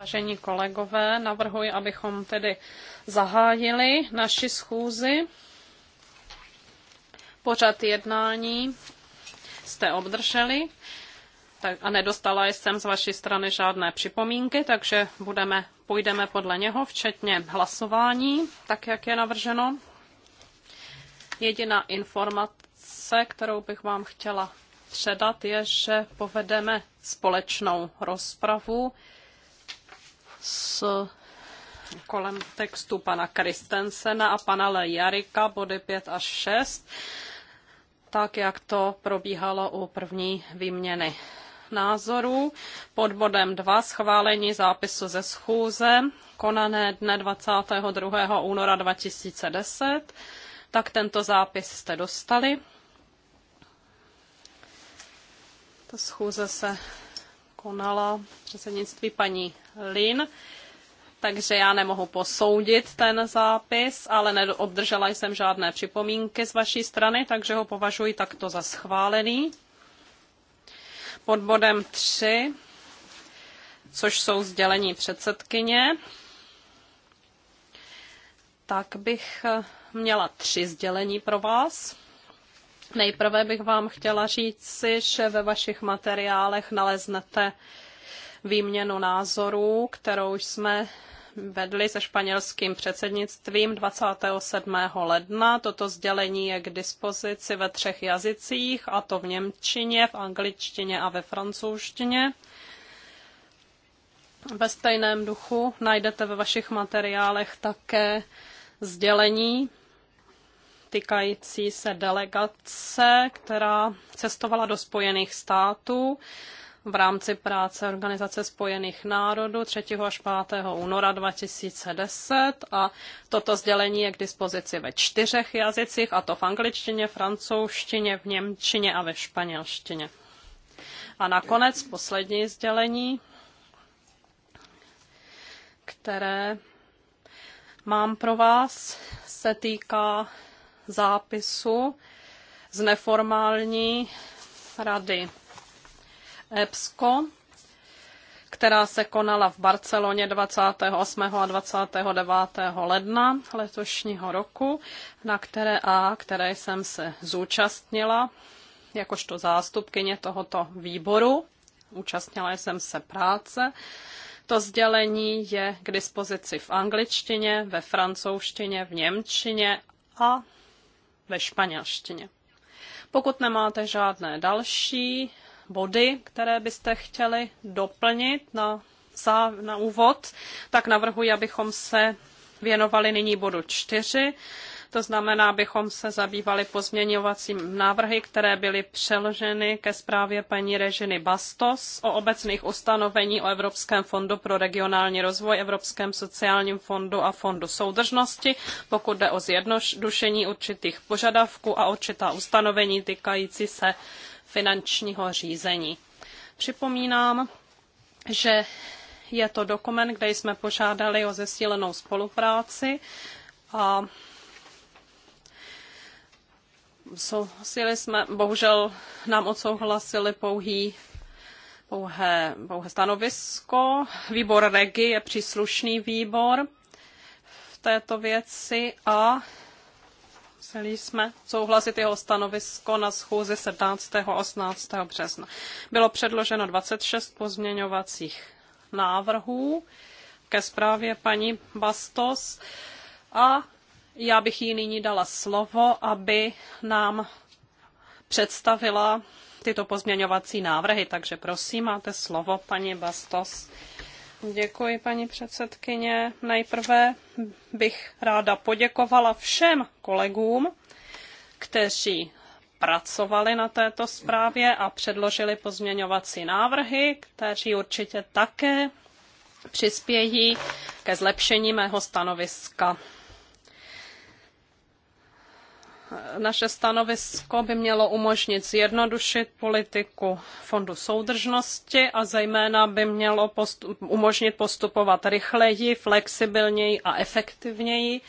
Vážení kolegové, navrhuji, abychom tedy zahájili naši schůzi. Pořad jednání jste obdrželi tak, a nedostala jsem z vaší strany žádné připomínky, takže budeme, půjdeme podle něho, včetně hlasování, tak jak je navrženo. Jediná informace, kterou bych vám chtěla předat, je, že povedeme společnou rozpravu s kolem textu pana Kristensena a pana Lejarika, body 5 až 6, tak jak to probíhalo u první výměny názorů. Pod bodem 2 schválení zápisu ze schůze konané dne 22. února 2010, tak tento zápis jste dostali. Ta schůze se konala předsednictví paní Lin, takže já nemohu posoudit ten zápis, ale obdržela jsem žádné připomínky z vaší strany, takže ho považuji takto za schválený. Pod bodem 3, což jsou sdělení předsedkyně, tak bych měla tři sdělení pro vás. Nejprve bych vám chtěla říct si, že ve vašich materiálech naleznete výměnu názorů, kterou jsme vedli se španělským předsednictvím 27. ledna. Toto sdělení je k dispozici ve třech jazycích, a to v Němčině, v angličtině a ve francouzštině. Ve stejném duchu najdete ve vašich materiálech také sdělení týkající se delegace, která cestovala do Spojených států v rámci práce Organizace spojených národů 3. až 5. února 2010 a toto sdělení je k dispozici ve čtyřech jazycích, a to v angličtině, francouzštině, v němčině a ve španělštině. A nakonec poslední sdělení, které mám pro vás, se týká zápisu z neformální rady EPSCO, která se konala v Barceloně 28. a 29. ledna letošního roku, na které a které jsem se zúčastnila jakožto zástupkyně tohoto výboru. Účastnila jsem se práce. To sdělení je k dispozici v angličtině, ve francouzštině, v němčině a ve španělštině. Pokud nemáte žádné další body, které byste chtěli doplnit na, za, na úvod, tak navrhuji, abychom se věnovali nyní bodu čtyři. To znamená, abychom se zabývali pozměňovacím návrhy, které byly přeloženy ke zprávě paní Režiny Bastos o obecných ustanovení o Evropském fondu pro regionální rozvoj, Evropském sociálním fondu a fondu soudržnosti, pokud jde o zjednodušení určitých požadavků a určitá ustanovení týkající se finančního řízení. Připomínám, že je to dokument, kde jsme požádali o zesílenou spolupráci a souhlasili jsme, bohužel nám odsouhlasili pouhý pouhé, pouhé stanovisko. Výbor REGI je příslušný výbor v této věci a museli jsme souhlasit jeho stanovisko na schůzi 17. a 18. března. Bylo předloženo 26 pozměňovacích návrhů ke zprávě paní Bastos a já bych jí nyní dala slovo, aby nám představila tyto pozměňovací návrhy. Takže prosím, máte slovo, paní Bastos. Děkuji, paní předsedkyně. Nejprve bych ráda poděkovala všem kolegům, kteří pracovali na této zprávě a předložili pozměňovací návrhy, kteří určitě také přispějí ke zlepšení mého stanoviska naše stanovisko by mělo umožnit zjednodušit politiku fondu soudržnosti a zejména by mělo postup, umožnit postupovat rychleji, flexibilněji a efektivněji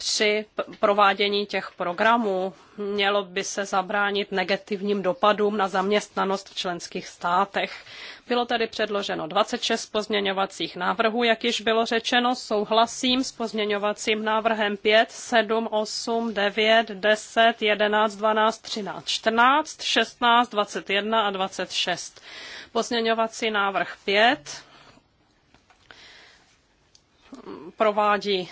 při provádění těch programů mělo by se zabránit negativním dopadům na zaměstnanost v členských státech. Bylo tedy předloženo 26 pozměňovacích návrhů, jak již bylo řečeno, souhlasím s pozměňovacím návrhem 5, 7, 8, 9, 10, 11, 12, 13, 14, 16, 21 a 26. Pozměňovací návrh 5 provádí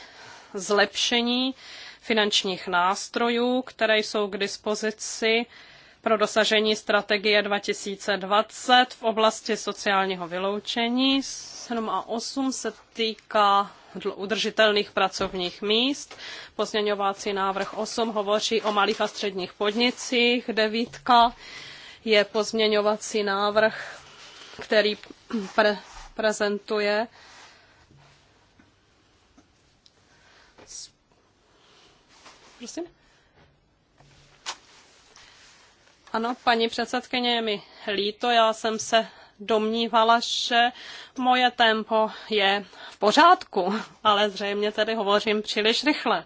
zlepšení finančních nástrojů, které jsou k dispozici pro dosažení strategie 2020 v oblasti sociálního vyloučení. 7 a 8 se týká udržitelných pracovních míst. Pozměňovací návrh 8 hovoří o malých a středních podnicích. Devítka je pozměňovací návrh, který pre prezentuje prosím. Ano, paní předsedkyně, je mi líto, já jsem se domnívala, že moje tempo je v pořádku, ale zřejmě tedy hovořím příliš rychle.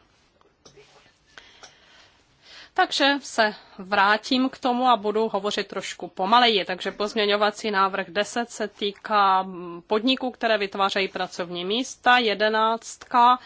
Takže se vrátím k tomu a budu hovořit trošku pomaleji. Takže pozměňovací návrh 10 se týká podniků, které vytvářejí pracovní místa, jedenáctka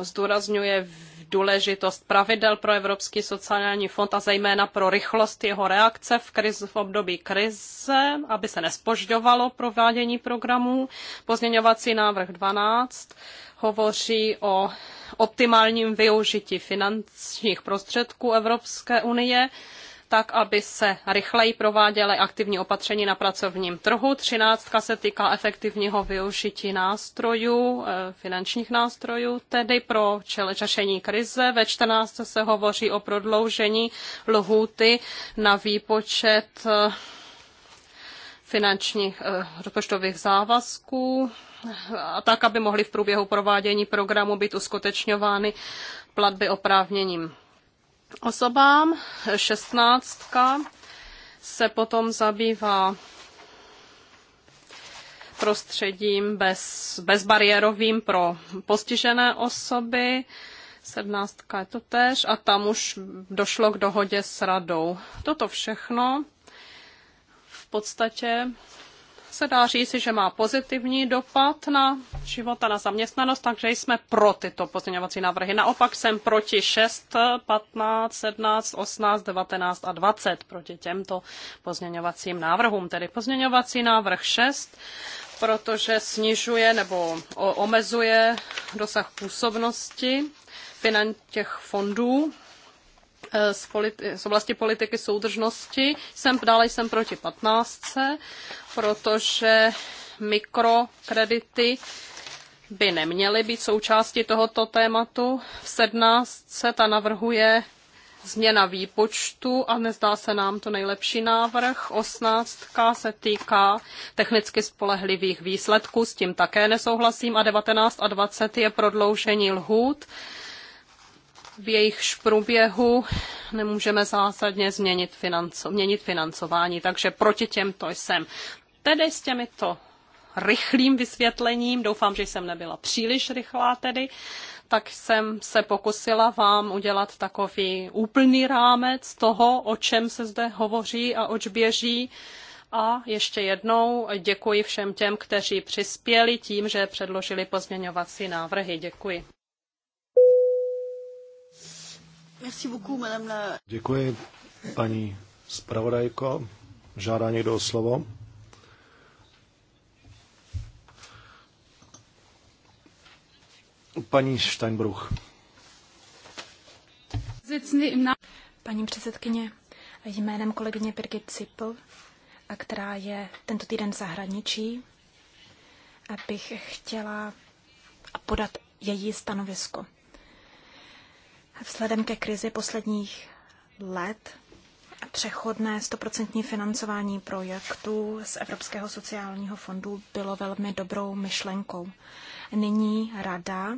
zdůrazňuje důležitost pravidel pro Evropský sociální fond a zejména pro rychlost jeho reakce v, kriz, v období krize, aby se nespožďovalo provádění programů. Pozměňovací návrh 12 hovoří o optimálním využití finančních prostředků Evropské unie tak aby se rychleji prováděly aktivní opatření na pracovním trhu. Třináctka se týká efektivního využití nástrojů, eh, finančních nástrojů, tedy pro řešení krize. Ve 14. se hovoří o prodloužení lhůty na výpočet eh, finančních eh, rozpočtových závazků, a tak, aby mohly v průběhu provádění programu být uskutečňovány platby oprávněním osobám. Šestnáctka se potom zabývá prostředím bez, bezbariérovým pro postižené osoby. Sedmnáctka je to tež a tam už došlo k dohodě s radou. Toto všechno v podstatě se dá říct, že má pozitivní dopad na život a na zaměstnanost, takže jsme pro tyto pozměňovací návrhy. Naopak jsem proti 6, 15, 17, 18, 19 a 20 proti těmto pozměňovacím návrhům. Tedy pozměňovací návrh 6 protože snižuje nebo omezuje dosah působnosti finančních fondů Eh, z, politi- z oblasti politiky soudržnosti. Jsem, dále jsem proti 15, protože mikrokredity by neměly být součástí tohoto tématu. V 17 ta navrhuje změna výpočtu a nezdá se nám to nejlepší návrh. Osmnáctka se týká technicky spolehlivých výsledků, s tím také nesouhlasím a 19 a 20 je prodloužení lhůt v jejichž průběhu nemůžeme zásadně změnit financo, měnit financování, takže proti těmto jsem. Tedy s těmito rychlým vysvětlením, doufám, že jsem nebyla příliš rychlá tedy, tak jsem se pokusila vám udělat takový úplný rámec toho, o čem se zde hovoří a oč běží. A ještě jednou děkuji všem těm, kteří přispěli tím, že předložili pozměňovací návrhy. Děkuji. Děkuji, paní zpravodajko. Žádá někdo o slovo? Paní Steinbruch. Paní předsedkyně, jménem kolegyně Birgit Zippel, která je tento týden v zahraničí, bych chtěla podat její stanovisko. Vzhledem ke krizi posledních let přechodné stoprocentní financování projektů z Evropského sociálního fondu bylo velmi dobrou myšlenkou. Nyní rada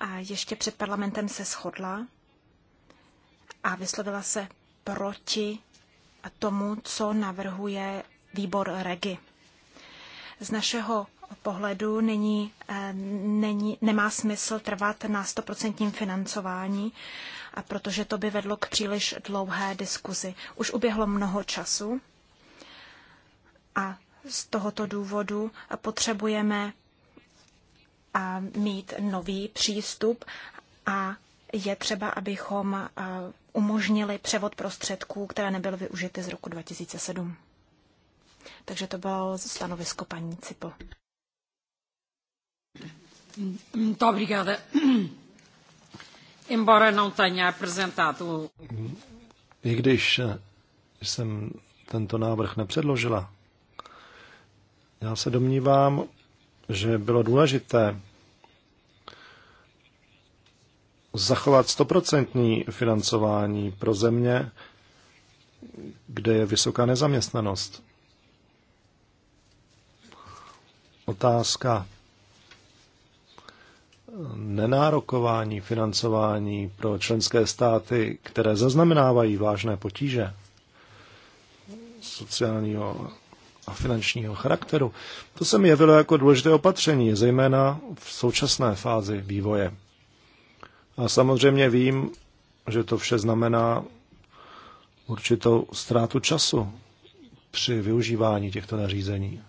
a ještě před parlamentem se shodla a vyslovila se proti tomu, co navrhuje výbor REGI. Z našeho pohledu není, eh, není, nemá smysl trvat na stoprocentním financování, a protože to by vedlo k příliš dlouhé diskuzi. Už uběhlo mnoho času a z tohoto důvodu potřebujeme eh, mít nový přístup a je třeba, abychom eh, umožnili převod prostředků, které nebyly využity z roku 2007. Takže to bylo stanovisko paní Cipl. Embora I když eh, jsem tento návrh nepředložila, já se domnívám, že bylo důležité zachovat stoprocentní financování pro země, kde je vysoká nezaměstnanost. Otázka nenárokování financování pro členské státy, které zaznamenávají vážné potíže sociálního a finančního charakteru, to se mi jevilo jako důležité opatření, zejména v současné fázi vývoje. A samozřejmě vím, že to vše znamená určitou ztrátu času při využívání těchto nařízení.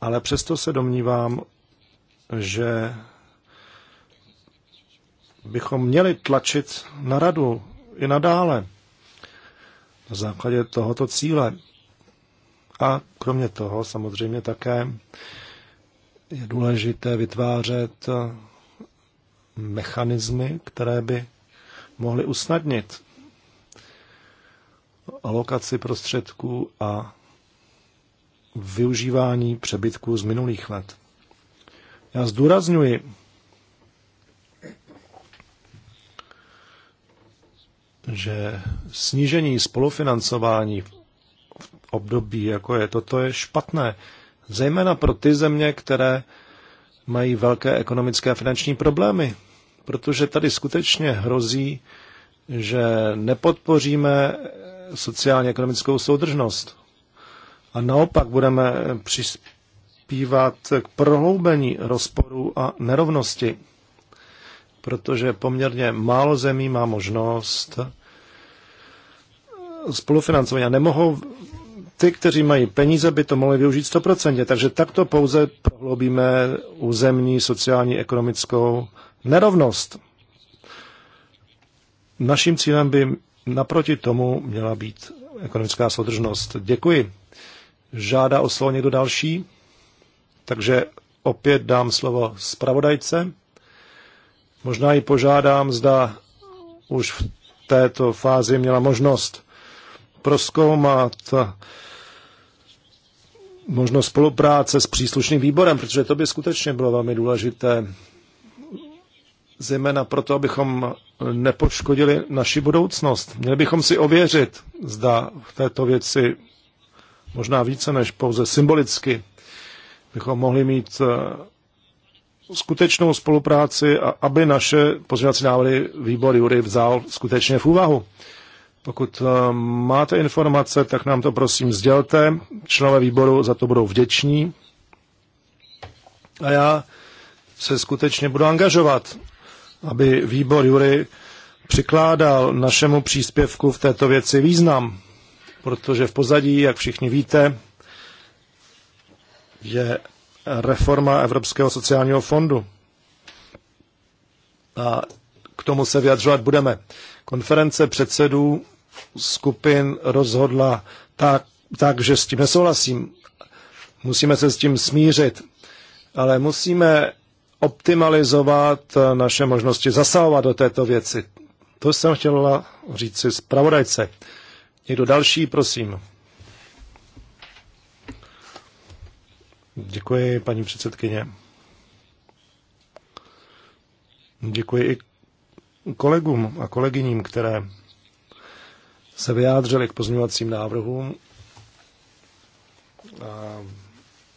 Ale přesto se domnívám, že bychom měli tlačit na radu i nadále na základě tohoto cíle. A kromě toho samozřejmě také je důležité vytvářet mechanismy, které by mohly usnadnit alokaci prostředků a využívání přebytků z minulých let. Já zdůrazňuji, že snížení spolufinancování v období, jako je toto, je špatné, zejména pro ty země, které mají velké ekonomické a finanční problémy, protože tady skutečně hrozí, že nepodpoříme sociálně-ekonomickou soudržnost. A naopak budeme přispívat k prohloubení rozporu a nerovnosti, protože poměrně málo zemí má možnost spolufinancování a nemohou ty, kteří mají peníze, by to mohli využít 100%. Takže takto pouze prohloubíme územní, sociální, ekonomickou nerovnost. Naším cílem by naproti tomu měla být ekonomická soudržnost. Děkuji. Žádá o slovo někdo další? Takže opět dám slovo zpravodajce. Možná ji požádám, zda už v této fázi měla možnost proskoumat možnost spolupráce s příslušným výborem, protože to by skutečně bylo velmi důležité, zejména proto, abychom nepoškodili naši budoucnost. Měli bychom si ověřit, zda v této věci možná více než pouze symbolicky bychom mohli mít eh, skutečnou spolupráci a aby naše pozměňovací návrhy výbor Jury vzal skutečně v úvahu. Pokud eh, máte informace, tak nám to prosím sdělte. Členové výboru za to budou vděční. A já se skutečně budu angažovat, aby výbor Jury přikládal našemu příspěvku v této věci význam, protože v pozadí, jak všichni víte, je reforma Evropského sociálního fondu. A k tomu se vyjadřovat budeme. Konference předsedů skupin rozhodla tak, tak, že s tím nesouhlasím. Musíme se s tím smířit, ale musíme optimalizovat naše možnosti zasahovat do této věci. To jsem chtěla si zpravodajce. Někdo další, prosím. Děkuji, paní předsedkyně. Děkuji i kolegům a kolegyním, které se vyjádřili k pozměňovacím návrhům a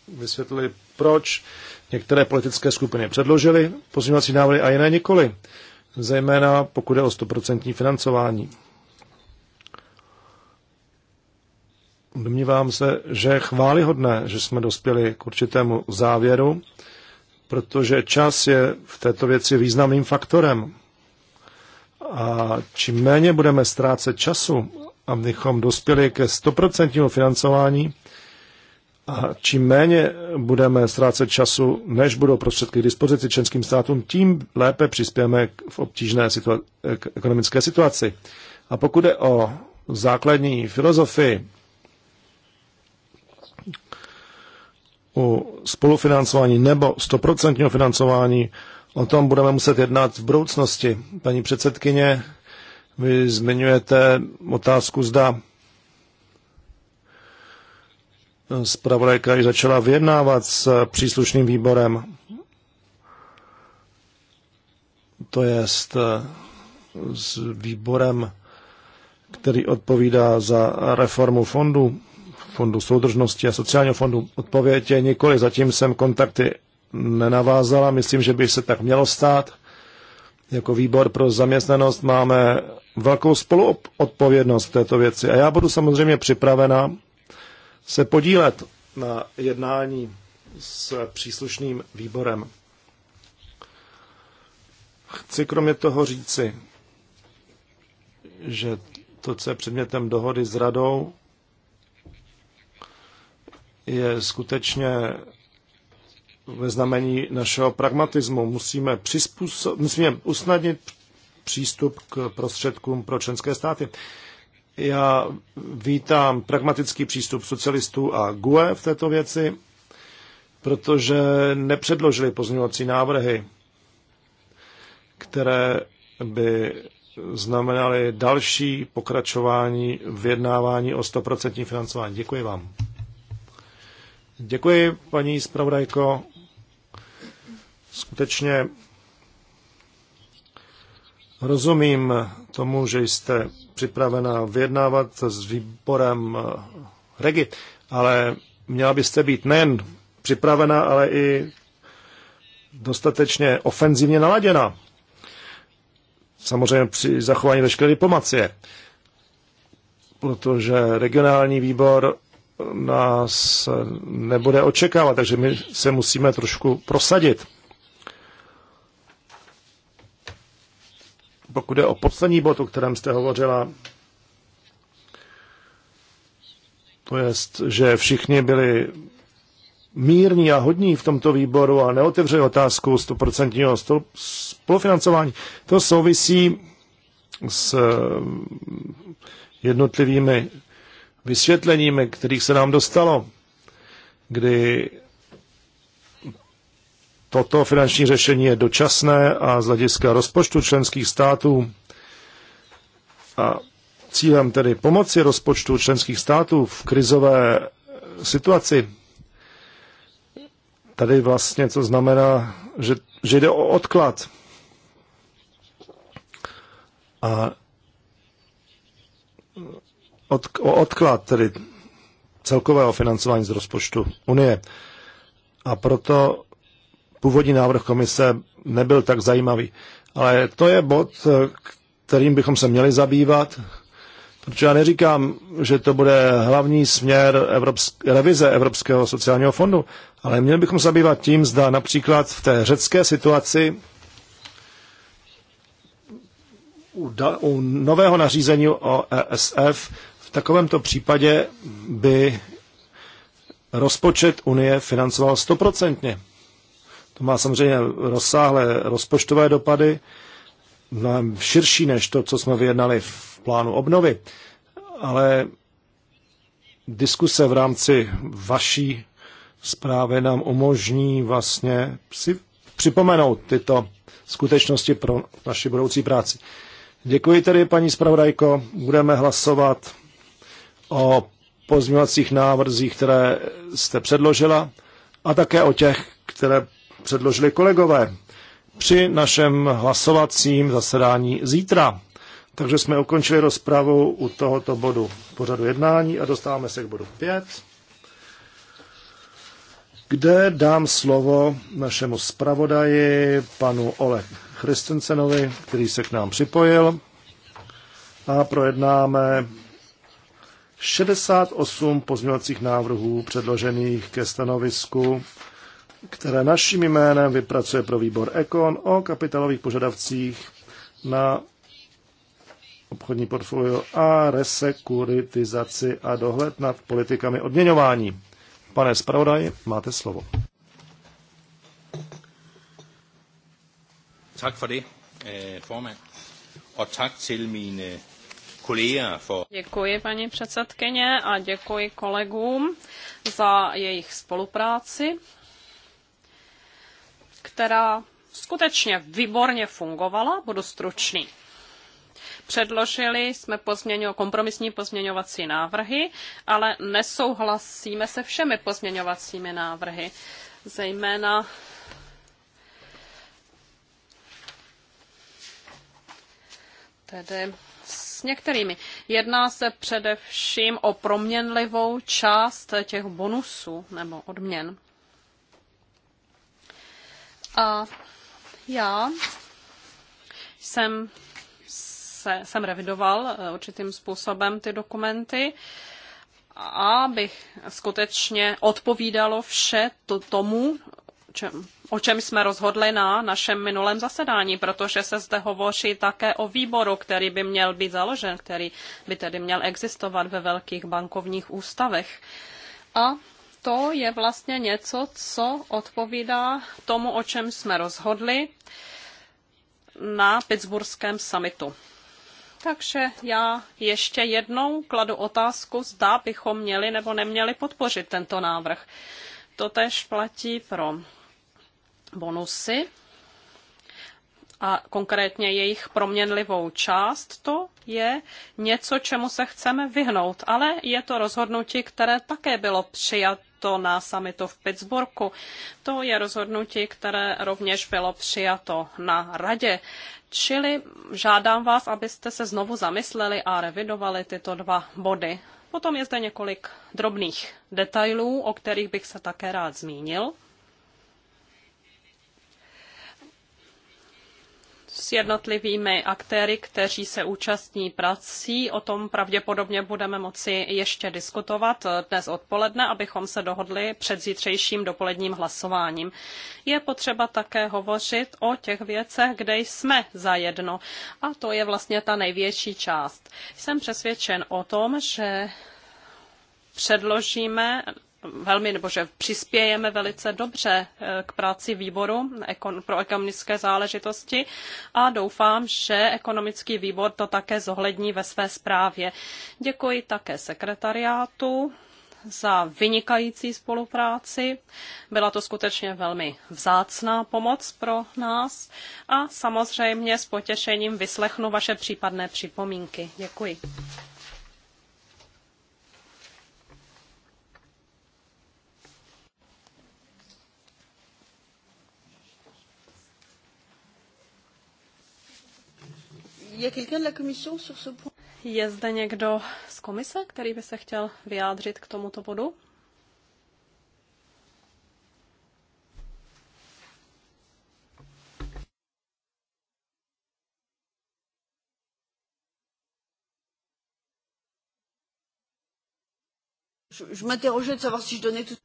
vysvětlili, proč některé politické skupiny předložily pozměňovací návrhy a jiné nikoli, zejména pokud je o 100% financování. Domnívám se, že je chválihodné, že jsme dospěli k určitému závěru, protože čas je v této věci významným faktorem. A čím méně budeme ztrácet času, abychom dospěli ke stoprocentnímu financování, a čím méně budeme ztrácet času, než budou prostředky k dispozici členským státům, tím lépe přispějeme v obtížné situa- ekonomické situaci. A pokud je o základní filozofii u spolufinancování nebo stoprocentního financování, o tom budeme muset jednat v budoucnosti. Paní předsedkyně, vy zmiňujete otázku, zda zpravodajka již začala vyjednávat s příslušným výborem. To je eh, s výborem, který odpovídá za reformu fondu fondu soudržnosti a sociálního fondu. Odpověď je nikoli, zatím jsem kontakty nenavázala, myslím, že by se tak mělo stát. Jako výbor pro zaměstnanost máme velkou spoluodpovědnost v této věci a já budu samozřejmě připravena se podílet na jednání s příslušným výborem. Chci kromě toho říci, že to, co je předmětem dohody s radou, je skutečně ve znamení našeho pragmatismu. Musíme, přizpůsob, musíme usnadnit přístup k prostředkům pro členské státy. Já vítám pragmatický přístup socialistů a GUE v této věci, protože nepředložili pozměňovací návrhy, které by znamenaly další pokračování vyjednávání o 100% financování. Děkuji vám. Děkuji, paní zpravodajko. Skutečně rozumím tomu, že jste připravena vyjednávat s výborem eh, Regi, ale měla byste být nejen připravena, ale i dostatečně ofenzivně naladěna. Samozřejmě při zachování veškeré diplomacie, protože regionální výbor nás nebude očekávat, takže my se musíme trošku prosadit. Pokud je o poslední bod, o kterém jste hovořila, to je, že všichni byli mírní a hodní v tomto výboru a neotevřeli otázku 100% spolufinancování. To souvisí s eh, jednotlivými vysvětleními, kterých se nám dostalo, kdy toto finanční řešení je dočasné a z hlediska rozpočtu členských států a cílem tedy pomoci rozpočtu členských států v krizové situaci. Tady vlastně to znamená, že, že jde o odklad. A od, o odklad tedy celkového financování z rozpočtu Unie. A proto původní návrh komise nebyl tak zajímavý. Ale to je bod, kterým bychom se měli zabývat, protože já neříkám, že to bude hlavní směr Evropsk- revize Evropského sociálního fondu, ale měli bychom zabývat tím, zda například v té řecké situaci u, da- u nového nařízení o ESF v takovémto případě by rozpočet Unie financoval stoprocentně. To má samozřejmě rozsáhlé rozpočtové dopady, mnohem širší než to, co jsme vyjednali v plánu obnovy. Ale diskuse v rámci vaší zprávy nám umožní vlastně si připomenout tyto skutečnosti pro naši budoucí práci. Děkuji tedy, paní zpravodajko. Budeme hlasovat o pozměňovacích návrzích, které jste předložila a také o těch, které předložili kolegové při našem hlasovacím zasedání zítra. Takže jsme ukončili rozpravu u tohoto bodu pořadu jednání a dostáváme se k bodu 5, kde dám slovo našemu zpravodaji, panu Ole Christensenovi, který se k nám připojil a projednáme 68 pozměňovacích návrhů předložených ke stanovisku, které naším jménem vypracuje pro výbor Ekon o kapitálových požadavcích na obchodní portfolio a resekuritizaci a dohled nad politikami odměňování. Pane zpravodaji, máte slovo. Tak for det, eh, formand. Og tak til mine Děkuji paní předsedkyně a děkuji kolegům za jejich spolupráci, která skutečně výborně fungovala. Budu stručný. Předložili jsme pozměňo, kompromisní pozměňovací návrhy, ale nesouhlasíme se všemi pozměňovacími návrhy, zejména tedy s některými. Jedná se především o proměnlivou část těch bonusů nebo odměn. A já jsem, se, jsem revidoval eh, určitým způsobem ty dokumenty abych skutečně odpovídalo vše to tomu, čem, o čem jsme rozhodli na našem minulém zasedání, protože se zde hovoří také o výboru, který by měl být založen, který by tedy měl existovat ve velkých bankovních ústavech. A to je vlastně něco, co odpovídá tomu, o čem jsme rozhodli na Pittsburghském summitu. Takže já ještě jednou kladu otázku, zda bychom měli nebo neměli podpořit tento návrh. To tež platí pro bonusy a konkrétně jejich proměnlivou část, to je něco, čemu se chceme vyhnout. Ale je to rozhodnutí, které také bylo přijato na samitu v Pittsburghu. To je rozhodnutí, které rovněž bylo přijato na radě. Čili žádám vás, abyste se znovu zamysleli a revidovali tyto dva body. Potom je zde několik drobných detailů, o kterých bych se také rád zmínil. s jednotlivými aktéry, kteří se účastní prací. O tom pravděpodobně budeme moci ještě diskutovat dnes odpoledne, abychom se dohodli před zítřejším dopoledním hlasováním. Je potřeba také hovořit o těch věcech, kde jsme zajedno. A to je vlastně ta největší část. Jsem přesvědčen o tom, že předložíme velmi, nebo že přispějeme velice dobře eh, k práci výboru pro ekonomické záležitosti a doufám, že ekonomický výbor to také zohlední ve své zprávě. Děkuji také sekretariátu za vynikající spolupráci. Byla to skutečně velmi vzácná pomoc pro nás a samozřejmě s potěšením vyslechnu vaše případné připomínky. Děkuji. Je zde někdo z komise, který by se chtěl vyjádřit k tomuto bodu?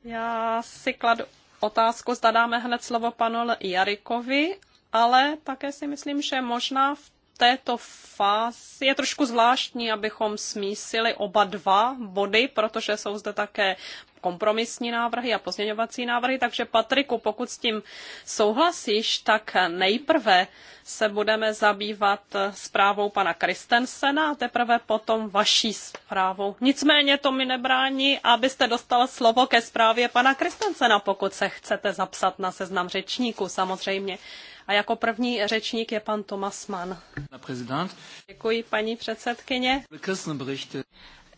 Já si kladu otázku, zda dáme hned slovo panu Jarikovi, ale také si myslím, že možná v této fázi je trošku zvláštní, abychom smísili oba dva body, protože jsou zde také kompromisní návrhy a pozměňovací návrhy, takže Patriku, pokud s tím souhlasíš, tak nejprve se budeme zabývat zprávou pana Kristensena a teprve potom vaší zprávou. Nicméně to mi nebrání, abyste dostal slovo ke zprávě pana Kristensena, pokud se chcete zapsat na seznam řečníků samozřejmě. A jako první řečník je pan Tomas Mann. Děkuji, paní předsedkyně.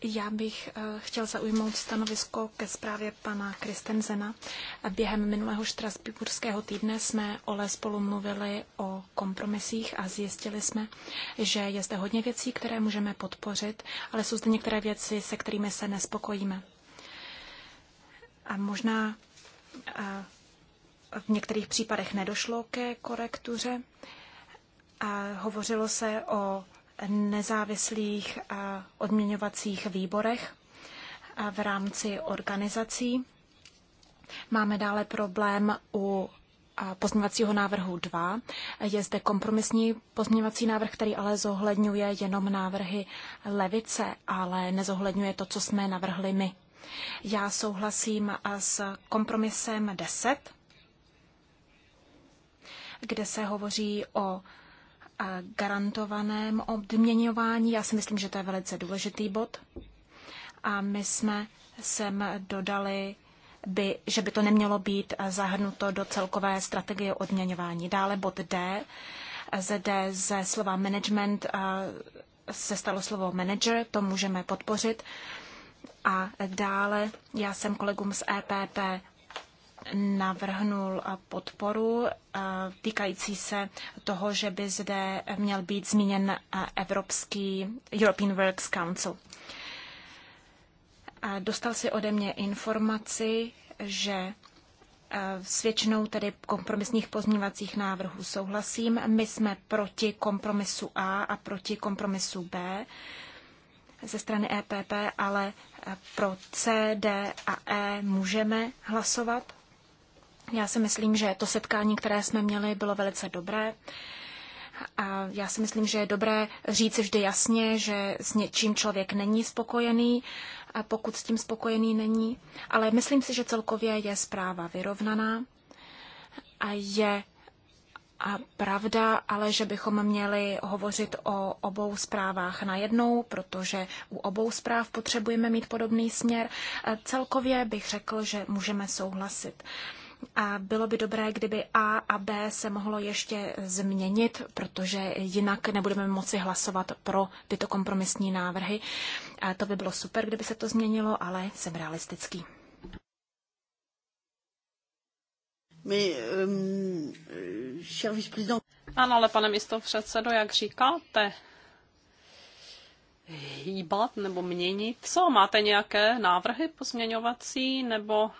Já bych eh, chtěl zaujmout stanovisko ke zprávě pana Kristenzena. Během minulého štrasburského týdne jsme Ole spolu mluvili o kompromisích a zjistili jsme, že je zde hodně věcí, které můžeme podpořit, ale jsou zde některé věci, se kterými se nespokojíme. A možná eh, v některých případech nedošlo ke korektuře. A hovořilo se o nezávislých eh, odměňovacích výborech eh, v rámci organizací. Máme dále problém u eh, pozměňovacího návrhu 2. Je zde kompromisní pozměňovací návrh, který ale zohledňuje jenom návrhy levice, ale nezohledňuje to, co jsme navrhli my. Já souhlasím s kompromisem 10, kde se hovoří o garantovaném odměňování. Já si myslím, že to je velice důležitý bod. A my jsme sem dodali, by, že by to nemělo být zahrnuto do celkové strategie odměňování. Dále bod D. ZD ze slova management se stalo slovo manager, to můžeme podpořit. A dále já jsem kolegům z EPP navrhnul podporu eh, týkající se toho, že by zde měl být zmíněn eh, Evropský European Works Council. dostal si ode mě informaci, že eh, s většinou tedy kompromisních pozměňovacích návrhů souhlasím. My jsme proti kompromisu A a proti kompromisu B ze strany EPP, ale pro C, D a E můžeme hlasovat. Já si myslím, že to setkání, které jsme měli, bylo velice dobré. A já si myslím, že je dobré říct vždy jasně, že s něčím člověk není spokojený, a pokud s tím spokojený není. Ale myslím si, že celkově je zpráva vyrovnaná a je a pravda, ale že bychom měli hovořit o obou zprávách najednou, protože u obou zpráv potřebujeme mít podobný směr. Celkově bych řekl, že můžeme souhlasit. A bylo by dobré, kdyby A a B se mohlo ještě změnit, protože jinak nebudeme moci hlasovat pro tyto kompromisní návrhy. A to by bylo super, kdyby se to změnilo, ale jsem realistický. Euh, ano, ale pane místo předsedo, jak říkáte, hýbat nebo měnit, co? Máte nějaké návrhy pozměňovací nebo,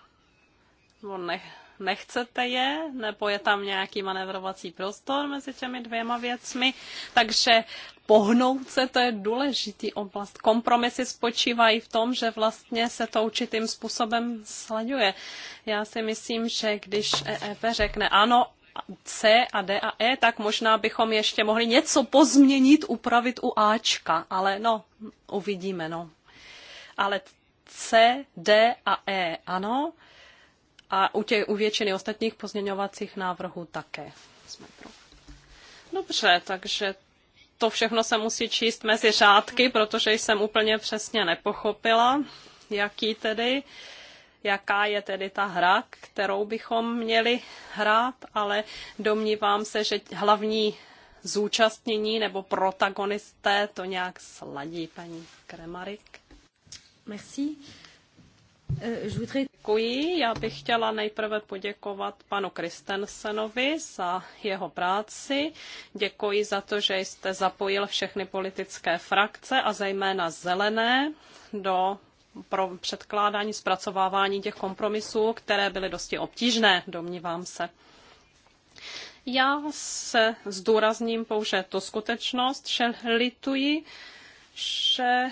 nebo ne, nechcete je, nebo je tam nějaký manevrovací prostor mezi těmi dvěma věcmi. Takže pohnout se, to je důležitý oblast. Kompromisy spočívají v tom, že vlastně se to určitým způsobem sleduje. Já si myslím, že když EEP řekne ano, C a D a E, tak možná bychom ještě mohli něco pozměnit, upravit u Ačka, ale no, uvidíme, no. Ale C, D a E, ano, a u, tě, u většiny ostatních pozměňovacích návrhů také. Jsme pro. Dobře, takže to všechno se musí číst mezi řádky, protože jsem úplně přesně nepochopila, jaký tedy, jaká je tedy ta hra, kterou bychom měli hrát, ale domnívám se, že hlavní zúčastnění nebo protagonisté to nějak sladí, paní Kremarik. Merci. Eh, Já bych chtěla nejprve poděkovat panu Kristensenovi za jeho práci. Děkuji za to, že jste zapojil všechny politické frakce a zejména zelené do pro předkládání, zpracovávání těch kompromisů, které byly dosti obtížné, domnívám se. Já se zdůrazním pouze tu skutečnost, že lituji, že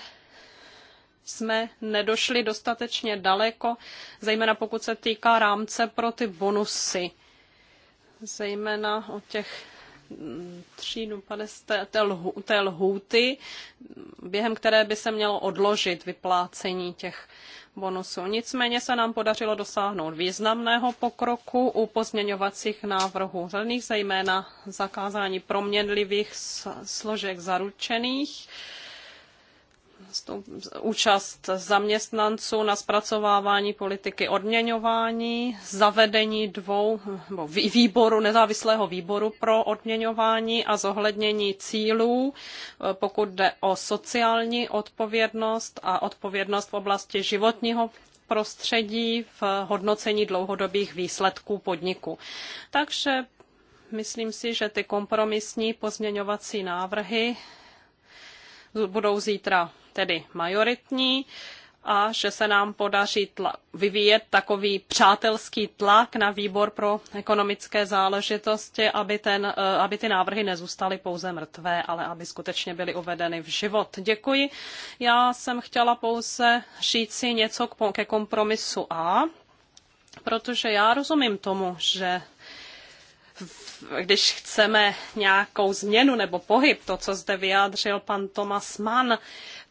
jsme nedošli dostatečně daleko, zejména pokud se týká rámce pro ty bonusy. Zejména o těch mm, tří do no, 50 té, té lhůty, během které by se mělo odložit vyplácení těch bonusů. Nicméně se nám podařilo dosáhnout významného pokroku u pozměňovacích návrhů řadných, zejména zakázání proměnlivých složek zaručených účast zaměstnanců na zpracovávání politiky odměňování, zavedení dvou nebo výboru, nezávislého výboru pro odměňování a zohlednění cílů, e, pokud jde o sociální odpovědnost a odpovědnost v oblasti životního prostředí v hodnocení dlouhodobých výsledků podniku. Takže myslím si, že ty kompromisní pozměňovací návrhy budou zítra tedy majoritní a že se nám podaří tla- vyvíjet takový přátelský tlak na výbor pro ekonomické záležitosti, aby, ten, eh, aby ty návrhy nezůstaly pouze mrtvé, ale aby skutečně byly uvedeny v život. Děkuji. Já jsem chtěla pouze si něco ke kompromisu A, protože já rozumím tomu, že když chceme nějakou změnu nebo pohyb, to, co zde vyjádřil pan Thomas Mann,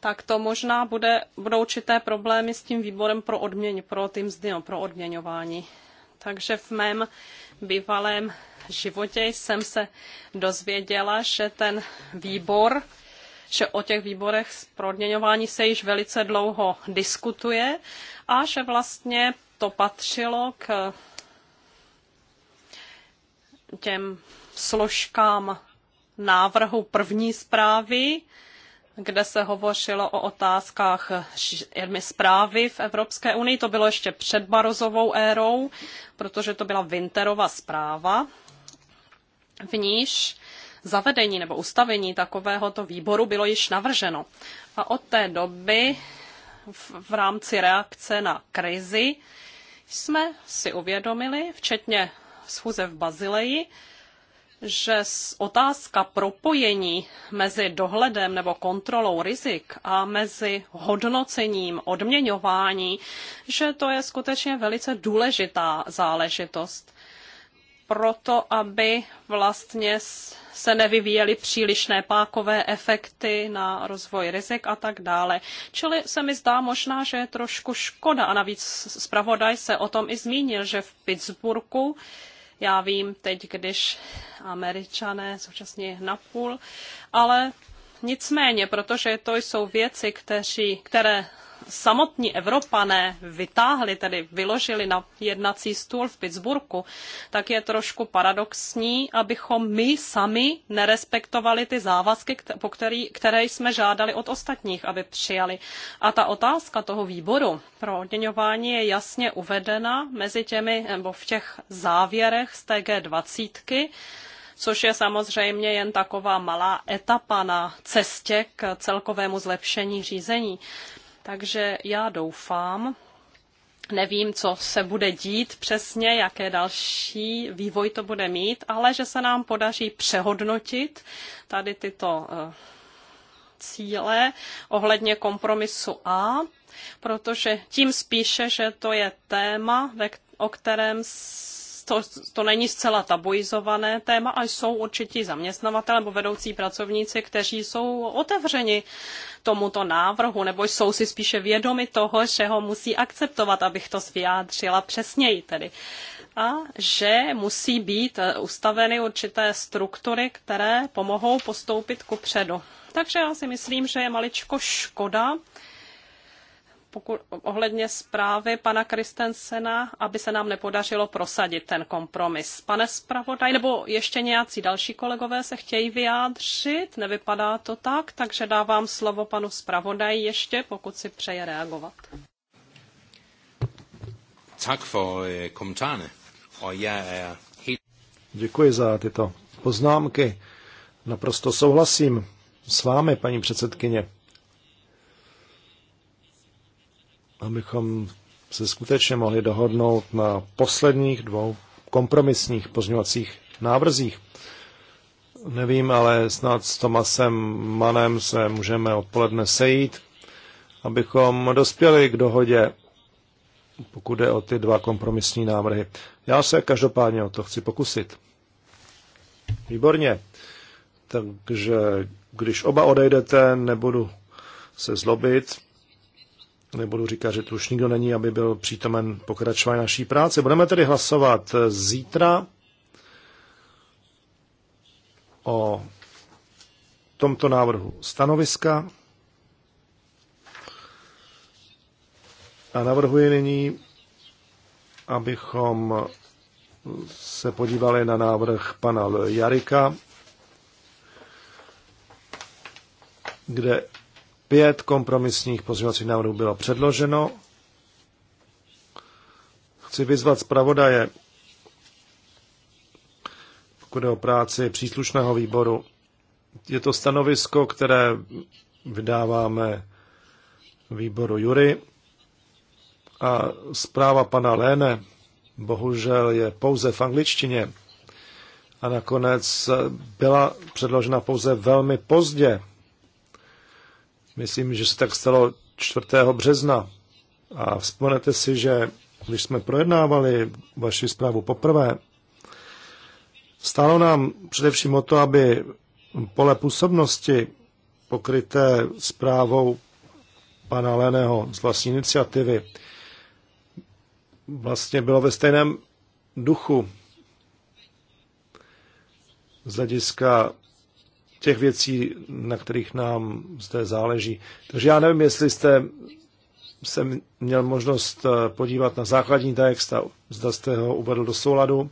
tak to možná bude, budou určité problémy s tím výborem pro odměň, pro tým zdy, no, pro odměňování. Takže v mém bývalém životě jsem se dozvěděla, že ten výbor, že o těch výborech pro odměňování se již velice dlouho diskutuje a že vlastně to patřilo k těm složkám návrhu první zprávy, kde se hovořilo o otázkách zprávy v Evropské unii. To bylo ještě před Barozovou érou, protože to byla Winterova zpráva. V níž zavedení nebo ustavení takovéhoto výboru bylo již navrženo. A od té doby v, v rámci reakce na krizi jsme si uvědomili, včetně schůze v Bazileji, že otázka propojení mezi dohledem nebo kontrolou rizik a mezi hodnocením odměňování, že to je skutečně velice důležitá záležitost. Proto, aby vlastně se nevyvíjely přílišné pákové efekty na rozvoj rizik a tak dále. Čili se mi zdá možná, že je trošku škoda. A navíc zpravodaj se o tom i zmínil, že v Pittsburghu já vím teď, když američané současně napůl, ale nicméně, protože to jsou věci, kteří, které samotní Evropané vytáhli, tedy vyložili na jednací stůl v Pittsburghu, tak je trošku paradoxní, abychom my sami nerespektovali ty závazky, po který, které jsme žádali od ostatních, aby přijali. A ta otázka toho výboru pro odměňování je jasně uvedena mezi těmi, nebo v těch závěrech z TG20, což je samozřejmě jen taková malá etapa na cestě k celkovému zlepšení řízení. Takže já doufám, nevím, co se bude dít přesně, jaké další vývoj to bude mít, ale že se nám podaří přehodnotit tady tyto eh, cíle ohledně kompromisu A, protože tím spíše, že to je téma, o kterém to, to není zcela tabuizované téma a jsou určití zaměstnavatele nebo vedoucí pracovníci, kteří jsou otevřeni tomuto návrhu, nebo jsou si spíše vědomi toho, že ho musí akceptovat, abych to vyjádřila přesněji tedy. A že musí být eh, ustaveny určité struktury, které pomohou postoupit ku předu. Takže já si myslím, že je maličko škoda, pokud, ohledně zprávy pana Kristensena, aby se nám nepodařilo prosadit ten kompromis. Pane zpravodaj, nebo ještě nějací další kolegové se chtějí vyjádřit, nevypadá to tak, takže dávám slovo panu zpravodaji ještě, pokud si přeje reagovat. Eh, er Děkuji za tyto poznámky. Naprosto souhlasím s vámi, paní předsedkyně. abychom se skutečně mohli dohodnout na posledních dvou kompromisních pozňovacích návrzích. Nevím, ale snad s Tomasem Manem se můžeme odpoledne sejít, abychom dospěli k dohodě, pokud jde o ty dva kompromisní návrhy. Já se každopádně o to chci pokusit. Výborně. Takže když oba odejdete, nebudu se zlobit, nebudu říkat, že tu už nikdo není, aby byl přítomen pokračování naší práce. Budeme tedy hlasovat zítra o tomto návrhu stanoviska. A navrhuji nyní, abychom se podívali na návrh pana Jarika, kde Pět kompromisních pozměňovacích návrhů bylo předloženo. Chci vyzvat zpravodaje, pokud je o práci příslušného výboru. Je to stanovisko, které vydáváme výboru Jury a zpráva pana Léne bohužel je pouze v angličtině a nakonec byla předložena pouze velmi pozdě. Myslím, že se tak stalo 4. března. A vzpomenete si, že když jsme projednávali vaši zprávu poprvé, stálo nám především o to, aby pole působnosti pokryté zprávou pana Leného z vlastní iniciativy vlastně bylo ve stejném duchu z hlediska těch věcí, na kterých nám zde záleží. Takže já nevím, jestli jste jsem měl možnost eh, podívat na základní text a zda jste ho uvedl do souladu,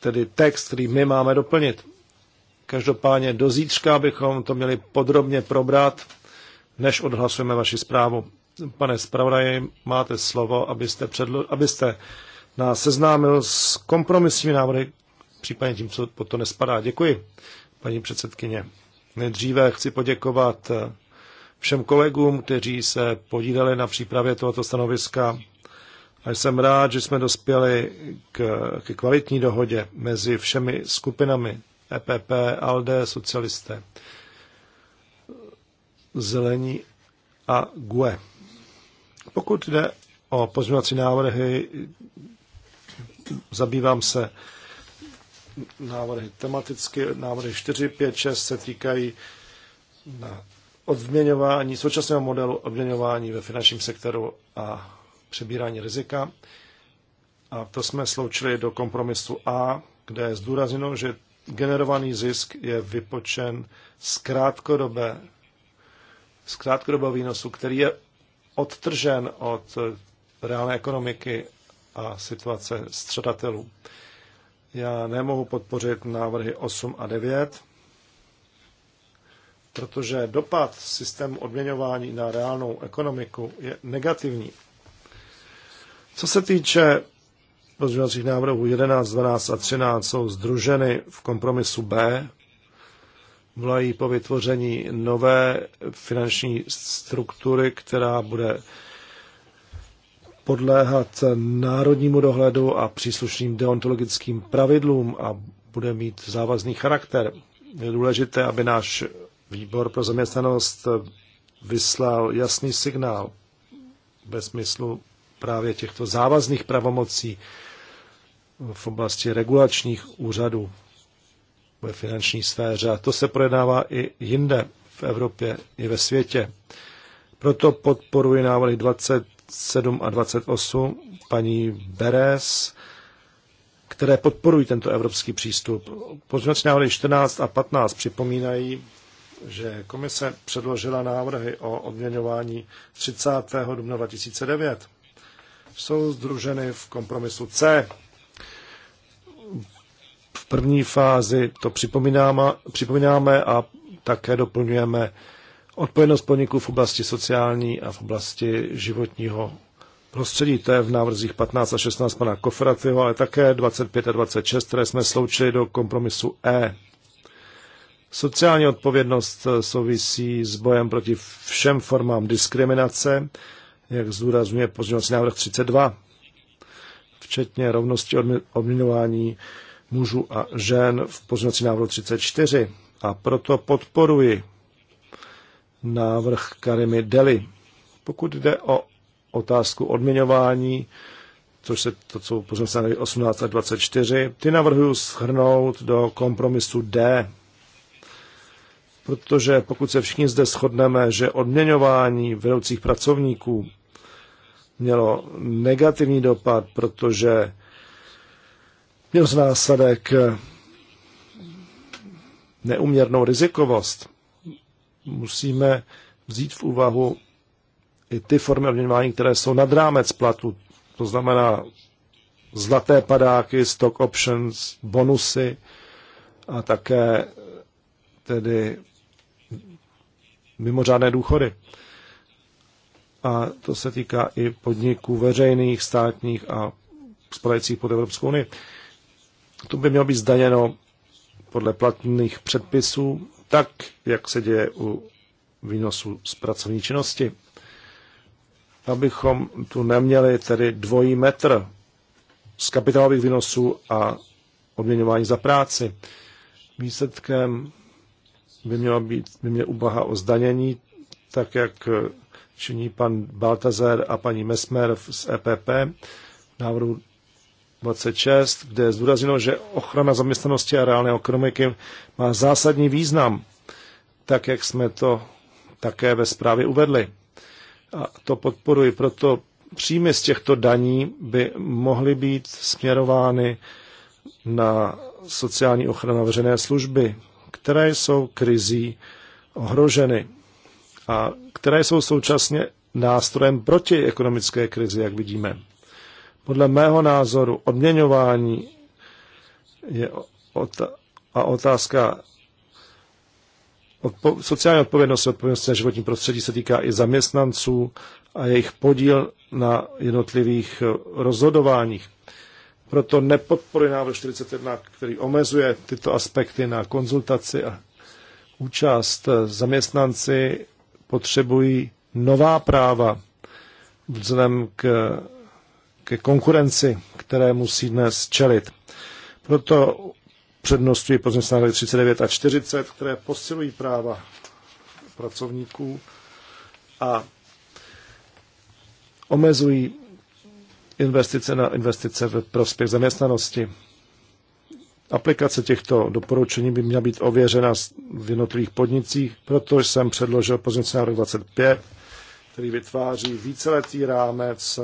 tedy text, který my máme doplnit. Každopádně do zítřka bychom to měli podrobně probrat, než odhlasujeme vaši zprávu. Pane zpravodaji, máte slovo, abyste, předlo- abyste nás seznámil s kompromisními návrhy, případně tím, co pod to nespadá. Děkuji, paní předsedkyně. Nejdříve chci poděkovat eh, všem kolegům, kteří se podíleli na přípravě tohoto stanoviska. A jsem rád, že jsme dospěli k, k kvalitní dohodě mezi všemi skupinami EPP, ALDE, socialisté, zelení a GUE. Pokud jde o pozměňovací návrhy, zabývám se návrhy tematicky. Návrhy 4, 5, 6 se týkají na odměňování, současného modelu odměňování ve finančním sektoru a přebírání rizika. A to jsme sloučili do kompromisu A, kde je zdůrazněno, že generovaný zisk je vypočen z, krátkodobé, z krátkodobého výnosu, který je odtržen od reálné ekonomiky a situace středatelů. Já nemohu podpořit návrhy 8 a 9, protože dopad systému odměňování na reálnou ekonomiku je negativní. Co se týče pozměňovacích návrhů 11, 12 a 13 jsou združeny v kompromisu B, volají po vytvoření nové finanční struktury, která bude podléhat národnímu dohledu a příslušným deontologickým pravidlům a bude mít závazný charakter. Je důležité, aby náš výbor pro zaměstnanost vyslal jasný signál ve smyslu právě těchto závazných pravomocí v oblasti regulačních úřadů ve finanční sféře. A to se projednává i jinde v Evropě, i ve světě. Proto podporuji návrhy 20, 27 a 28 paní Beres, které podporují tento evropský přístup. Pozměňovací návrhy 14 a 15 připomínají, že komise předložila návrhy o odměňování 30. dubna 2009. Jsou združeny v kompromisu C. V první fázi to připomínáme, připomínáme a také doplňujeme odpovědnost podniků v oblasti sociální a v oblasti životního prostředí. To je v návrzích 15 a 16 pana Koferatyho, ale také 25 a 26, které jsme sloučili do kompromisu E. Sociální odpovědnost souvisí s bojem proti všem formám diskriminace, jak zdůrazňuje pozměňovací návrh 32, včetně rovnosti odměňování mužů a žen v pozměňovací návrhu 34. A proto podporuji návrh Karimy Deli. Pokud jde o otázku odměňování, což se to co pořadce 18 a 24, ty navrhuji shrnout do kompromisu D, protože pokud se všichni zde shodneme, že odměňování vedoucích pracovníků mělo negativní dopad, protože měl z následek neuměrnou rizikovost, musíme vzít v úvahu i ty formy odměňování, které jsou nad rámec platu. To znamená zlaté padáky, stock options, bonusy a také tedy mimořádné důchody. A to se týká i podniků veřejných, státních a spadajících pod Evropskou unii. To by mělo být zdaněno podle platných předpisů tak jak se děje u výnosu z pracovní činnosti. Abychom tu neměli tedy dvojí metr z kapitálových výnosů a odměňování za práci. Výsledkem by měla být by mě ubaha o zdanění, tak jak činí pan Baltazer a paní Mesmer z EPP návrhu 26, kde je zdůrazněno, že ochrana zaměstnanosti a reálné ekonomiky má zásadní význam, tak jak jsme to také ve zprávě uvedli. A to podporuji, proto příjmy z těchto daní by mohly být směrovány na sociální ochrana veřejné služby, které jsou krizí ohroženy a které jsou současně nástrojem proti ekonomické krizi, jak vidíme. Podle mého názoru odměňování je ot- a otázka odpo- sociální odpovědnosti, odpovědnosti na životní prostředí se týká i zaměstnanců a jejich podíl na jednotlivých eh, rozhodováních. Proto nepodporuji návrh 41, který omezuje tyto aspekty na konzultaci a účast. Zaměstnanci potřebují nová práva vzhledem k ke konkurenci, které musí dnes čelit. Proto přednostují pozměstná 39 a 40, které posilují práva pracovníků a omezují investice na investice ve prospěch zaměstnanosti. Aplikace těchto doporučení by měla být ověřena v jednotlivých podnicích, proto jsem předložil pozměňovací 25, který vytváří víceletý rámec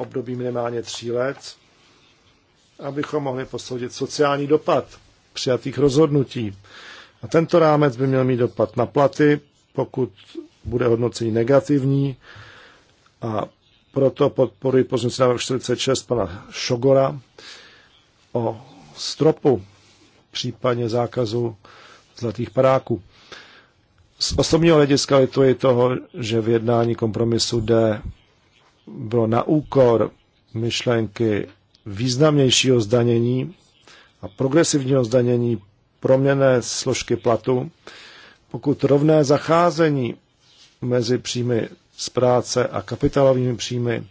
období minimálně tří let, abychom mohli posoudit sociální dopad přijatých rozhodnutí. A tento rámec by měl mít dopad na platy, pokud bude hodnocení negativní. A proto podporuji pozměnci návrh 46 pana Šogora o stropu, případně zákazu zlatých paráků. Z osobního hlediska lituji toho, že v jednání kompromisu jde bylo na úkor myšlenky významnějšího zdanění a progresivního zdanění proměné složky platu, pokud rovné zacházení mezi příjmy z práce a kapitálovými příjmy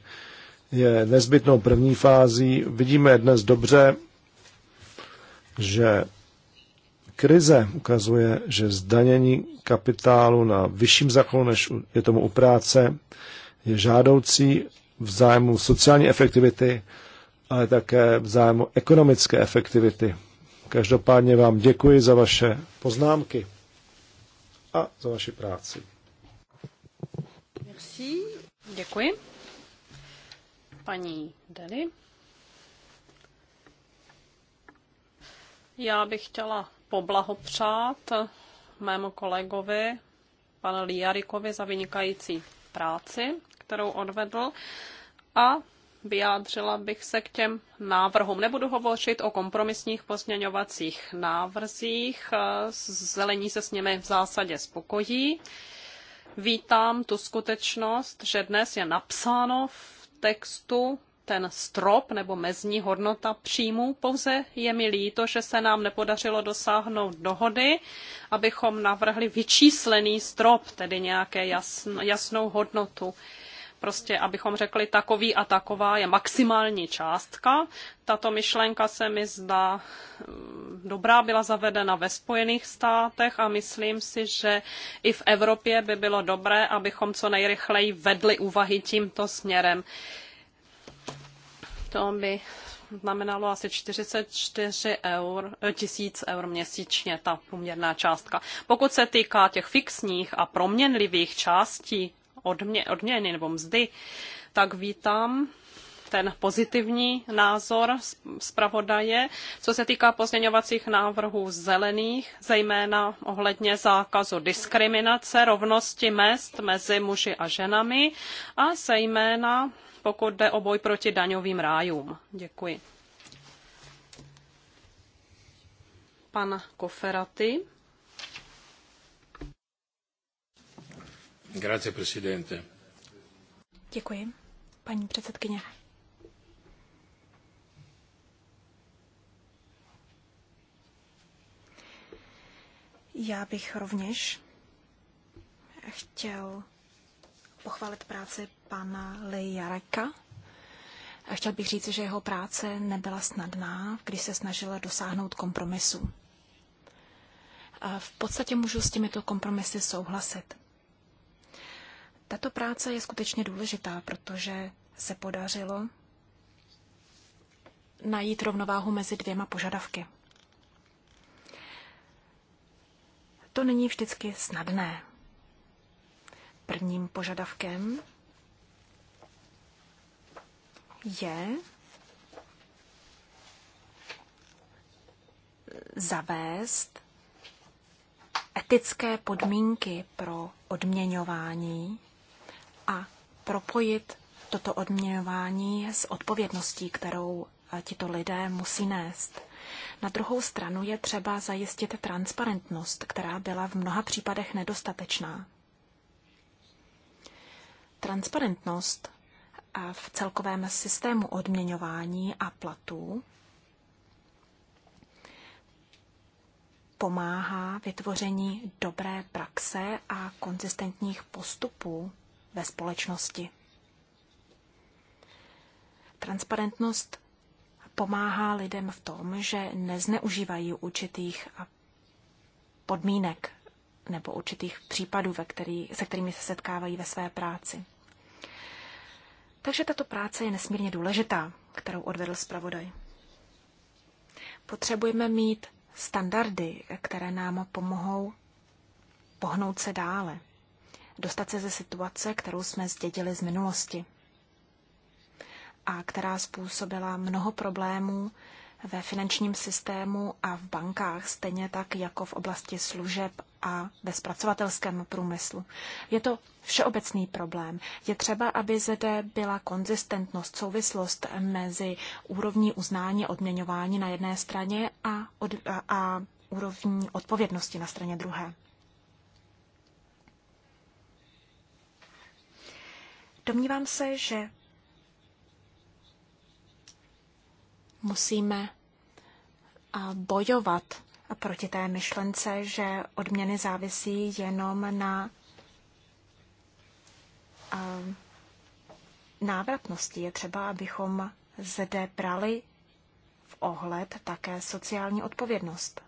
je nezbytnou první fází. Vidíme dnes dobře, že krize ukazuje, že zdanění kapitálu na vyšším zákonu, než je tomu u práce, je žádoucí v zájmu sociální efektivity, ale také v zájmu ekonomické efektivity. Každopádně vám děkuji za vaše poznámky a za vaši práci. Merci. Děkuji. Paní Deli. Já bych chtěla poblahopřát mému kolegovi, panu Liarikovi, za vynikající práci, kterou odvedl a vyjádřila bych se k těm návrhům. Nebudu hovořit o kompromisních pozměňovacích návrzích, zelení se s nimi v zásadě spokojí. Vítám tu skutečnost, že dnes je napsáno v textu ten strop nebo mezní hodnota příjmů. Pouze je mi líto, že se nám nepodařilo dosáhnout dohody, abychom navrhli vyčíslený strop, tedy nějaké jasn, jasnou hodnotu. Uh, prostě abychom řekli takový a taková je maximální částka. Tato myšlenka se mi zdá mm, dobrá, byla zavedena ve Spojených státech a myslím si, že i v Evropě by bylo dobré, abychom co nejrychleji vedli úvahy tímto směrem. To by znamenalo asi 44 eur, eh, tisíc eur měsíčně, ta průměrná částka. Pokud se týká těch fixních a proměnlivých částí odmě, odměny nebo mzdy, tak vítám ten pozitivní názor zpravodaje, co se týká pozměňovacích návrhů zelených, zejména ohledně zákazu diskriminace, rovnosti mest mezi muži a ženami a zejména pokud jde o boj proti daňovým rájům. Děkuji. Pan Koferaty. Grazie, presidente. Děkuji, paní předsedkyně. Já bych rovněž chtěl pochválit práci pana Lejareka. A chtěl bych říct, že jeho práce nebyla snadná, když se snažila dosáhnout kompromisu. v podstatě můžu s těmito kompromisy souhlasit. Tato práce je skutečně důležitá, protože se podařilo najít rovnováhu mezi dvěma požadavky. To není vždycky snadné. Prvním požadavkem je zavést etické podmínky pro odměňování a propojit toto odměňování s odpovědností, kterou eh, tito lidé musí nést. Na druhou stranu je třeba zajistit transparentnost, která byla v mnoha případech nedostatečná. Transparentnost eh, v celkovém systému odměňování a platů pomáhá vytvoření dobré praxe a konzistentních postupů ve společnosti. Transparentnost pomáhá lidem v tom, že nezneužívají určitých podmínek nebo určitých případů, ve který, se kterými se setkávají ve své práci. Takže tato práce je nesmírně důležitá, kterou odvedl zpravodaj. Potřebujeme mít standardy, které nám pomohou pohnout se dále dostat se ze situace, kterou jsme zdědili z minulosti a která způsobila mnoho problémů ve finančním systému a v bankách, stejně tak jako v oblasti služeb a ve zpracovatelském průmyslu. Je to všeobecný problém. Je třeba, aby zde byla konzistentnost, souvislost mezi úrovní uznání odměňování na jedné straně a, od, a, a úrovní odpovědnosti na straně druhé. Domnívám se, že musíme bojovat proti té myšlence, že odměny závisí jenom na návratnosti. Je třeba, abychom zde brali v ohled také sociální odpovědnost.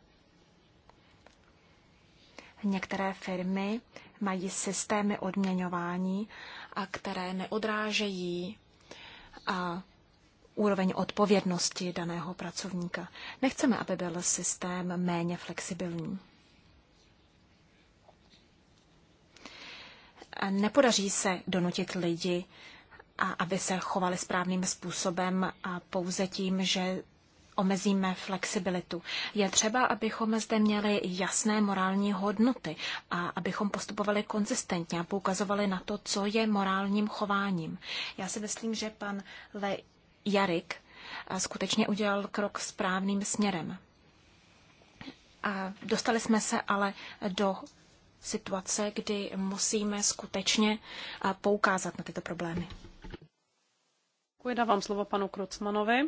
Některé firmy mají systémy odměňování, a které neodrážejí a úroveň odpovědnosti daného pracovníka. Nechceme, aby byl systém méně flexibilní. Nepodaří se donutit lidi, aby se chovali správným způsobem a pouze tím, že omezíme flexibilitu. Je třeba, abychom zde měli jasné morální hodnoty a abychom postupovali konzistentně a poukazovali na to, co je morálním chováním. Já si myslím, že pan Le Jarik eh, skutečně udělal krok správným směrem. A dostali jsme se ale do situace, kdy musíme skutečně eh, poukázat na tyto problémy. Děkuji, dávám slovo panu Krocmanovi.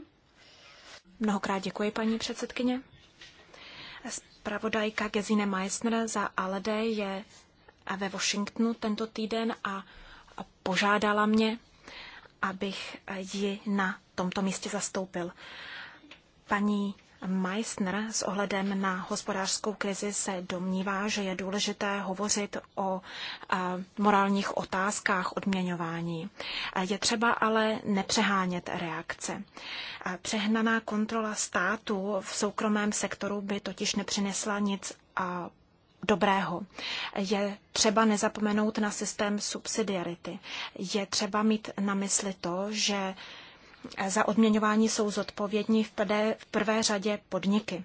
Mnohokrát děkuji, paní předsedkyně. Spravodajka Gesine Meissner za ALDE je ve Washingtonu tento týden a požádala mě, abych ji na tomto místě zastoupil. Paní Meissner s ohledem na hospodářskou krizi se domnívá, že je důležité hovořit o eh, morálních otázkách odměňování. Eh, je třeba ale nepřehánět reakce. Eh, přehnaná kontrola státu v soukromém sektoru by totiž nepřinesla nic a dobrého. Je třeba nezapomenout na systém subsidiarity. Je třeba mít na mysli to, že za odměňování jsou zodpovědní v, prvé, řadě podniky.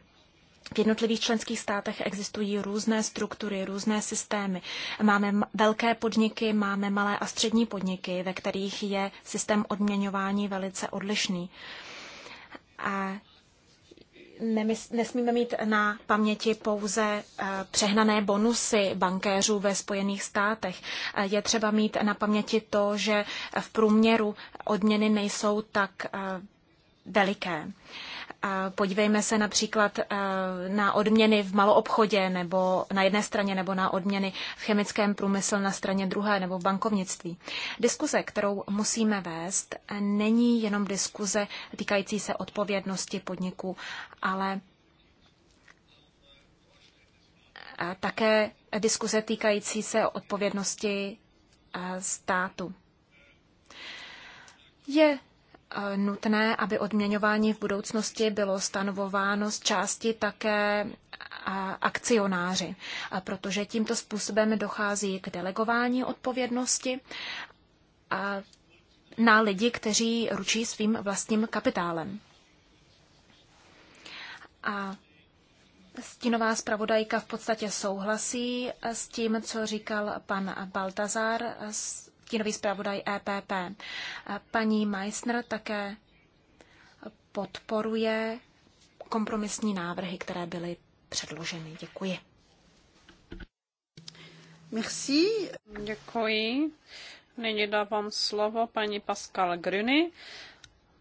V jednotlivých členských státech existují různé struktury, různé systémy. Máme velké podniky, máme malé a střední podniky, ve kterých je systém odměňování velice odlišný. A nesmíme mít na paměti pouze eh, přehnané bonusy bankéřů ve Spojených státech. Eh, je třeba mít na paměti to, že v průměru odměny nejsou tak eh, veliké. Podívejme se například eh, na odměny v maloobchodě nebo na jedné straně, nebo na odměny v chemickém průmyslu na straně druhé nebo v bankovnictví. Diskuze, kterou musíme vést, není jenom diskuze týkající se odpovědnosti podniků, ale eh, také diskuze týkající se odpovědnosti eh, státu. Je nutné, aby odměňování v budoucnosti bylo stanovováno z části také akcionáři, protože tímto způsobem dochází k delegování odpovědnosti na lidi, kteří ručí svým vlastním kapitálem. A Stínová zpravodajka v podstatě souhlasí s tím, co říkal pan Baltazar stínový zpravodaj EPP. Paní Meissner také podporuje kompromisní návrhy, které byly předloženy. Děkuji. Merci. Děkuji. Nyní dávám slovo paní Pascal Gruny,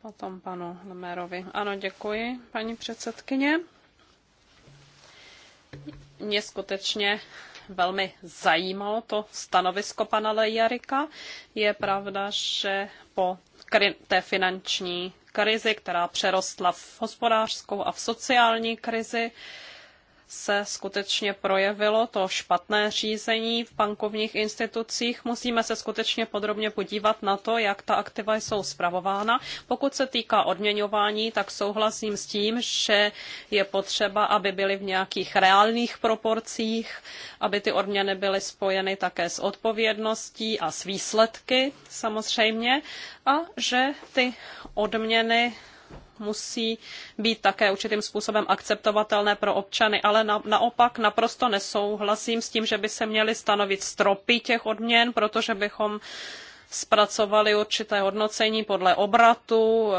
potom panu Lemérovi. Ano, děkuji, paní předsedkyně. Mě skutečně velmi zajímalo to stanovisko pana Lejarika. Je pravda, že po té finanční krizi, která přerostla v hospodářskou a v sociální krizi, se skutečně projevilo to špatné řízení v bankovních institucích. Musíme se skutečně podrobně podívat na to, jak ta aktiva jsou spravována. Pokud se týká odměňování, tak souhlasím s tím, že je potřeba, aby byly v nějakých reálných proporcích, aby ty odměny byly spojeny také s odpovědností a s výsledky samozřejmě a že ty odměny musí být také určitým způsobem akceptovatelné pro občany, ale na, naopak naprosto nesouhlasím s tím, že by se měly stanovit stropy těch odměn, protože bychom zpracovali určité hodnocení podle obratu, e,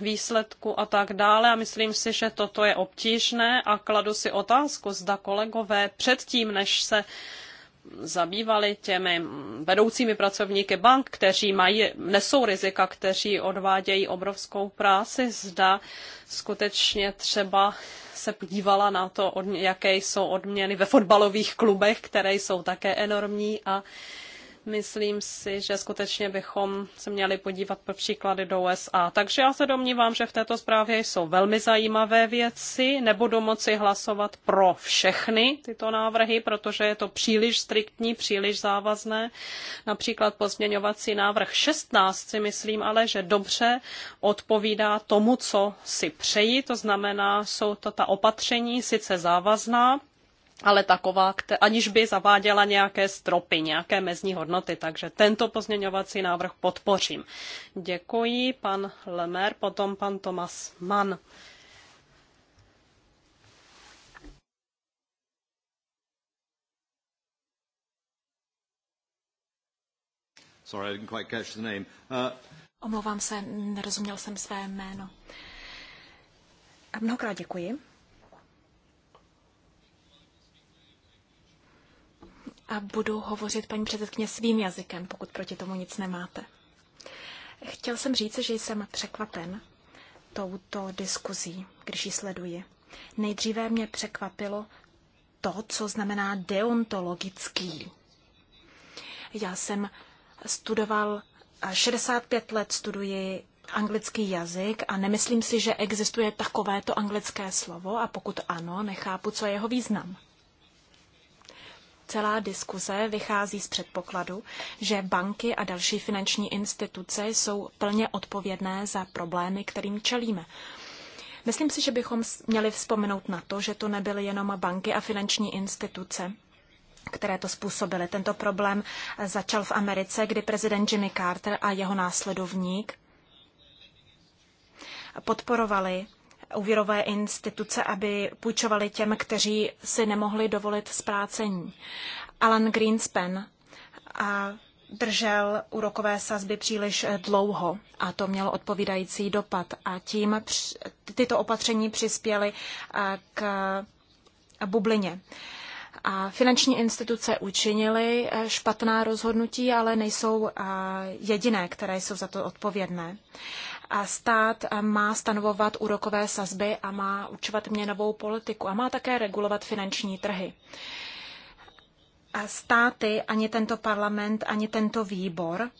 výsledku a tak dále. A myslím si, že toto je obtížné a kladu si otázku, zda kolegové předtím, než se zabývali těmi vedoucími pracovníky bank, kteří mají, nesou rizika, kteří odvádějí obrovskou práci, zda skutečně třeba se podívala na to, jaké jsou odměny ve fotbalových klubech, které jsou také enormní a Myslím si, že skutečně bychom se měli podívat pro příklady do USA. Takže já se domnívám, že v této zprávě jsou velmi zajímavé věci. Nebudu moci hlasovat pro všechny tyto návrhy, protože je to příliš striktní, příliš závazné. Například pozměňovací návrh 16 si myslím ale, že dobře odpovídá tomu, co si přeji. To znamená, jsou to ta opatření sice závazná, ale taková, aniž by zaváděla nějaké stropy, nějaké mezní hodnoty. Takže tento pozměňovací návrh podpořím. Děkuji, pan Lemer, potom pan Tomas Mann. Sorry, I didn't quite catch the name. Uh... Omlouvám se, nerozuměl jsem své jméno. A mnohokrát děkuji. a budu hovořit paní předsedkyně svým jazykem, pokud proti tomu nic nemáte. Chtěl jsem říct, že jsem překvapen touto diskuzí, když ji sleduji. Nejdříve mě překvapilo to, co znamená deontologický. Já jsem studoval 65 let studuji anglický jazyk a nemyslím si, že existuje takovéto anglické slovo a pokud ano, nechápu, co je jeho význam celá diskuze vychází z předpokladu, že banky a další finanční instituce jsou plně odpovědné za problémy, kterým čelíme. Myslím si, že bychom měli vzpomenout na to, že to nebyly jenom banky a finanční instituce, které to způsobily. Tento problém začal v Americe, kdy prezident Jimmy Carter a jeho následovník podporovali úvěrové instituce, aby půjčovaly těm, kteří si nemohli dovolit splácení. Alan Greenspan a držel úrokové sazby příliš dlouho a to mělo odpovídající dopad a tím tyto opatření přispěly k bublině. A finanční instituce učinily e, špatná rozhodnutí, ale nejsou jediné, které jsou za to odpovědné. A stát má stanovovat úrokové sazby a má učovat měnovou politiku a má také regulovat finanční trhy. A státy, ani tento parlament, ani tento výbor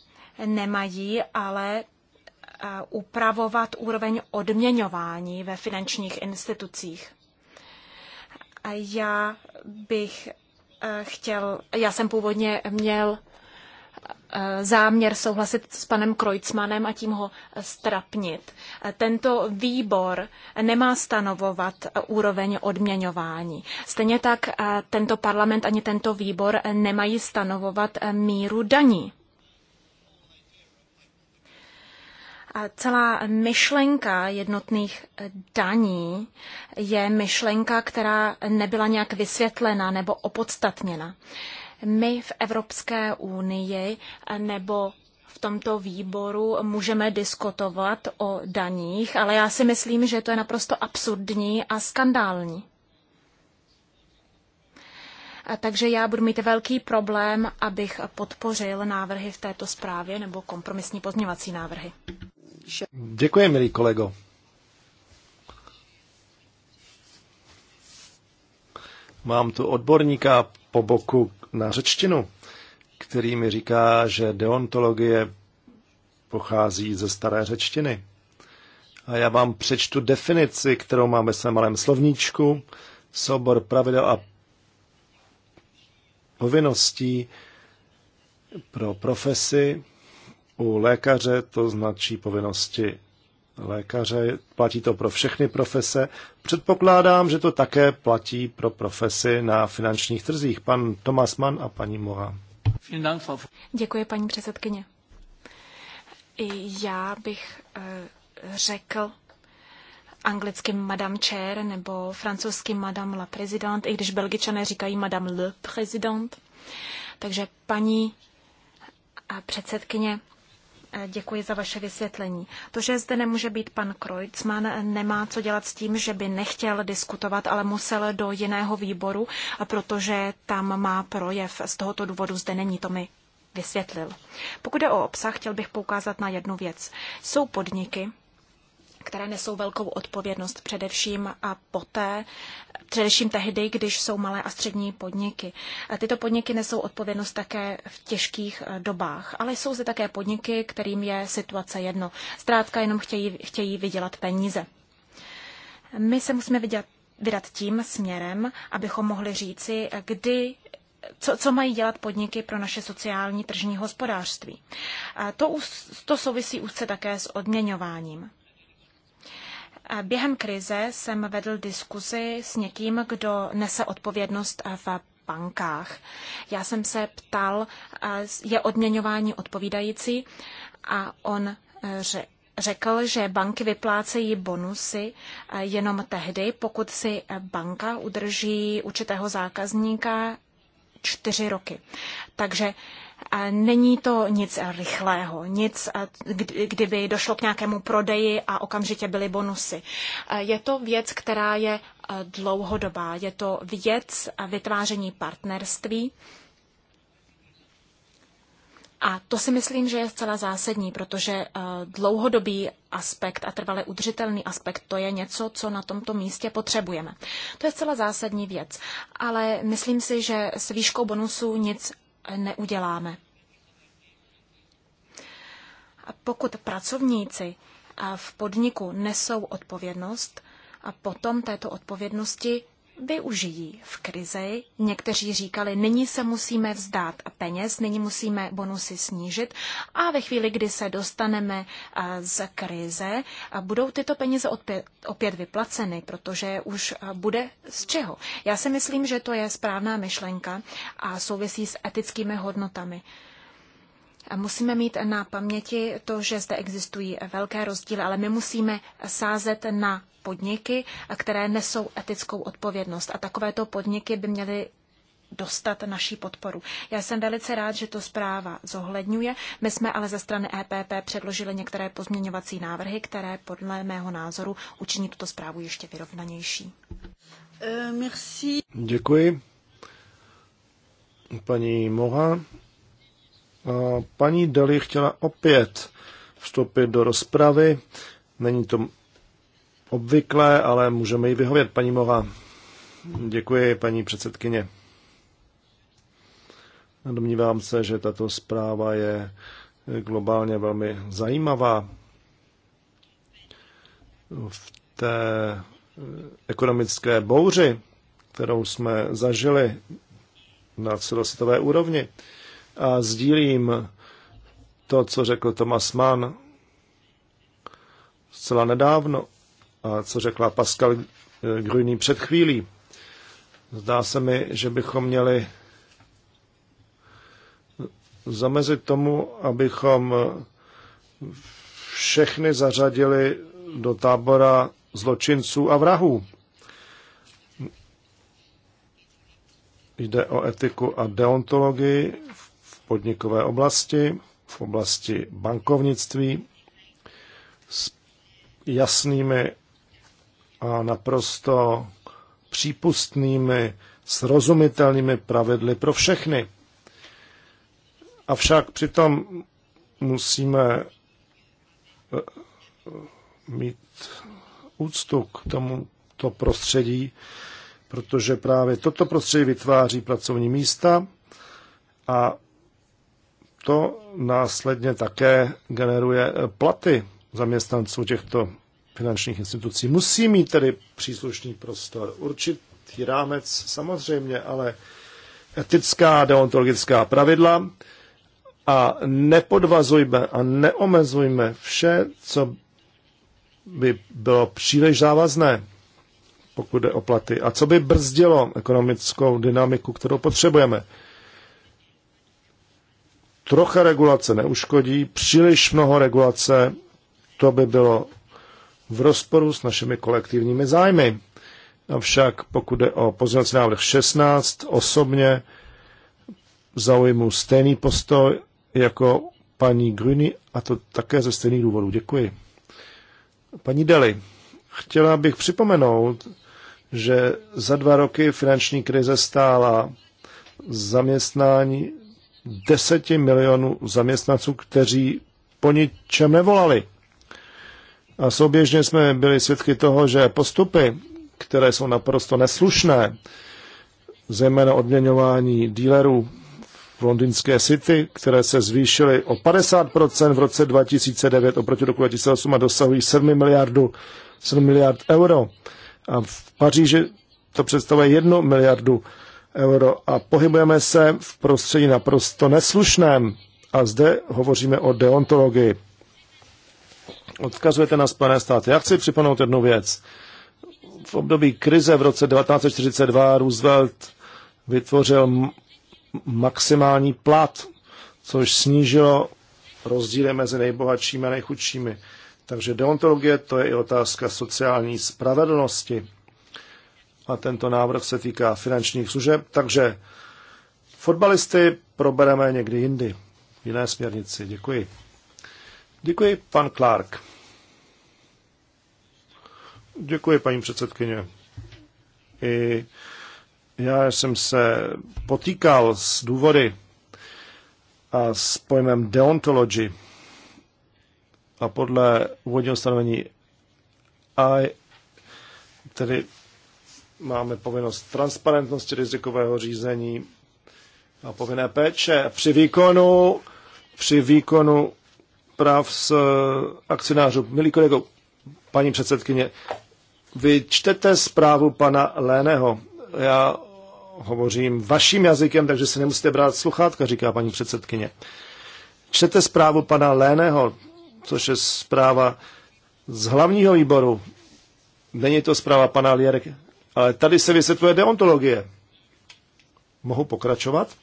nemají ale upravovat úroveň odměňování ve finančních institucích. Já bych chtěl, já jsem původně měl Eh, záměr souhlasit s panem Krojcmanem a tím ho strapnit. Tento výbor nemá stanovovat úroveň odměňování. Stejně tak eh, tento parlament ani tento výbor nemají stanovovat míru daní. A celá myšlenka jednotných daní je myšlenka, která nebyla nějak vysvětlena nebo opodstatněna my v Evropské unii nebo v tomto výboru můžeme diskutovat o daních, ale já si myslím, že to je naprosto absurdní a skandální. takže já budu mít velký problém, abych podpořil návrhy v této zprávě nebo kompromisní pozměvací návrhy. Děkuji, milý kolego. Mám tu odborníka po boku na řečtinu, který mi říká, že deontologie pochází ze staré řečtiny. A já vám přečtu definici, kterou máme ve malém slovníčku, soubor pravidel a povinností pro profesi. U lékaře to značí povinnosti lékaře, platí to pro všechny profese. Předpokládám, že to také platí pro profesy na finančních trzích. Pan Tomas Mann a paní Moha. Děkuji, paní předsedkyně. Já bych eh, řekl anglicky Madame Chair nebo francouzsky Madame la Présidente, i když belgičané říkají Madame le Président. Takže paní eh, předsedkyně, Eh, děkuji za vaše vysvětlení. To, že zde nemůže být pan Kreutzmann, nemá co dělat s tím, že by nechtěl diskutovat, ale musel do jiného výboru, protože tam má projev. Z tohoto důvodu zde není, to mi vysvětlil. Pokud jde o obsah, chtěl bych poukázat na jednu věc. Jsou podniky, které nesou velkou odpovědnost především a poté, především tehdy, když jsou malé a střední podniky. Tyto podniky nesou odpovědnost také v těžkých eh, dobách, ale jsou zde také podniky, kterým je situace jedno. Zkrátka jenom chtějí, chtějí vydělat peníze. My se musíme vydělat, vydat tím směrem, abychom mohli říci, kdy co, co mají dělat podniky pro naše sociální tržní hospodářství. A to, to souvisí úzce také s odměňováním. Během krize jsem vedl diskuzi s někým, kdo nese odpovědnost v bankách. Já jsem se ptal, je odměňování odpovídající a on e, řekl, řekl, že banky vyplácejí bonusy e, jenom tehdy, pokud si banka udrží určitého zákazníka čtyři roky. Takže Není to nic rychlého, nic, kdyby došlo k nějakému prodeji a okamžitě byly bonusy. Je to věc, která je dlouhodobá. Je to věc vytváření partnerství. A to si myslím, že je zcela zásadní, protože dlouhodobý aspekt a trvale udržitelný aspekt, to je něco, co na tomto místě potřebujeme. To je zcela zásadní věc, ale myslím si, že s výškou bonusu nic neuděláme. A pokud pracovníci v podniku nesou odpovědnost, a potom této odpovědnosti využijí v krizi. Někteří říkali, nyní se musíme vzdát peněz, nyní musíme bonusy snížit a ve chvíli, kdy se dostaneme eh, z krize, eh, budou tyto peníze opět, opět vyplaceny, protože už eh, bude z čeho. Já si myslím, že to je správná myšlenka a souvisí s etickými hodnotami. Musíme mít na paměti to, že zde existují velké rozdíly, ale my musíme sázet na podniky, které nesou etickou odpovědnost. A takovéto podniky by měly dostat naší podporu. Já jsem velice rád, že to zpráva zohledňuje. My jsme ale ze strany EPP předložili některé pozměňovací návrhy, které podle mého názoru učiní tuto zprávu ještě vyrovnanější. Eh, Děkuji. Paní Moha paní Deli chtěla opět vstoupit do rozpravy. Není to obvyklé, ale můžeme jí vyhovět, paní Mova. Děkuji, paní předsedkyně. Domnívám se, že tato zpráva je globálně velmi zajímavá. V té ekonomické bouři, kterou jsme zažili na celosvětové úrovni, a sdílím to, co řekl Thomas Mann zcela nedávno a co řekla Pascal eh, Gruny před chvílí. Zdá se mi, že bychom měli zamezit tomu, abychom všechny zařadili do tábora zločinců a vrahů. Jde o etiku a deontologii v podnikové oblasti, v oblasti bankovnictví s jasnými a naprosto přípustnými, srozumitelnými pravidly pro všechny. Avšak přitom musíme eh, mít úctu k tomuto prostředí, protože právě toto prostředí vytváří pracovní místa a to následně také generuje platy zaměstnanců těchto finančních institucí. Musí mít tedy příslušný prostor, určitý rámec samozřejmě, ale etická deontologická pravidla a nepodvazujme a neomezujme vše, co by bylo příliš závazné, pokud jde o platy. A co by brzdilo ekonomickou dynamiku, kterou potřebujeme trocha regulace neuškodí, příliš mnoho regulace, to by bylo v rozporu s našimi kolektivními zájmy. Avšak pokud jde o pozměňovací návrh 16, osobně zaujmu stejný postoj jako paní Gruny a to také ze stejných důvodů. Děkuji. Paní Deli, chtěla bych připomenout, že za dva roky finanční krize stála zaměstnání deseti milionů zaměstnanců, kteří po ničem nevolali. A souběžně jsme byli svědky toho, že postupy, které jsou naprosto neslušné, zejména odměňování dílerů v londýnské City, které se zvýšily o 50% v roce 2009 oproti roku 2008 a dosahují 7 miliardů 7 miliard euro. A v Paříži to představuje 1 miliardu euro a pohybujeme se v prostředí naprosto neslušném. A zde hovoříme o deontologii. Odkazujete na Spojené státy. Já chci připomenout jednu věc. V období krize v roce 1942 Roosevelt vytvořil maximální plat, což snížilo rozdíly mezi nejbohatšími a nejchudšími. Takže deontologie to je i otázka sociální spravedlnosti a tento návrh se týká finančních služeb, takže fotbalisty probereme někdy jindy. V jiné směrnici. Děkuji. Děkuji, pan Clark. Děkuji, paní předsedkyně. I já jsem se potýkal s důvody a s pojmem deontology a podle úvodního stanovení I, tedy Máme povinnost transparentnosti rizikového řízení a povinné péče při výkonu, při výkonu práv s eh, akcionářů. Milí kolego, paní předsedkyně, vy čtete zprávu pana Léného. Já hovořím vaším jazykem, takže si nemusíte brát sluchátka, říká paní předsedkyně. Čtete zprávu pana Léného, což je zpráva z hlavního výboru. Není to zpráva pana Lierke, ale tady se vysvětluje deontologie. Mohu pokračovat?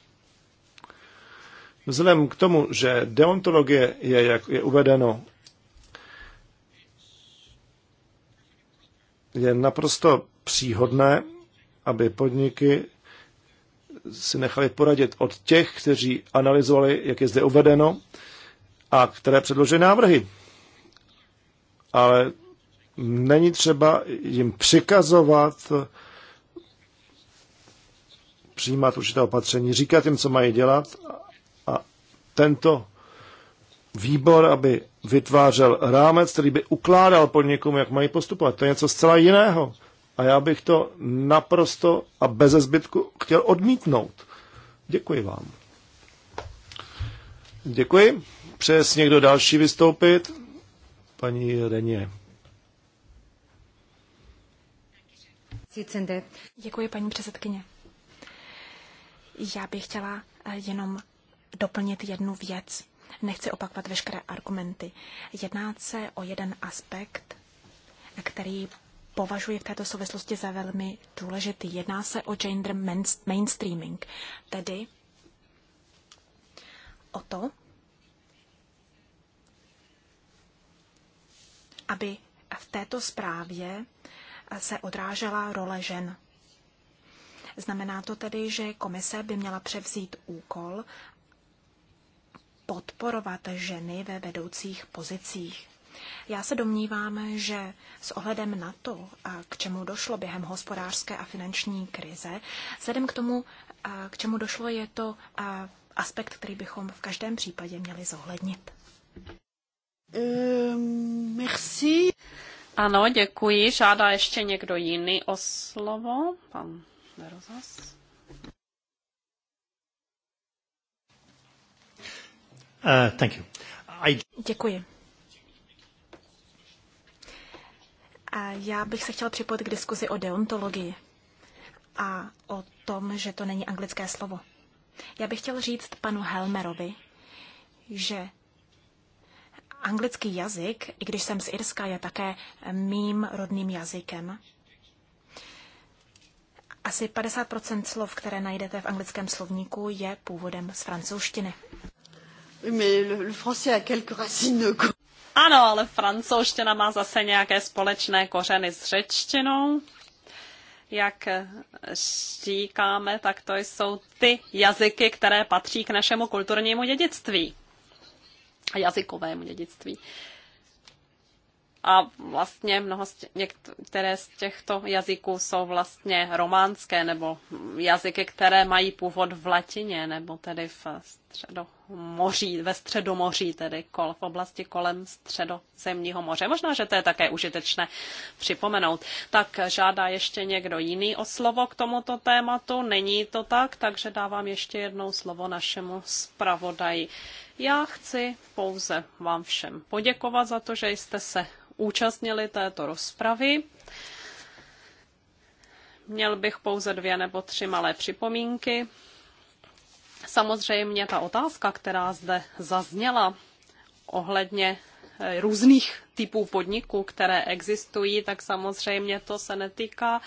Vzhledem k tomu, že deontologie je, jak je uvedeno, je naprosto příhodné, aby podniky si nechali poradit od těch, kteří analyzovali, jak je zde uvedeno, a které předložili návrhy. Ale Není třeba jim přikazovat přijímat určité opatření, říkat jim, co mají dělat a tento výbor, aby vytvářel rámec, který by ukládal podnikům, jak mají postupovat. To je něco zcela jiného. A já bych to naprosto a bez zbytku chtěl odmítnout. Děkuji vám. Děkuji. Přeje někdo další vystoupit? Paní Reně. Děkuji, paní předsedkyně. Já bych chtěla eh, jenom doplnit jednu věc. Nechci opakovat veškeré argumenty. Jedná se o jeden aspekt, který považuji v této souvislosti za velmi důležitý. Jedná se o gender mainstreaming, tedy o to, aby v této zprávě se odrážela role žen. Znamená to tedy, že komise by měla převzít úkol podporovat ženy ve vedoucích pozicích. Já se domnívám, že s ohledem na to, k čemu došlo během hospodářské a finanční krize, vzhledem k tomu, k čemu došlo, je to aspekt, který bychom v každém případě měli zohlednit. Um, merci. Ano, děkuji. Žádá ještě někdo jiný o slovo? Pan Rozas. Uh, thank you. I... Děkuji. A já bych se chtěl připojit k diskuzi o deontologii a o tom, že to není anglické slovo. Já bych chtěl říct panu Helmerovi, že Anglický jazyk, i když jsem z Irska, je také mým rodným jazykem. Asi 50 slov, které najdete v anglickém slovníku, je původem z francouzštiny. Ano, ale francouzština má zase nějaké společné kořeny s řečtinou jak eh, říkáme, tak to jsou ty jazyky, které patří k našemu kulturnímu dědictví a jazykovému dědictví. A vlastně mnoho z těch, některé z těchto jazyků jsou vlastně románské nebo jazyky, které mají původ v latině nebo tedy v středo moří, ve středomoří, tedy kol, v oblasti kolem středozemního moře. Možná, že to je také užitečné připomenout. Tak žádá ještě někdo jiný o slovo k tomuto tématu. Není to tak, takže dávám ještě jednou slovo našemu zpravodaji. Já chci pouze vám všem poděkovat za to, že jste se účastnili této rozpravy. Měl bych pouze dvě nebo tři malé připomínky. Samozřejmě ta otázka, která zde zazněla ohledně eh, různých typů podniků, které existují, tak samozřejmě to se netýká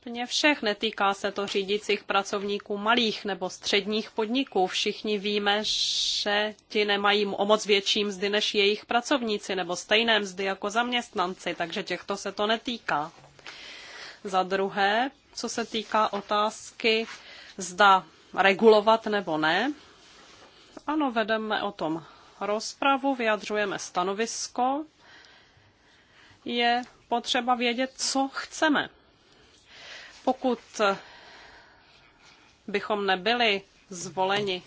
úplně všech. Netýká se to řídících pracovníků malých nebo středních podniků. Všichni víme, že ti nemají o moc větší mzdy než jejich pracovníci nebo stejné mzdy jako zaměstnanci, takže těchto se to netýká. Za druhé, co se týká otázky, zda regulovat nebo ne. Ano, vedeme o tom rozpravu, vyjadřujeme stanovisko. Je potřeba vědět, co chceme. Pokud bychom nebyli zvoleni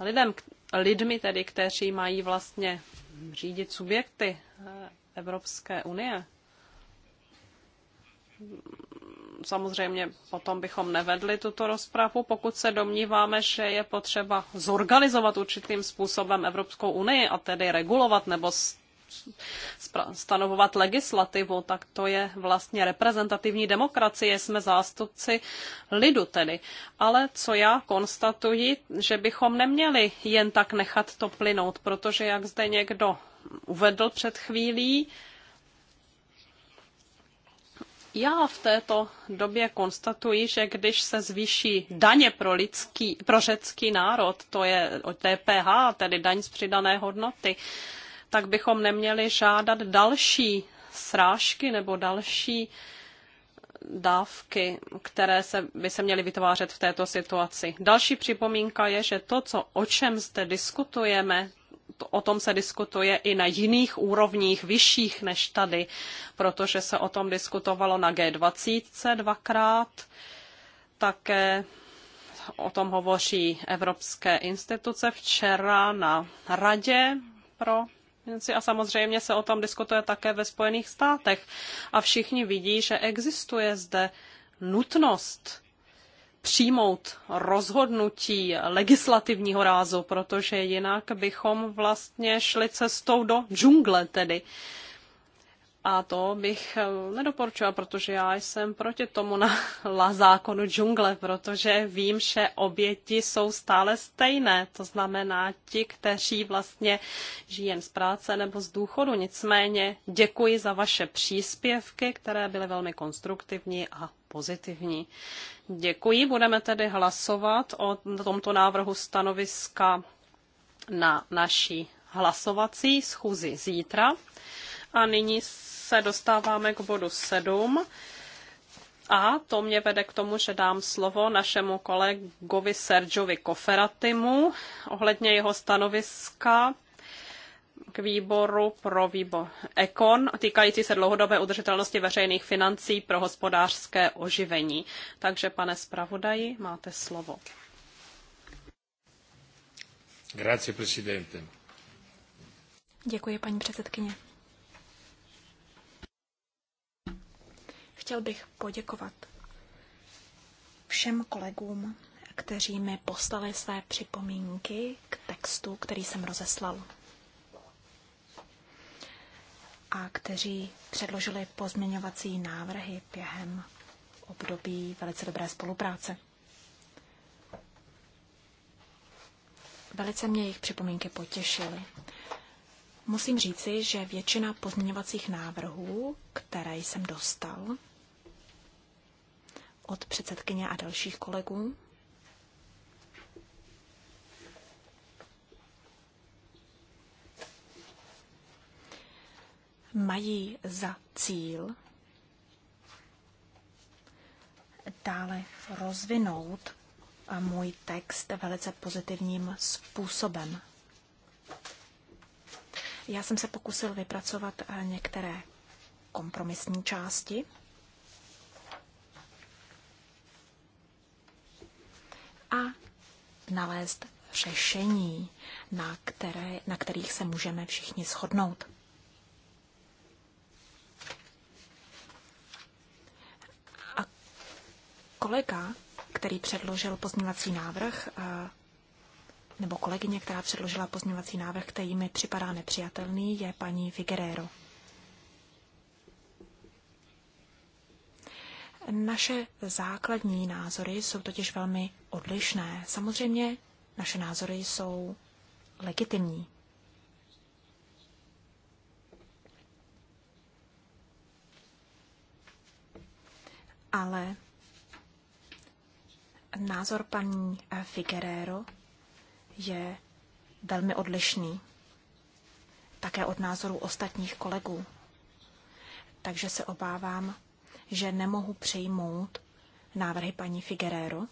lidem, lidmi tedy, kteří mají vlastně řídit subjekty Evropské unie, samozřejmě potom bychom nevedli tuto rozpravu, pokud se domníváme, že je potřeba zorganizovat určitým způsobem Evropskou unii a tedy regulovat nebo stanovovat legislativu, tak to je vlastně reprezentativní demokracie, jsme zástupci lidu tedy. Ale co já konstatuji, že bychom neměli jen tak nechat to plynout, protože jak zde někdo uvedl před chvílí, já v této době konstatuji, že když se zvýší daně pro, lidský, pro řecký národ, to je TPH, tedy daň z přidané hodnoty, tak bychom neměli žádat další srážky nebo další dávky, které se, by se měly vytvářet v této situaci. Další připomínka je, že to, co, o čem zde diskutujeme, o tom se diskutuje i na jiných úrovních, vyšších než tady, protože se o tom diskutovalo na G20 dvakrát, také o tom hovoří evropské instituce včera na radě pro a samozřejmě se o tom diskutuje také ve Spojených státech. A všichni vidí, že existuje zde nutnost přijmout rozhodnutí legislativního rázu, protože jinak bychom vlastně šli cestou do džungle tedy. A to bych eh, nedoporučila, protože já jsem proti tomu na la zákonu džungle, protože vím, že oběti jsou stále stejné. To znamená ti, kteří vlastně žijí jen z práce nebo z důchodu. Nicméně děkuji za vaše příspěvky, které byly velmi konstruktivní a pozitivní. Děkuji. Budeme tedy hlasovat o tomto návrhu stanoviska na naší hlasovací schůzi zítra. A nyní se dostáváme k bodu 7. A to mě vede k tomu, že dám slovo našemu kolegovi Sergiovi Koferatimu ohledně jeho stanoviska k výboru pro výbor Ekon týkající se dlouhodobé udržitelnosti veřejných financí pro hospodářské oživení. Takže, pane zpravodaji, máte slovo. Grazie, presidente. Děkuji, paní předsedkyně. Chtěl bych poděkovat všem kolegům, kteří mi poslali své připomínky k textu, který jsem rozeslal. A kteří předložili pozměňovací návrhy během období velice dobré spolupráce. Velice mě jejich připomínky potěšily. Musím říci, že většina pozměňovacích návrhů, které jsem dostal, od předsedkyně a dalších kolegů. Mají za cíl dále rozvinout můj text velice pozitivním způsobem. Já jsem se pokusil vypracovat eh, některé kompromisní části nalézt řešení, na, které, na kterých se můžeme všichni shodnout. A kolega, který předložil pozměňovací návrh, eh, nebo kolegyně, která předložila pozměňovací návrh, který mi připadá nepřijatelný, je paní Figuerero. Naše základní názory jsou totiž velmi odlišné. Samozřejmě naše názory jsou legitimní. Ale názor paní eh, Figuerero je velmi odlišný. Také od názoru ostatních kolegů. Takže se obávám, že nemohu přijmout návrhy paní Figuerero.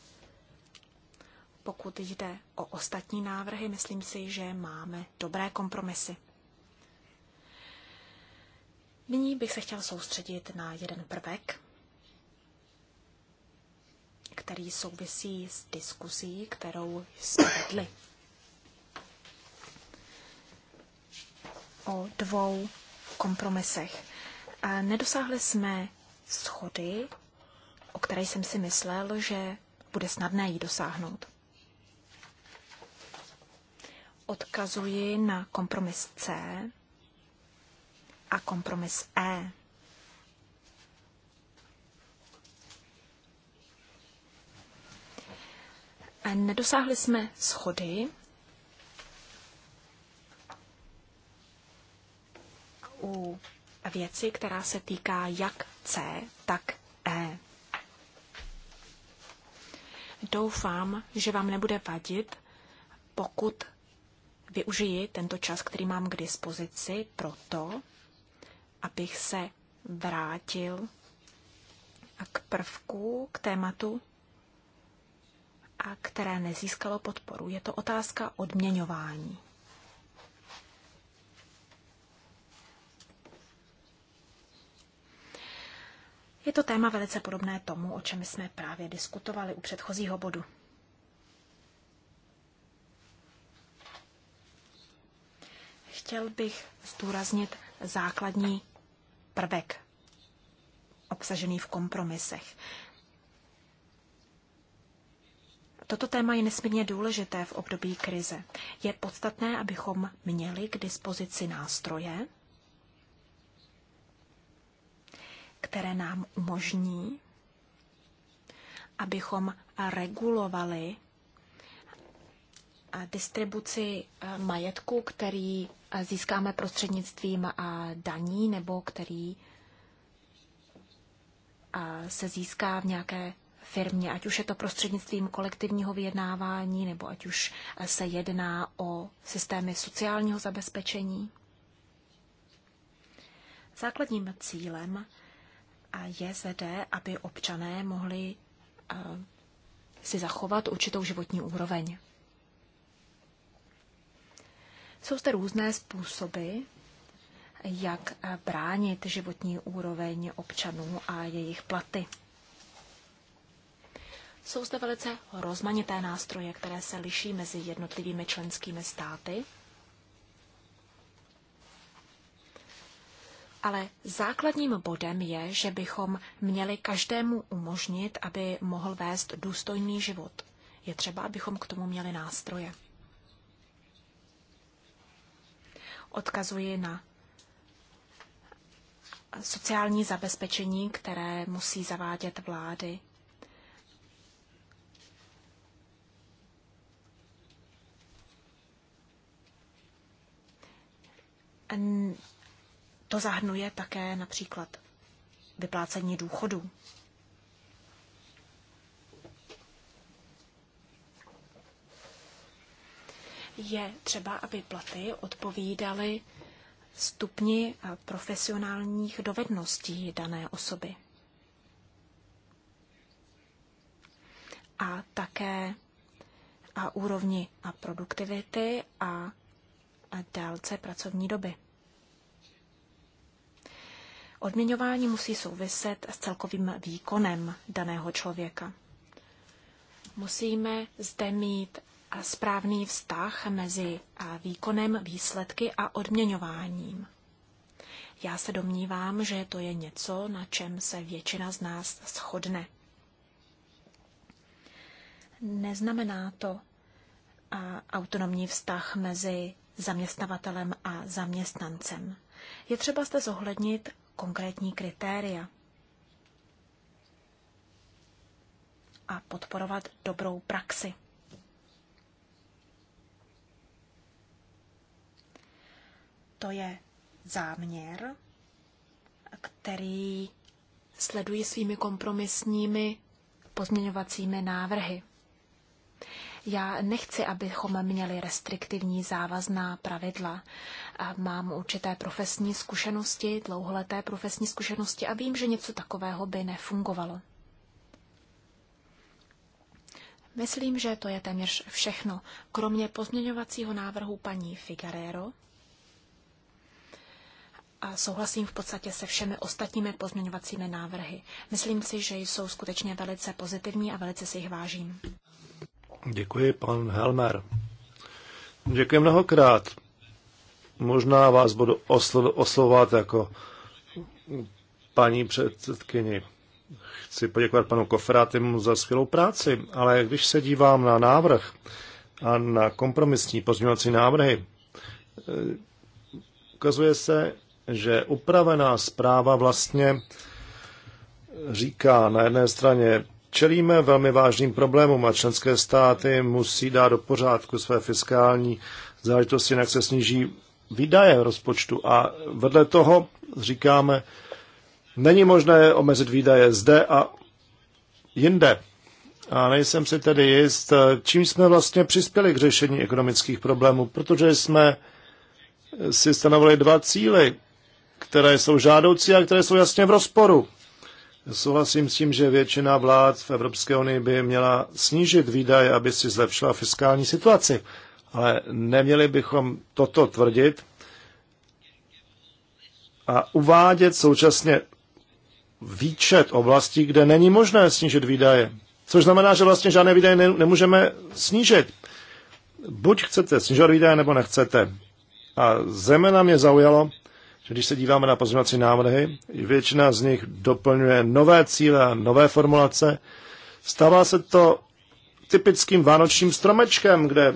Pokud jde o ostatní návrhy, myslím si, že máme dobré kompromisy. Nyní bych se chtěl soustředit na jeden prvek, který souvisí s diskusí, kterou jsme vedli. O dvou kompromisech. Nedosáhli jsme schody, o které jsem si myslel, že bude snadné ji dosáhnout odkazuji na kompromis C a kompromis E. A nedosáhli jsme schody u věci, která se týká jak C, tak E. Doufám, že vám nebude vadit, pokud Využiji tento čas, který mám k dispozici, proto, abych se vrátil k prvku, k tématu, a které nezískalo podporu. Je to otázka odměňování. Je to téma velice podobné tomu, o čem jsme právě diskutovali u předchozího bodu. Chtěl bych zdůraznit základní prvek obsažený v kompromisech. Toto téma je nesmírně důležité v období krize. Je podstatné, abychom měli k dispozici nástroje, které nám umožní, abychom regulovali distribuci majetku, který získáme prostřednictvím daní nebo který se získá v nějaké firmě, ať už je to prostřednictvím kolektivního vyjednávání nebo ať už se jedná o systémy sociálního zabezpečení. Základním cílem je zde, aby občané mohli si zachovat určitou životní úroveň. Jsou zde různé způsoby, jak eh, bránit životní úroveň občanů a jejich platy. Jsou zde velice rozmanité nástroje, které se liší mezi jednotlivými členskými státy. Ale základním bodem je, že bychom měli každému umožnit, aby mohl vést důstojný život. Je třeba, abychom k tomu měli nástroje. Odkazuji na sociální zabezpečení, které musí zavádět vlády. To zahrnuje také například vyplácení důchodů. je třeba, aby platy odpovídaly stupni eh, profesionálních dovedností dané osoby. A také a eh, úrovni a eh, produktivity a, a délce pracovní doby. Odměňování musí souviset s celkovým výkonem daného člověka. Musíme zde mít správný vztah mezi výkonem, výsledky a odměňováním. Já se domnívám, že to je něco, na čem se většina z nás shodne. Neznamená to autonomní vztah mezi zaměstnavatelem a zaměstnancem. Je třeba zde zohlednit konkrétní kritéria a podporovat dobrou praxi. to je záměr, který sleduji svými kompromisními pozměňovacími návrhy. Já nechci, abychom měli restriktivní závazná pravidla. Mám určité profesní zkušenosti, dlouholeté profesní zkušenosti a vím, že něco takového by nefungovalo. Myslím, že to je téměř všechno, kromě pozměňovacího návrhu paní Figarero, souhlasím v podstatě se všemi ostatními pozměňovacími návrhy. Myslím si, že jsou skutečně velice pozitivní a velice si jich vážím. Děkuji, pan Helmer. Děkuji mnohokrát. Možná vás budu oslo- oslovovat jako paní předsedkyni. Chci poděkovat panu Kofrátymu za skvělou práci, ale když se dívám na návrh a na kompromisní pozměňovací návrhy, eh, ukazuje se, že upravená zpráva vlastně říká na jedné straně, čelíme velmi vážným problémům a členské státy musí dát do pořádku své fiskální záležitosti, jinak se sníží výdaje rozpočtu. A vedle toho říkáme, není možné omezit výdaje zde a jinde. A nejsem si tedy jist, čím jsme vlastně přispěli k řešení ekonomických problémů, protože jsme si stanovili dva cíly které jsou žádoucí a které jsou jasně v rozporu. Souhlasím s tím, že většina vlád v Evropské unii by měla snížit výdaje, aby si zlepšila fiskální situaci. Ale neměli bychom toto tvrdit a uvádět současně výčet oblastí, kde není možné snížit výdaje. Což znamená, že vlastně žádné výdaje ne, nemůžeme snížit. Buď chcete snižovat výdaje, nebo nechcete. A zejména mě zaujalo, že když se díváme na pozměňovací návrhy, většina z nich doplňuje nové cíle, nové formulace. Stává se to typickým vánočním stromečkem, kde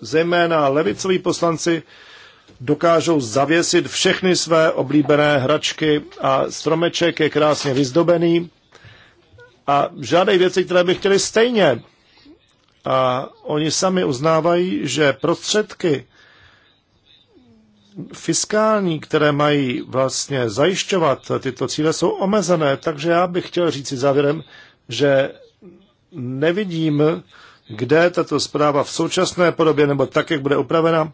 zejména levicoví poslanci dokážou zavěsit všechny své oblíbené hračky a stromeček je krásně vyzdobený a žádají věci, které by chtěli stejně. A oni sami uznávají, že prostředky, fiskální, které mají vlastně zajišťovat tyto cíle, jsou omezené. Takže já bych chtěl říci závěrem, že nevidím, kde tato zpráva v současné podobě nebo tak, jak bude upravena,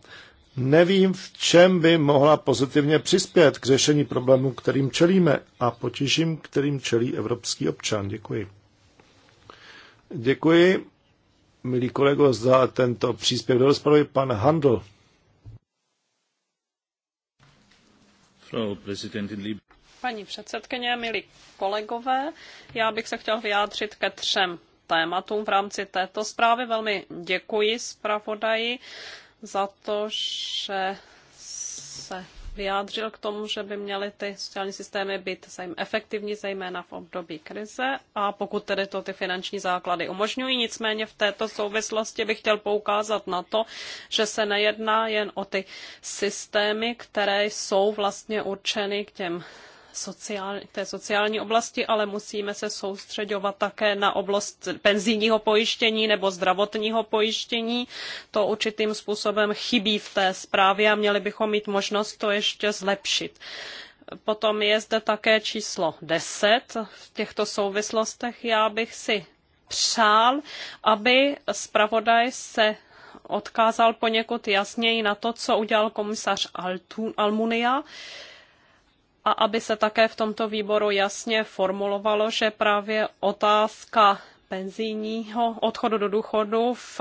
nevím, v čem by mohla pozitivně přispět k řešení problémů, kterým čelíme a potížím, kterým čelí evropský občan. Děkuji. Děkuji, milí kolego, za tento příspěvek do rozpravy. Pan Handl. Paní předsedkyně, milí kolegové, já bych se chtěl vyjádřit ke třem tématům v rámci této zprávy. Velmi děkuji zpravodaji za to, že se vyjádřil k tomu, že by měly ty sociální systémy být efektivní, zejména v období krize a pokud tedy to ty finanční základy umožňují. Nicméně v této souvislosti bych chtěl poukázat na to, že se nejedná jen o ty systémy, které jsou vlastně určeny k těm sociál, té sociální oblasti, ale musíme se soustředovat také na oblast penzijního pojištění nebo zdravotního pojištění. To určitým způsobem chybí v té zprávě a měli bychom mít možnost to ještě zlepšit. Potom je zde také číslo 10. V těchto souvislostech já bych si přál, aby zpravodaj se odkázal poněkud jasněji na to, co udělal komisař Almunia, a aby se také v tomto výboru jasně formulovalo, že právě otázka penzijního odchodu do důchodu v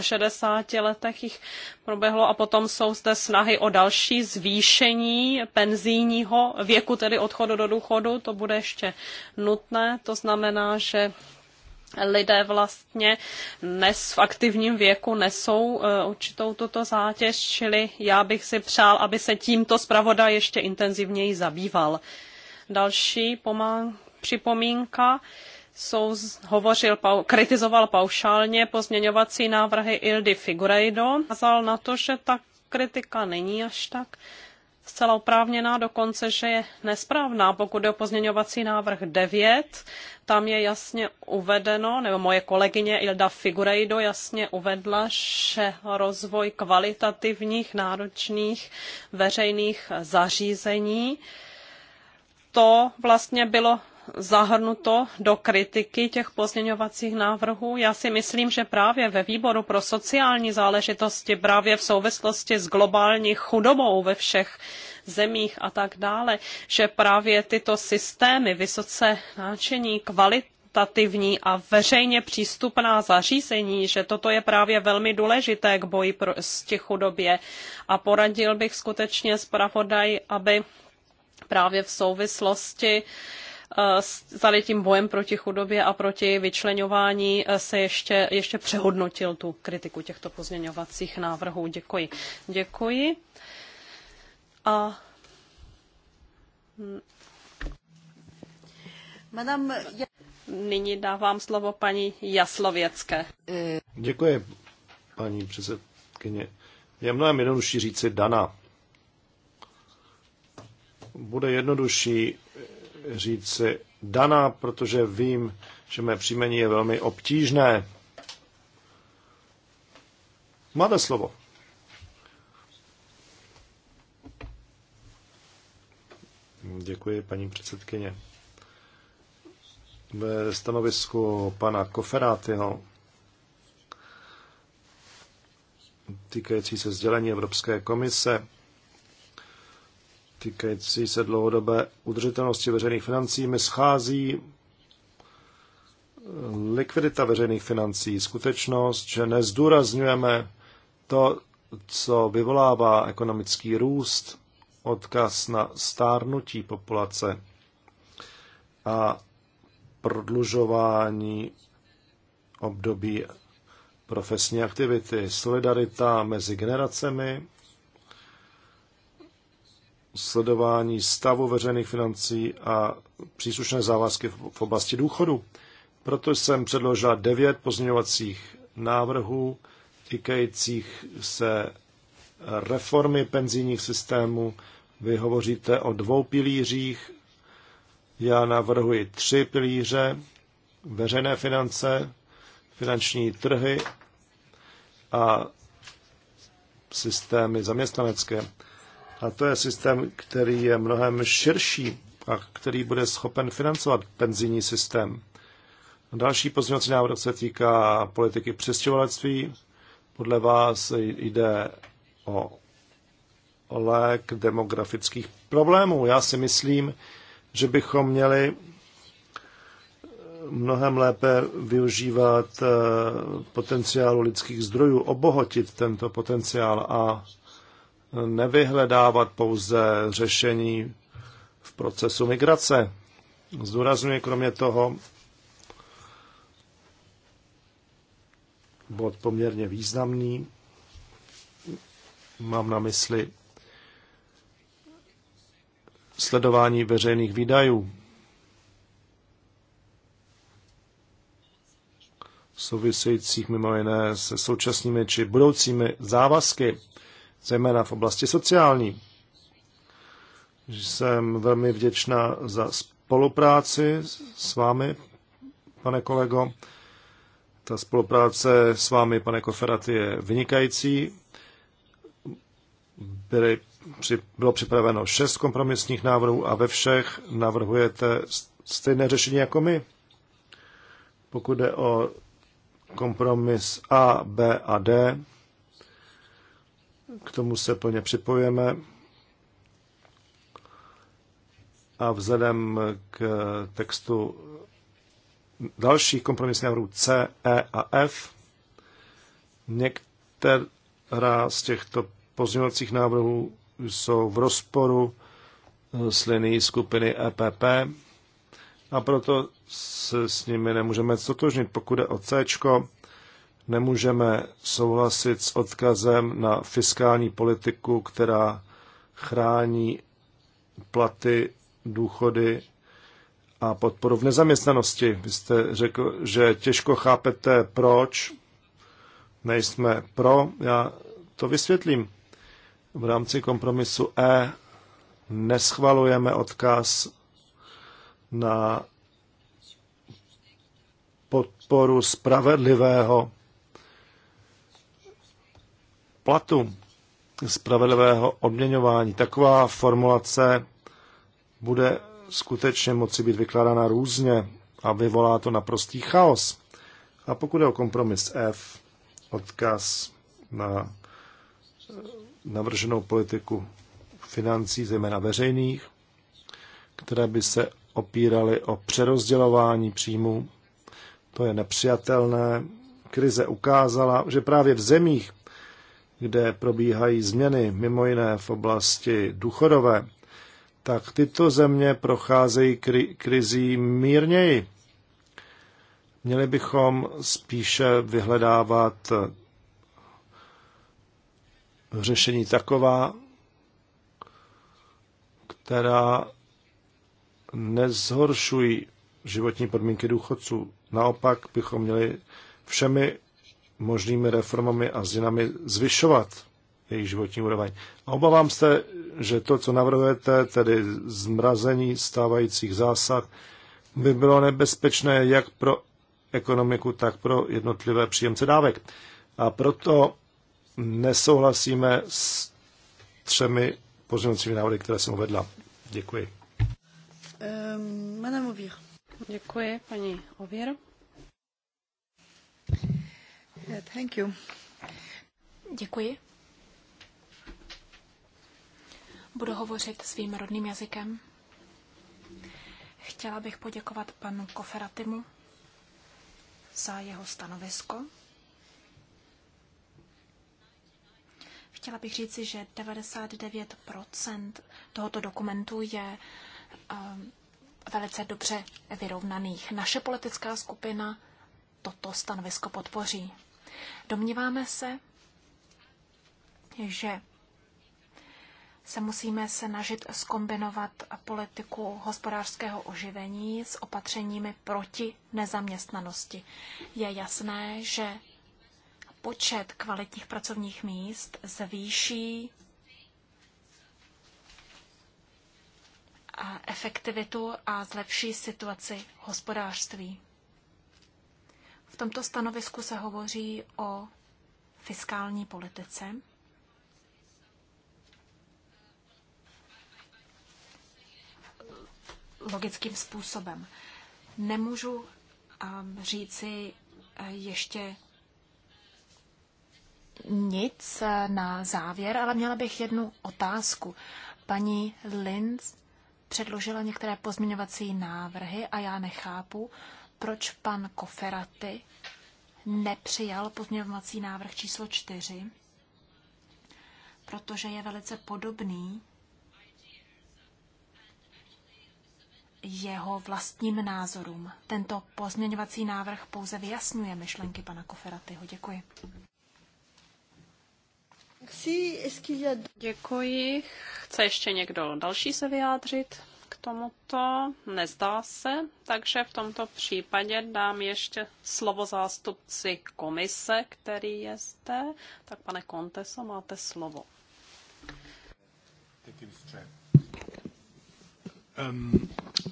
65 letech jich proběhlo a potom jsou zde snahy o další zvýšení penzijního věku, tedy odchodu do důchodu, to bude ještě nutné, to znamená, že lidé vlastně dnes v aktivním věku nesou eh, určitou tuto zátěž, čili já bych si přál, aby se tímto zpravodaj ještě intenzivněji zabýval. Další pomá- připomínka jsou, hovořil, pau, kritizoval paušálně pozměňovací návrhy Ildy Figurejdo. Nazal na to, že ta kritika není až tak zcela oprávněná, dokonce, že je nesprávná. Pokud je o pozměňovací návrh 9, tam je jasně uvedeno, nebo moje kolegyně Ilda Figurejdo jasně uvedla, že rozvoj kvalitativních, náročných veřejných zařízení to vlastně bylo zahrnuto do kritiky těch pozměňovacích návrhů. Já si myslím, že právě ve výboru pro sociální záležitosti, právě v souvislosti s globální chudobou ve všech zemích a tak dále, že právě tyto systémy vysoce náčení kvalitativní a veřejně přístupná zařízení, že toto je právě velmi důležité k boji proti chudobě. A poradil bych skutečně zpravodaj, aby právě v souvislosti uh, tady tím bojem proti chudobě a proti vyčleňování eh, se ještě, ještě přehodnotil tu kritiku těchto pozměňovacích návrhů. Děkuji. Děkuji. A Madame... Nyní dávám slovo paní Jaslověcké. Děkuji, paní předsedkyně. Je mnohem jednodušší říci Dana. Bude jednodušší říci Dana, protože vím, že mé příjmení je velmi obtížné. Máte slovo. Děkuji, paní předsedkyně. Ve stanovisku pana Koferátyho týkající se sdělení Evropské komise týkající se dlouhodobé udržitelnosti veřejných financí mi schází eh, likvidita veřejných financí, skutečnost, že nezdůrazňujeme to, co vyvolává ekonomický růst, odkaz na stárnutí populace a prodlužování období profesní aktivity, solidarita mezi generacemi, sledování stavu veřejných financí a příslušné závazky v oblasti důchodu. Proto jsem předložila devět pozměňovacích návrhů týkajících se reformy penzijních systémů. Vy hovoříte o dvou pilířích, já navrhuji tři pilíře, veřejné finance, finanční trhy a systémy zaměstnanecké. A to je systém, který je mnohem širší a který bude schopen financovat penzijní systém. Další pozměňovací návrh se týká politiky přestěhovalectví. Podle vás jde o lék demografických problémů. Já si myslím, že bychom měli mnohem lépe využívat eh, potenciálu lidských zdrojů, obohotit tento potenciál a nevyhledávat pouze řešení v procesu migrace. Zdůrazňuje kromě toho bod poměrně významný. Mám na mysli sledování veřejných výdajů. souvisejících mimo jiné se současnými či budoucími závazky zejména v oblasti sociální. Jsem velmi vděčná za spolupráci s vámi, pane kolego. Ta spolupráce s vámi, pane Koferat, je vynikající. Byly, při, bylo připraveno šest kompromisních návrhů a ve všech navrhujete stejné řešení jako my. Pokud jde o kompromis A, B a D, k tomu se plně připojeme. A vzhledem k textu dalších kompromisních návrhů C, E a F, některá z těchto pozměňovacích návrhů jsou v rozporu eh, s linií skupiny EPP a proto se s nimi nemůžeme stotožnit. Pokud je o C, nemůžeme souhlasit s odkazem na fiskální politiku, která chrání platy, důchody a podporu v nezaměstnanosti. Vy jste řekl, že těžko chápete, proč nejsme pro. Já to vysvětlím. V rámci kompromisu E neschvalujeme odkaz na podporu spravedlivého platu, spravedlivého odměňování. Taková formulace bude skutečně moci být vykládána různě a vyvolá to naprostý chaos. A pokud je o kompromis F, odkaz na navrženou politiku financí, zejména veřejných, které by se opíraly o přerozdělování příjmů. To je nepřijatelné. Krize ukázala, že právě v zemích, kde probíhají změny, mimo jiné v oblasti důchodové, tak tyto země procházejí kri- krizí mírněji. Měli bychom spíše vyhledávat řešení taková, která nezhoršují životní podmínky důchodců. Naopak bychom měli všemi možnými reformami a změnami zvyšovat jejich životní úroveň. A obávám se, že to, co navrhujete, tedy zmrazení stávajících zásad, by bylo nebezpečné jak pro ekonomiku, tak pro jednotlivé příjemce dávek. A proto nesouhlasíme s třemi pozměňovacími návody, které jsem uvedla. Děkuji. Um, Děkuji, paní Ovír. Děkuji. Budu hovořit svým rodným jazykem. Chtěla bych poděkovat panu Koferatimu za jeho stanovisko. Chtěla bych říci, že 99 tohoto dokumentu je um, velice dobře vyrovnaných. Naše politická skupina toto stanovisko podpoří. Domníváme se, že se musíme snažit skombinovat politiku hospodářského oživení s opatřeními proti nezaměstnanosti. Je jasné, že počet kvalitních pracovních míst zvýší efektivitu a zlepší situaci hospodářství. V tomto stanovisku se hovoří o fiskální politice. Logickým způsobem. Nemůžu um, říci eh, ještě nic eh, na závěr, ale měla bych jednu otázku. Paní Linz předložila některé pozměňovací návrhy a já nechápu, proč pan Koferaty nepřijal pozměňovací návrh číslo 4, protože je velice podobný jeho vlastním názorům. Tento pozměňovací návrh pouze vyjasňuje myšlenky pana Koferatyho. Děkuji. Děkuji. Chce ještě někdo další se vyjádřit? tomuto? Nezdá se, takže v tomto případě dám ještě slovo zástupci komise, který je zde. Tak pane Konteso, máte slovo. Um,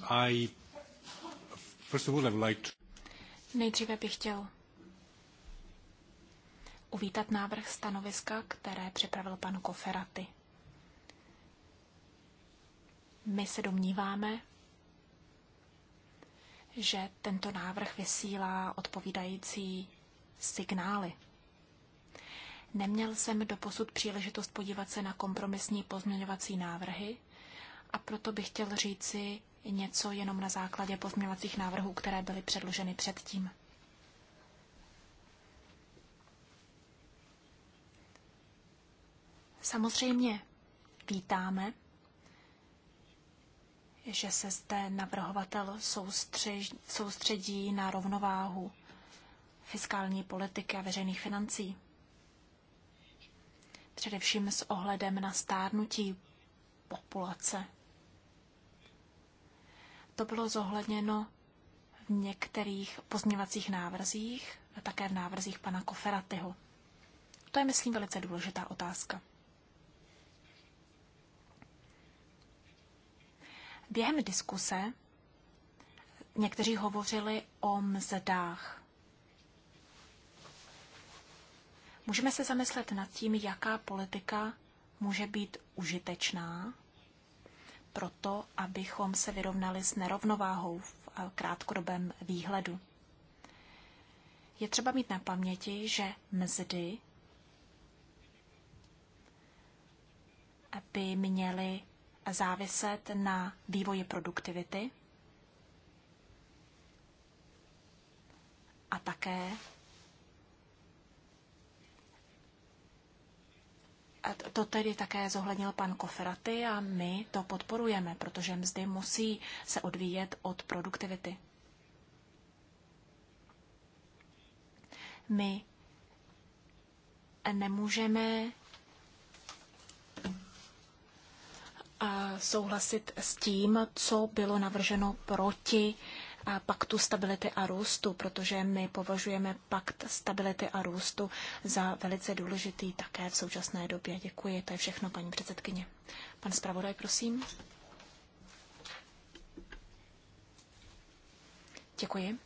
I, first of all, Nejdříve bych chtěl uvítat návrh stanoviska, které připravil pan Koferaty. My se domníváme, že tento návrh vysílá odpovídající signály. Neměl jsem doposud příležitost podívat se na kompromisní pozměňovací návrhy a proto bych chtěl říci něco jenom na základě pozměňovacích návrhů, které byly předloženy předtím. Samozřejmě vítáme že se zde navrhovatel soustředí na rovnováhu fiskální politiky a veřejných financí. Především s ohledem na stárnutí populace. To bylo zohledněno v některých pozměvacích návrzích, a také v návrzích pana Koferatyho. To je, myslím, velice důležitá otázka. Během diskuse někteří hovořili o mzdách. Můžeme se zamyslet nad tím, jaká politika může být užitečná proto, abychom se vyrovnali s nerovnováhou v krátkodobém výhledu. Je třeba mít na paměti, že mzdy by měly záviset na vývoji produktivity a také A to tedy také zohlednil pan Koferaty a my to podporujeme, protože mzdy musí se odvíjet od produktivity. My nemůžeme souhlasit s tím, co bylo navrženo proti paktu stability a růstu, protože my považujeme pakt stability a růstu za velice důležitý také v současné době. Děkuji, to je všechno, paní předsedkyně. Pan zpravodaj, prosím. Děkuji.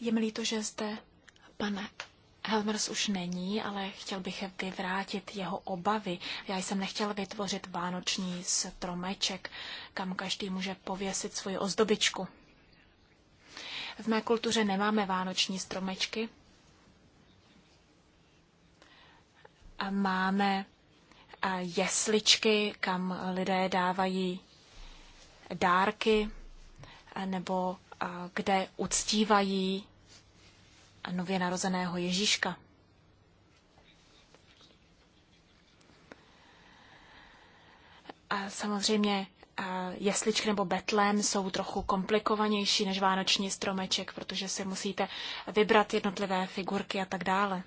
Je mi líto, že zde pan Helmers už není, ale chtěl bych vyvrátit jeho obavy. Já jsem nechtěl vytvořit vánoční stromeček, kam každý může pověsit svoji ozdobičku. V mé kultuře nemáme vánoční stromečky. A máme jesličky, kam lidé dávají dárky, nebo kde uctívají nově narozeného Ježíška. A samozřejmě jesličky nebo betlem jsou trochu komplikovanější než vánoční stromeček, protože si musíte vybrat jednotlivé figurky a tak dále.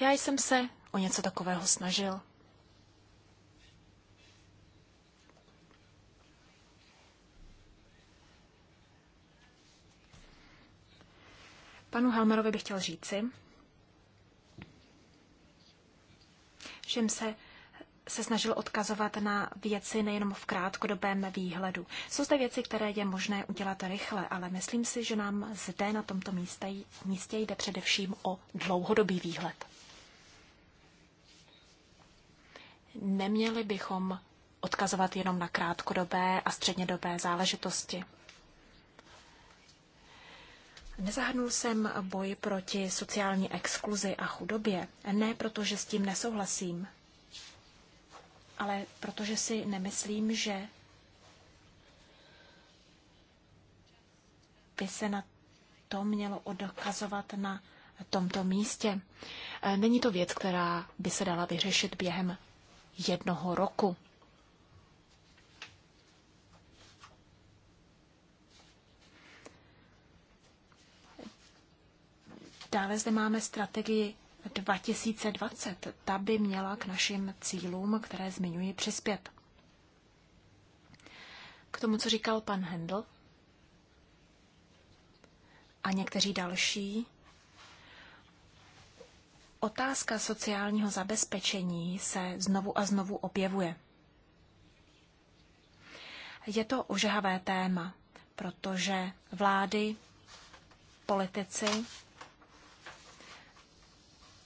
Já jsem se o něco takového snažil. Panu Helmerovi bych chtěl říci, že se se snažil odkazovat na věci nejenom v krátkodobém výhledu. Jsou zde věci, které je možné udělat rychle, ale myslím si, že nám zde na tomto místě, místě jde především o dlouhodobý výhled. Neměli bychom odkazovat jenom na krátkodobé a střednědobé záležitosti. Nezahrnul jsem boj proti sociální exkluzi a chudobě, ne proto, že s tím nesouhlasím, ale protože si nemyslím, že by se na to mělo odkazovat na tomto místě. Není to věc, která by se dala vyřešit během jednoho roku. Dále zde máme strategii 2020. Ta by měla k našim cílům, které zmiňuji, přispět. K tomu, co říkal pan Hendl a někteří další, otázka sociálního zabezpečení se znovu a znovu objevuje. Je to ožehavé téma, protože vlády, politici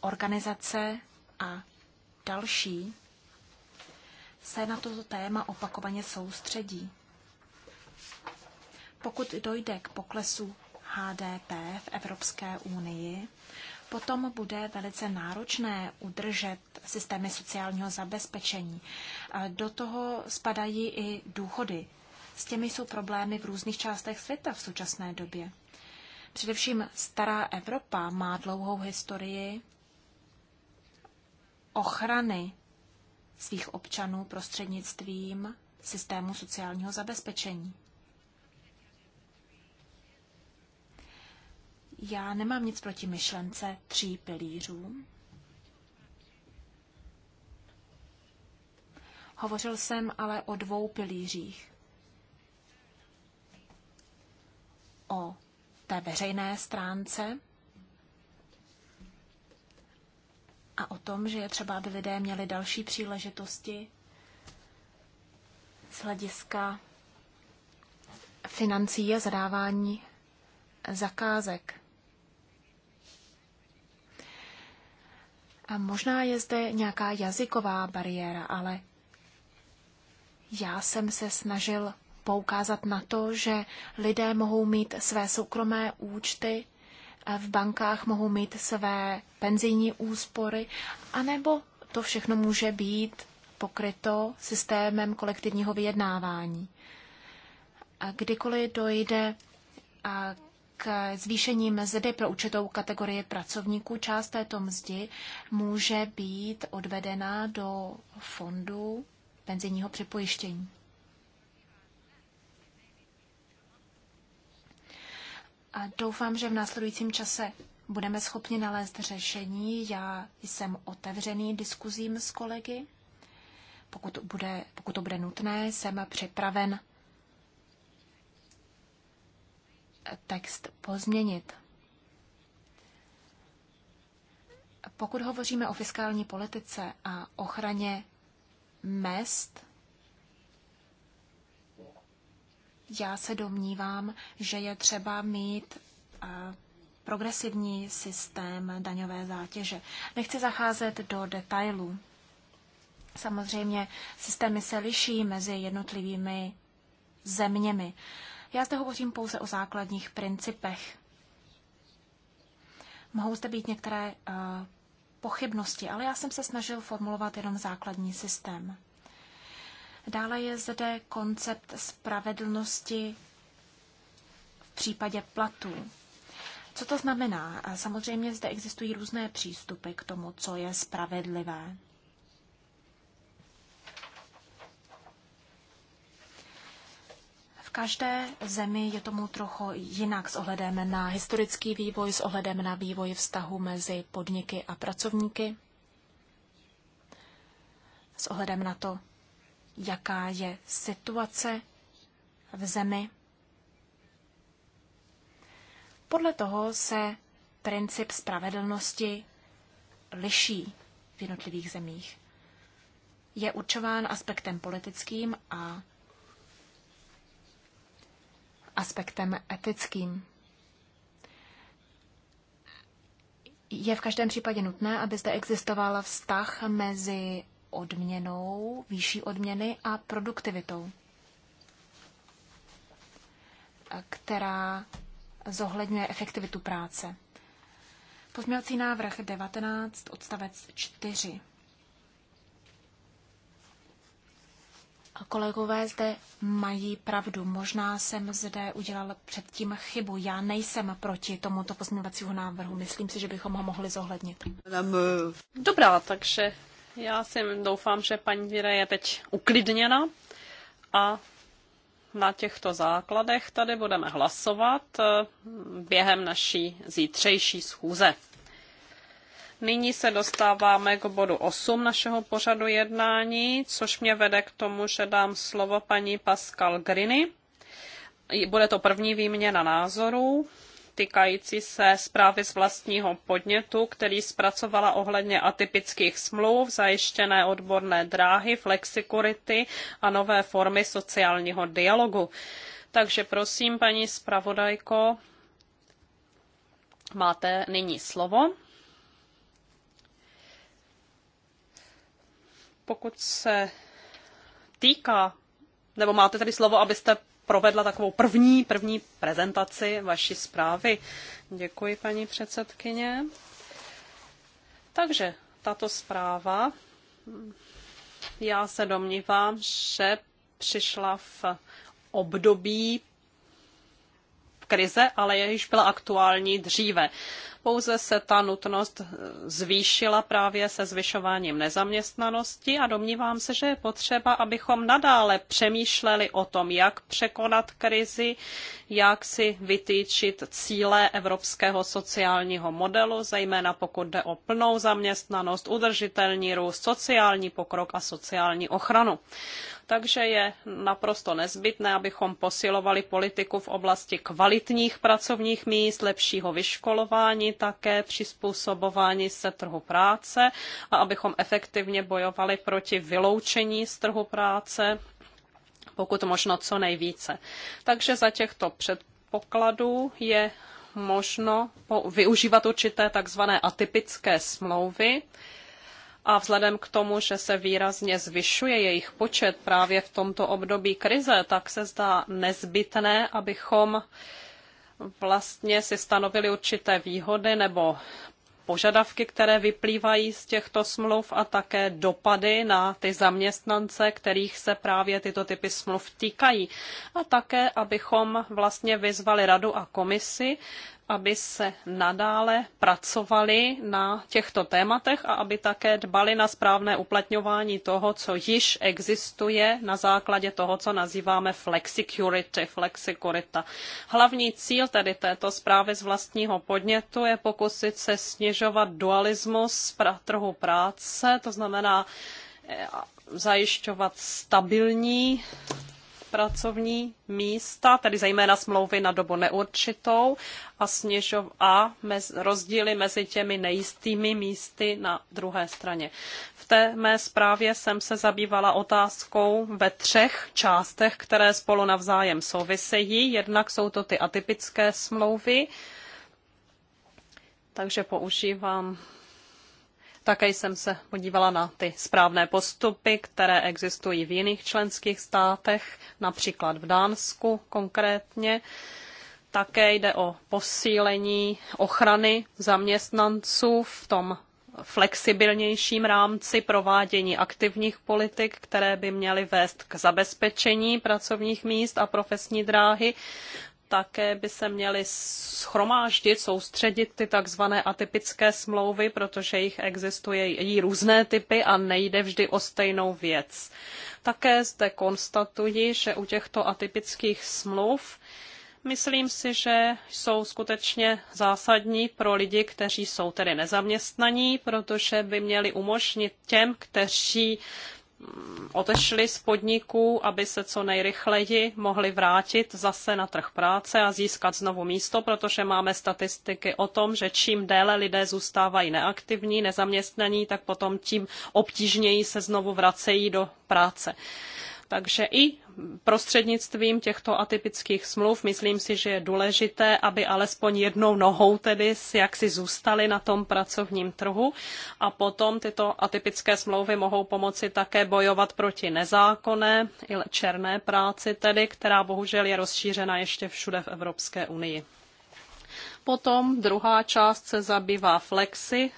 organizace a další se na toto téma opakovaně soustředí. Pokud dojde k poklesu HDP v Evropské unii, potom bude velice náročné udržet systémy sociálního zabezpečení. Do toho spadají i důchody. S těmi jsou problémy v různých částech světa v současné době. Především stará Evropa má dlouhou historii ochrany svých občanů prostřednictvím systému sociálního zabezpečení. Já nemám nic proti myšlence tří pilířů. Hovořil jsem ale o dvou pilířích. O té veřejné stránce a o tom, že je třeba, aby lidé měli další příležitosti z hlediska financí a zadávání zakázek. A možná je zde nějaká jazyková bariéra, ale já jsem se snažil poukázat na to, že lidé mohou mít své soukromé účty v bankách mohou mít své penzijní úspory, anebo to všechno může být pokryto systémem kolektivního vyjednávání. A kdykoliv dojde a k zvýšení mzdy pro určitou kategorii pracovníků, část této mzdy může být odvedena do fondu penzijního připojištění. A doufám, že v následujícím čase budeme schopni nalézt řešení. Já jsem otevřený diskuzím s kolegy. Pokud, bude, pokud to bude nutné, jsem připraven text pozměnit. Pokud hovoříme o fiskální politice a ochraně mest, Já se domnívám, že je třeba mít eh, progresivní systém daňové zátěže. Nechci zacházet do detailů. Samozřejmě systémy se liší mezi jednotlivými zeměmi. Já zde hovořím pouze o základních principech. Mohou zde být některé uh, pochybnosti, ale já jsem se snažil formulovat jenom základní systém. Dále je zde koncept spravedlnosti v případě platů. Co to znamená? Samozřejmě zde existují různé přístupy k tomu, co je spravedlivé. V každé zemi je tomu trochu jinak s ohledem na historický vývoj, s ohledem na vývoj vztahu mezi podniky a pracovníky, s ohledem na to, jaká je situace v zemi. Podle toho se princip spravedlnosti liší v jednotlivých zemích. Je určován aspektem politickým a aspektem etickým. Je v každém případě nutné, aby zde existoval vztah mezi odměnou, výší odměny a produktivitou, která zohledňuje efektivitu práce. Pozměňovací návrh 19 odstavec 4. A kolegové zde mají pravdu. Možná jsem zde udělal předtím chybu. Já nejsem proti tomuto pozměňovacího návrhu. Myslím si, že bychom ho mohli zohlednit. Dobrá, takže já si doufám, že paní Víra je teď uklidněna a na těchto základech tady budeme hlasovat eh, během naší zítřejší schůze. Nyní se dostáváme k bodu 8 našeho pořadu jednání, což mě vede k tomu, že dám slovo paní Pascal Griny. Bude to první výměna názorů týkající se zprávy z vlastního podnětu, který zpracovala ohledně atypických smluv, zajištěné odborné dráhy, flexikurity a nové formy sociálního dialogu. Takže prosím, paní zpravodajko, máte nyní slovo. Pokud se týká, nebo máte tady slovo, abyste provedla takovou první, první prezentaci vaší zprávy. Děkuji, paní předsedkyně. Takže tato zpráva, já se domnívám, že přišla v období krize, ale je již byla aktuální dříve pouze se ta nutnost zvýšila právě se zvyšováním nezaměstnanosti a domnívám se, že je potřeba, abychom nadále přemýšleli o tom, jak překonat krizi, jak si vytýčit cíle evropského sociálního modelu, zejména pokud jde o plnou zaměstnanost, udržitelný růst, sociální pokrok a sociální ochranu. Takže je naprosto nezbytné, abychom posilovali politiku v oblasti kvalitních pracovních míst, lepšího vyškolování také, přizpůsobování se trhu práce a abychom efektivně bojovali proti vyloučení z trhu práce, pokud možno co nejvíce. Takže za těchto předpokladů je možno využívat určité takzvané atypické smlouvy, a vzhledem k tomu, že se výrazně zvyšuje jejich počet právě v tomto období krize, tak se zdá nezbytné, abychom vlastně si stanovili určité výhody nebo požadavky, které vyplývají z těchto smluv a také dopady na ty zaměstnance, kterých se právě tyto typy smluv týkají. A také, abychom vlastně vyzvali radu a komisi, aby se nadále pracovali na těchto tématech a aby také dbali na správné uplatňování toho, co již existuje na základě toho, co nazýváme flexicurity, flexikurita. Hlavní cíl tedy této zprávy z vlastního podnětu je pokusit se snižovat dualismus trhu práce, to znamená e, zajišťovat stabilní pracovní místa, tedy zejména smlouvy na dobu neurčitou a, sněžov a mez, rozdíly mezi těmi nejistými místy na druhé straně. V té mé zprávě jsem se zabývala otázkou ve třech částech, které spolu navzájem souvisejí. Jednak jsou to ty atypické smlouvy, takže používám také jsem se podívala na ty správné postupy, které existují v jiných členských státech, například v Dánsku konkrétně. Také jde o posílení ochrany zaměstnanců v tom flexibilnějším rámci provádění aktivních politik, které by měly vést k zabezpečení pracovních míst a profesní dráhy také by se měly schromáždit, soustředit ty takzvané atypické smlouvy, protože jich existuje i různé typy a nejde vždy o stejnou věc. Také zde konstatuji, že u těchto atypických smluv Myslím si, že jsou skutečně zásadní pro lidi, kteří jsou tedy nezaměstnaní, protože by měli umožnit těm, kteří odešli z podniků, aby se co nejrychleji mohli vrátit zase na trh práce a získat znovu místo, protože máme statistiky o tom, že čím déle lidé zůstávají neaktivní, nezaměstnaní, tak potom tím obtížněji se znovu vracejí do práce. Takže i prostřednictvím těchto atypických smluv myslím si, že je důležité, aby alespoň jednou nohou tedy jaksi si zůstali na tom pracovním trhu a potom tyto atypické smlouvy mohou pomoci také bojovat proti nezákonné i černé práci tedy, která bohužel je rozšířena ještě všude v Evropské unii. Potom druhá část se zabývá flexi,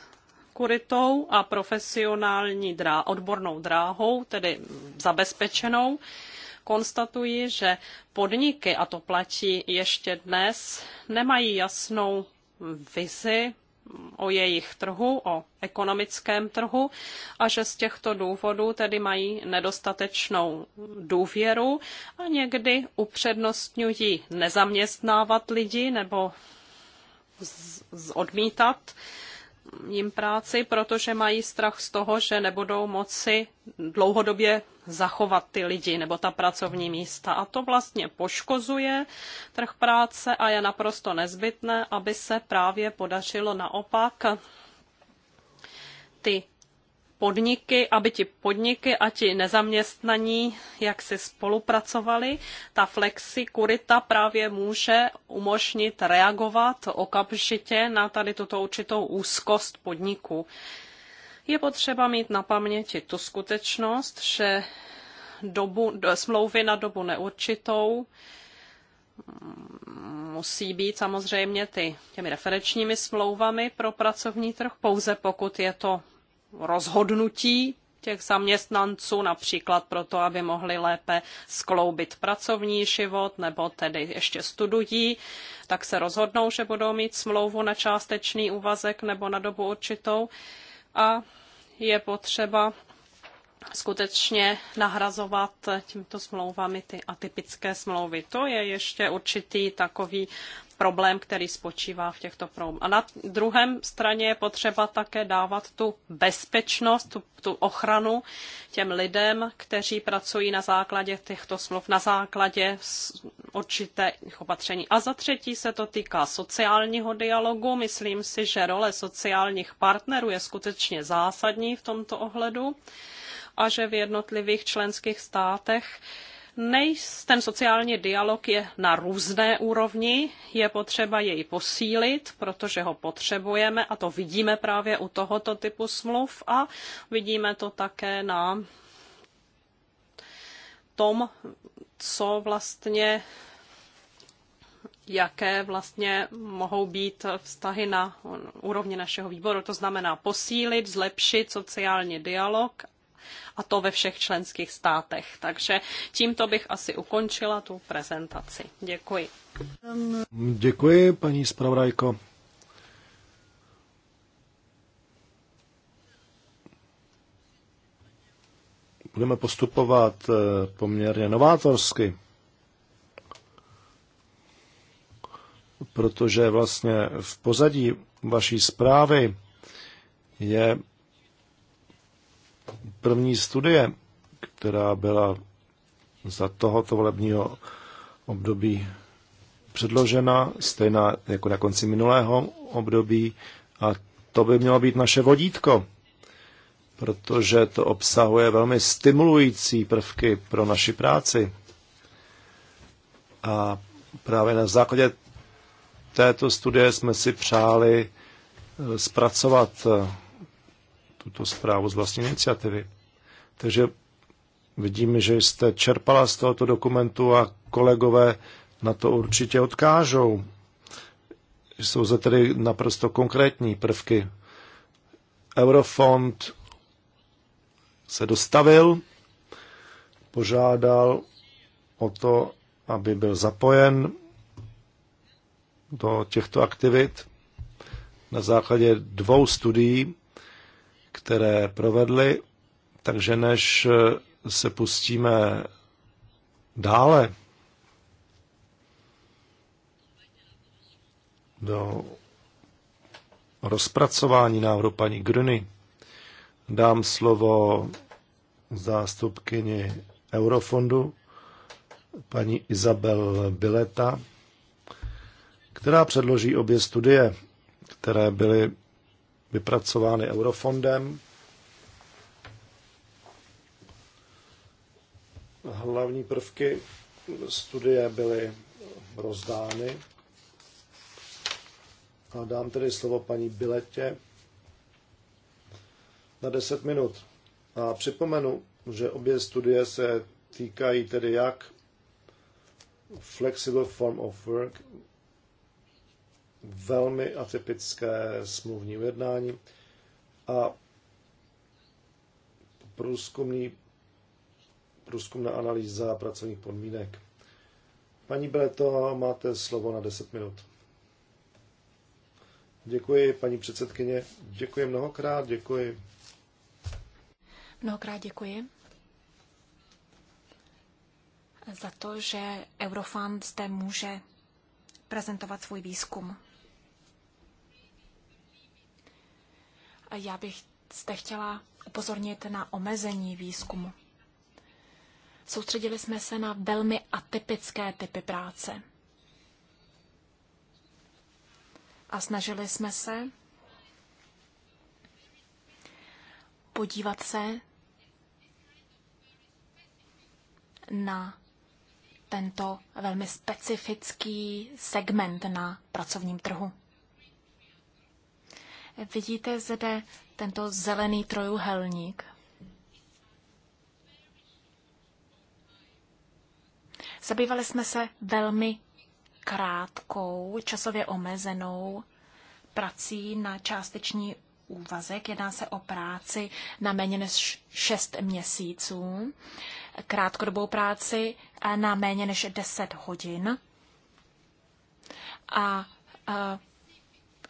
kuritou a profesionální drá, odbornou dráhou, tedy zabezpečenou konstatuji, že podniky, a to platí ještě dnes, nemají jasnou vizi o jejich trhu, o ekonomickém trhu a že z těchto důvodů tedy mají nedostatečnou důvěru a někdy upřednostňují nezaměstnávat lidi nebo z- z- odmítat uh, jim práci, protože mají strach z toho, že nebudou moci dlouhodobě zachovat ty lidi nebo ta pracovní místa. A to vlastně poškozuje trh práce a je naprosto nezbytné, aby se právě podařilo naopak ty podniky, aby ti podniky a ti nezaměstnaní jak si spolupracovali. Ta flexikurita právě může umožnit reagovat okamžitě na tady tuto určitou úzkost podniku. Je potřeba mít na paměti tu skutečnost, že dobu, smlouvy na dobu neurčitou mm, musí být samozřejmě ty, těmi referenčními smlouvami pro pracovní trh, pouze pokud je to rozhodnutí těch zaměstnanců, například proto, aby mohli lépe skloubit pracovní život nebo tedy ještě studují, tak se rozhodnou, že budou mít smlouvu na částečný úvazek nebo na dobu určitou a je potřeba skutečně nahrazovat tímto smlouvami ty atypické smlouvy. To je ještě určitý takový problém, který spočívá v těchto problémech. A na druhém straně je potřeba také dávat tu bezpečnost, tu, tu ochranu těm lidem, kteří pracují na základě těchto smluv, na základě určitých opatření. A za třetí se to týká sociálního dialogu. Myslím si, že role sociálních partnerů je skutečně zásadní v tomto ohledu a že v jednotlivých členských státech než ten sociální dialog je na různé úrovni, je potřeba jej posílit, protože ho potřebujeme a to vidíme právě u tohoto typu smluv a vidíme to také na tom, co vlastně jaké vlastně mohou být vztahy na úrovni našeho výboru. To znamená posílit, zlepšit sociální dialog a to ve všech členských státech. Takže tímto bych asi ukončila tu prezentaci. Děkuji. Děkuji, paní zpravodajko. Budeme postupovat eh, poměrně novátorsky. protože vlastně v pozadí vaší zprávy je první studie, která byla za tohoto volebního období předložena, stejná jako na konci minulého období a to by mělo být naše vodítko, protože to obsahuje velmi stimulující prvky pro naši práci. A právě na základě této studie jsme si přáli eh, zpracovat eh, tuto zprávu z vlastní iniciativy. Takže vidím, že jste čerpala z tohoto dokumentu a kolegové na to určitě odkážou. Jsou zde tedy naprosto konkrétní prvky. Eurofond se dostavil, požádal o to, aby byl zapojen do těchto aktivit na základě dvou studií, které provedli, takže než se pustíme dále do rozpracování návrhu paní Gruny, dám slovo zástupkyni Eurofondu, paní Izabel Bileta, která předloží obě studie, které byly vypracovány Eurofondem. Hlavní prvky studie byly rozdány. A dám tedy slovo paní Biletě na 10 minut. A připomenu, že obě studie se týkají tedy jak flexible form of work velmi atypické smluvní ujednání a průzkumný, průzkumná analýza pracovních podmínek. Paní Breto, máte slovo na 10 minut. Děkuji, paní předsedkyně. Děkuji mnohokrát, děkuji. Mnohokrát děkuji za to, že Eurofund zde může prezentovat svůj výzkum. Já bych zde chtěla upozornit na omezení výzkumu. Soustředili jsme se na velmi atypické typy práce. A snažili jsme se podívat se na tento velmi specifický segment na pracovním trhu. Vidíte zde tento zelený trojuhelník. Zabývali jsme se velmi krátkou, časově omezenou prací na částečný úvazek. Jedná se o práci na méně než 6 měsíců, krátkodobou práci na méně než 10 hodin a, a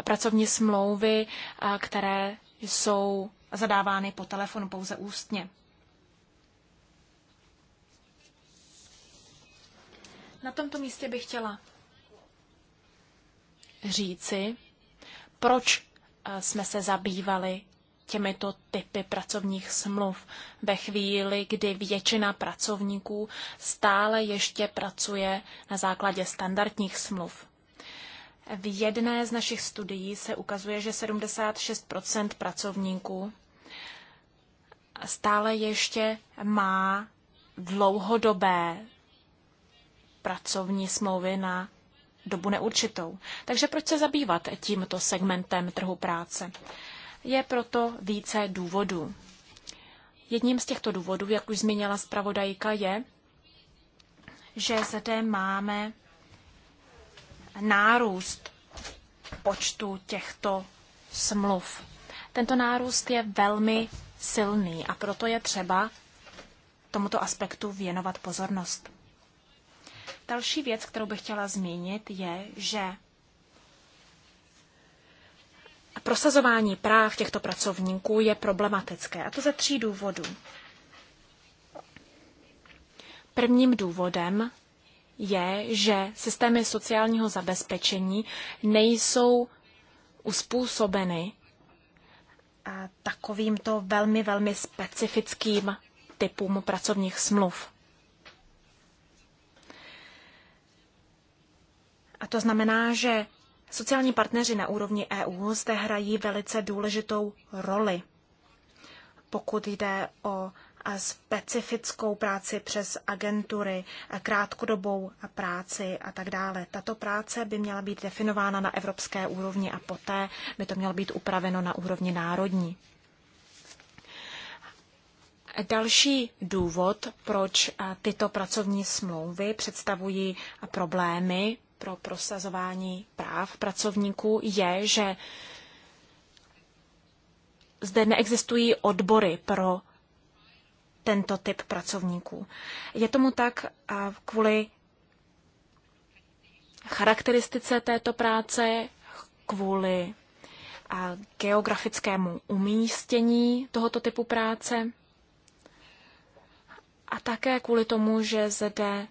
pracovní smlouvy, které jsou zadávány po telefonu pouze ústně. Na tomto místě bych chtěla říci, proč jsme se zabývali těmito typy pracovních smluv ve chvíli, kdy většina pracovníků stále ještě pracuje na základě standardních smluv. V jedné z našich studií se ukazuje, že 76 pracovníků stále ještě má dlouhodobé pracovní smlouvy na dobu neurčitou. Takže proč se zabývat tímto segmentem trhu práce? Je proto více důvodů. Jedním z těchto důvodů, jak už zmínila zpravodajka, je, že zde máme nárůst počtu těchto smluv. Tento nárůst je velmi silný a proto je třeba tomuto aspektu věnovat pozornost. Další věc, kterou bych chtěla zmínit, je, že prosazování práv těchto pracovníků je problematické, a to ze tří důvodů. Prvním důvodem je, že systémy sociálního zabezpečení nejsou uspůsobeny takovýmto velmi, velmi specifickým typům pracovních smluv. A to znamená, že sociální partneři na úrovni EU zde hrají velice důležitou roli, pokud jde o specifickou práci přes agentury, krátkodobou práci a tak dále. Tato práce by měla být definována na evropské úrovni a poté by to mělo být upraveno na úrovni národní. Další důvod, proč tyto pracovní smlouvy představují problémy pro prosazování práv pracovníků, je, že zde neexistují odbory pro tento typ pracovníků. Je tomu tak kvůli charakteristice této práce, kvůli geografickému umístění tohoto typu práce a také kvůli tomu, že zde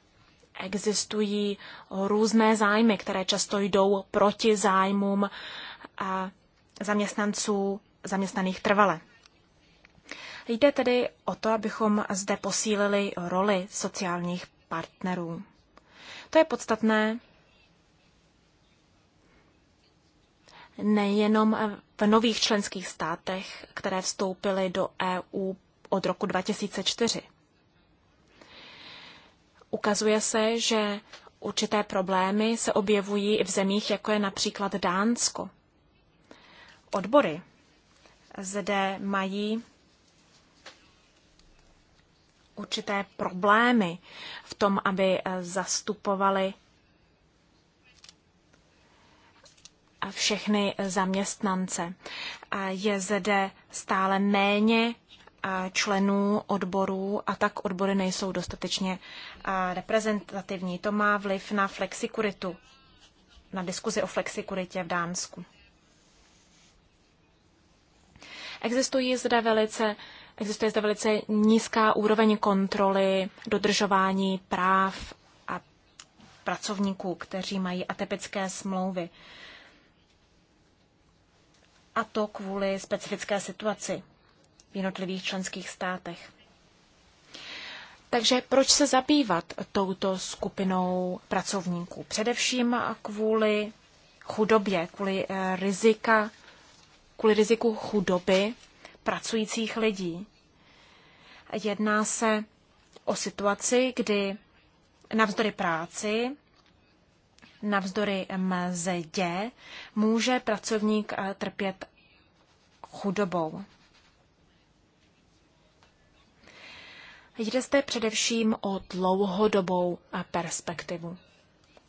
existují různé zájmy, které často jdou proti zájmům a zaměstnanců zaměstnaných trvale. Jde tedy o to, abychom zde posílili roli sociálních partnerů. To je podstatné nejenom v nových členských státech, které vstoupily do EU od roku 2004. Ukazuje se, že určité problémy se objevují i v zemích, jako je například Dánsko. Odbory zde mají určité problémy v tom, aby eh, zastupovali eh, všechny zaměstnance. Je zde stále méně eh, členů odborů a tak odbory nejsou dostatečně reprezentativní. To má vliv na flexikuritu, na diskuzi o flexikuritě v Dánsku. Existují zde velice Existuje zde velice nízká úroveň kontroly dodržování práv a pracovníků, kteří mají atypické smlouvy. A to kvůli specifické situaci v jednotlivých členských státech. Takže proč se zabývat touto skupinou pracovníků? Především kvůli chudobě, kvůli eh, rizika, kvůli riziku chudoby pracujících lidí. Jedná se o situaci, kdy navzdory práci, navzdory mzdě, může pracovník eh, trpět chudobou. Jde zde především o dlouhodobou eh, perspektivu.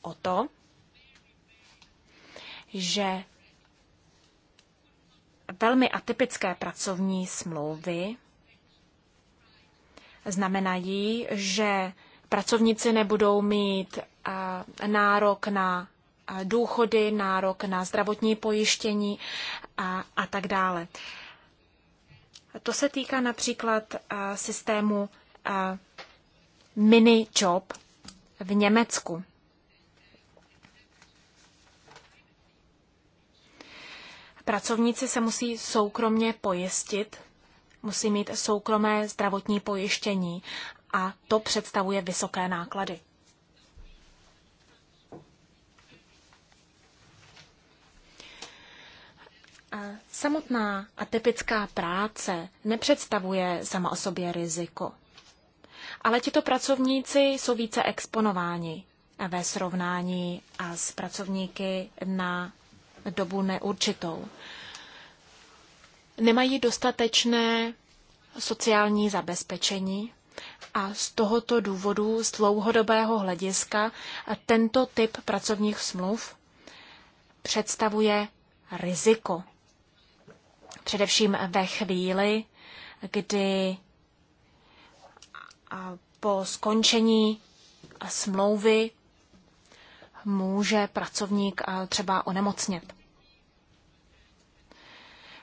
O to, že velmi atypické pracovní smlouvy znamenají, že pracovníci nebudou mít nárok na důchody, nárok na zdravotní pojištění a, a tak dále. To se týká například systému mini job v Německu. Pracovníci se musí soukromně pojistit, musí mít soukromé zdravotní pojištění a to představuje vysoké náklady. Samotná atypická práce nepředstavuje sama o sobě riziko. Ale tito pracovníci jsou více exponováni ve srovnání a s pracovníky na dobu neurčitou. Nemají dostatečné sociální zabezpečení a z tohoto důvodu z dlouhodobého hlediska tento typ pracovních smluv představuje riziko. Především ve chvíli, kdy po skončení smlouvy může pracovník třeba onemocnět.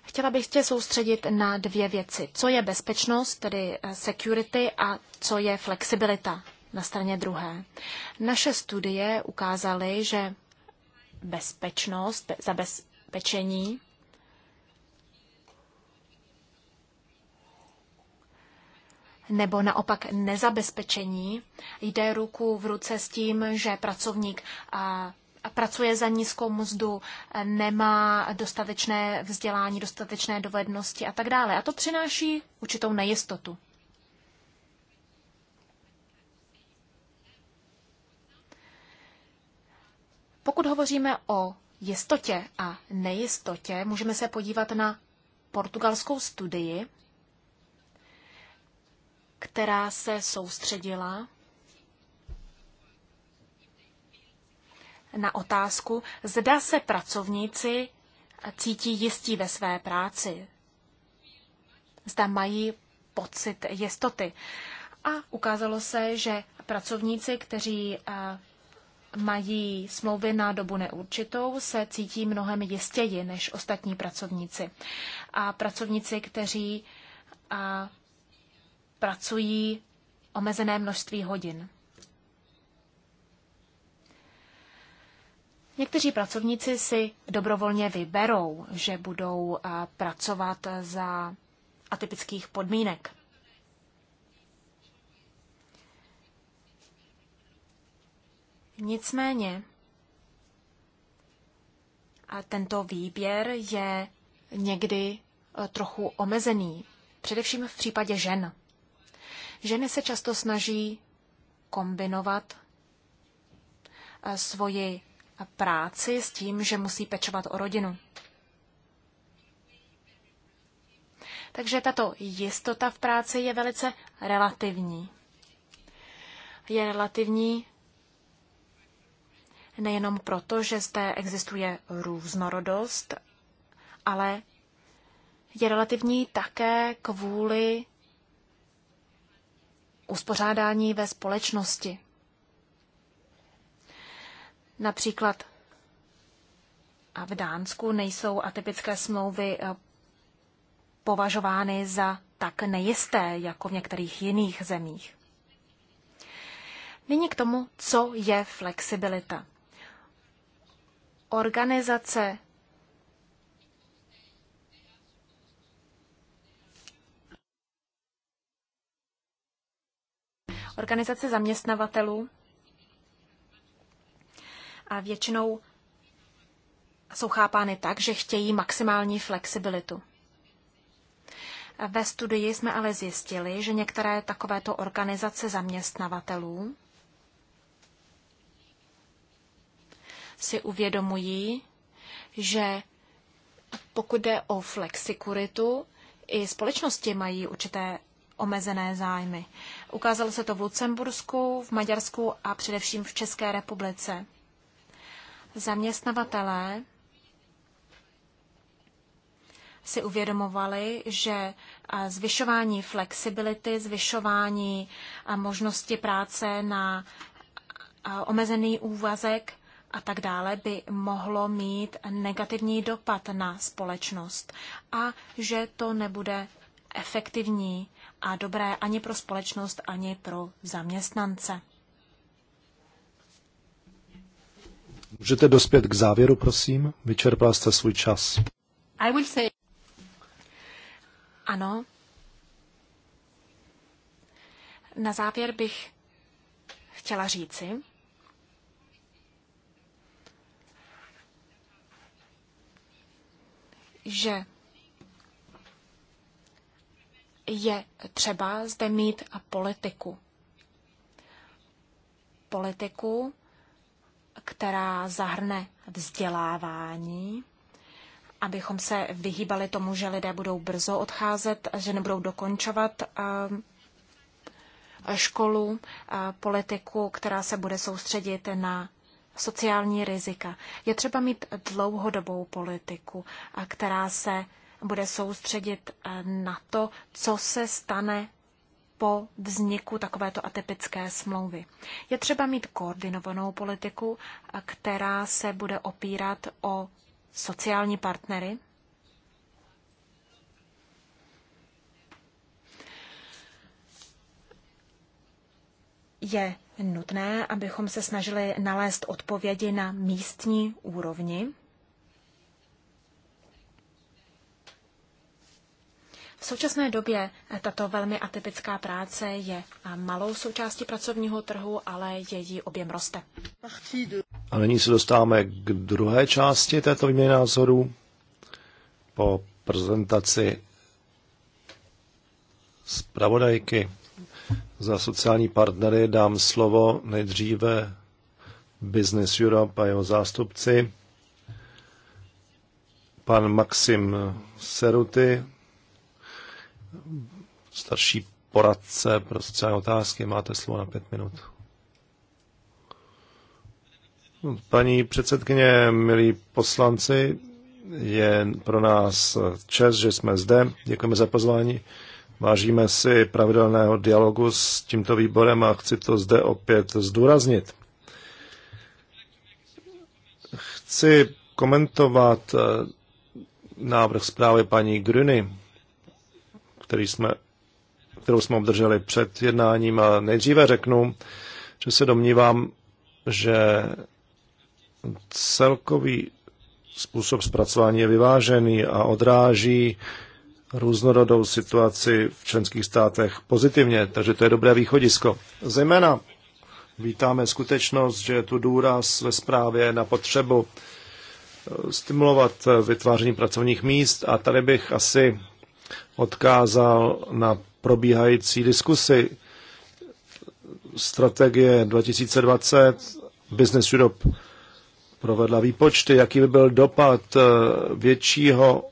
Chtěla bych tě soustředit na dvě věci. Co je bezpečnost, tedy eh, security, a co je flexibilita na straně druhé. Naše studie ukázaly, že bezpečnost, zabezpečení nebo naopak nezabezpečení jde ruku v ruce s tím, že pracovník pracuje za nízkou mzdu, e, nemá dostatečné vzdělání, dostatečné dovednosti a tak dále. A to přináší určitou nejistotu. Pokud hovoříme o jistotě a nejistotě, můžeme se podívat na portugalskou studii, která se soustředila na otázku, zda se pracovníci cítí jistí ve své práci. Zda mají pocit jistoty. A ukázalo se, že pracovníci, kteří eh, mají smlouvy na dobu neurčitou, se cítí mnohem jistěji než ostatní pracovníci. A pracovníci, kteří eh, pracují omezené množství hodin. Někteří pracovníci si dobrovolně vyberou, že budou eh, pracovat za atypických podmínek. Nicméně a tento výběr je někdy eh, trochu omezený, především v případě žen. Ženy se často snaží kombinovat eh, svoji práci s tím, že musí pečovat o rodinu. Takže tato jistota v práci je velice relativní. Je relativní nejenom proto, že zde existuje různorodost, ale je relativní také kvůli uspořádání ve společnosti. Například a v Dánsku nejsou atypické smlouvy eh, považovány za tak nejisté, jako v některých jiných zemích. Nyní k tomu, co je flexibilita. Organizace Organizace zaměstnavatelů a většinou jsou chápány tak, že chtějí maximální flexibilitu. Ve studii jsme ale zjistili, že některé takovéto organizace zaměstnavatelů si uvědomují, že pokud jde o flexikuritu, i společnosti mají určité omezené zájmy. Ukázalo se to v Lucembursku, v Maďarsku a především v České republice. Zaměstnavatelé si uvědomovali, že zvyšování flexibility, zvyšování možnosti práce na omezený úvazek a tak dále by mohlo mít negativní dopad na společnost a že to nebude efektivní a dobré ani pro společnost, ani pro zaměstnance. Můžete dospět k závěru, prosím? Vyčerpal jste svůj čas. I will say... Ano. Na závěr bych chtěla říci, že je třeba zde mít a politiku. Politiku, která zahrne vzdělávání, abychom se vyhýbali tomu, že lidé budou brzo odcházet, že nebudou dokončovat eh, školu, eh, politiku, která se bude soustředit na sociální rizika. Je třeba mít dlouhodobou politiku, eh, která se bude soustředit na to, co se stane po vzniku takovéto atypické smlouvy. Je třeba mít koordinovanou politiku, která se bude opírat o sociální partnery. Je nutné, abychom se snažili nalézt odpovědi na místní úrovni V současné době eh, tato velmi atypická práce je eh, malou součástí pracovního trhu, ale její objem roste. A nyní se dostáváme k druhé části této výměny názorů. Po prezentaci zpravodajky za sociální partnery dám slovo nejdříve Business Europe a jeho zástupci, pan Maxim Seruty, starší poradce pro sociální otázky. Máte slovo na pět minut. Paní předsedkyně, milí poslanci, je pro nás čest, že jsme zde. Děkujeme za pozvání. Vážíme si pravidelného dialogu s tímto výborem a chci to zde opět zdůraznit. Chci komentovat návrh zprávy paní Gruny který jsme, kterou jsme obdrželi před jednáním. A nejdříve řeknu, že se domnívám, že celkový způsob zpracování je vyvážený a odráží různorodou situaci v členských státech pozitivně, takže to je dobré východisko. Zejména vítáme skutečnost, že je tu důraz ve zprávě na potřebu stimulovat vytváření pracovních míst a tady bych asi odkázal na probíhající diskusy strategie 2020. Business Europe provedla výpočty, jaký by byl dopad eh, většího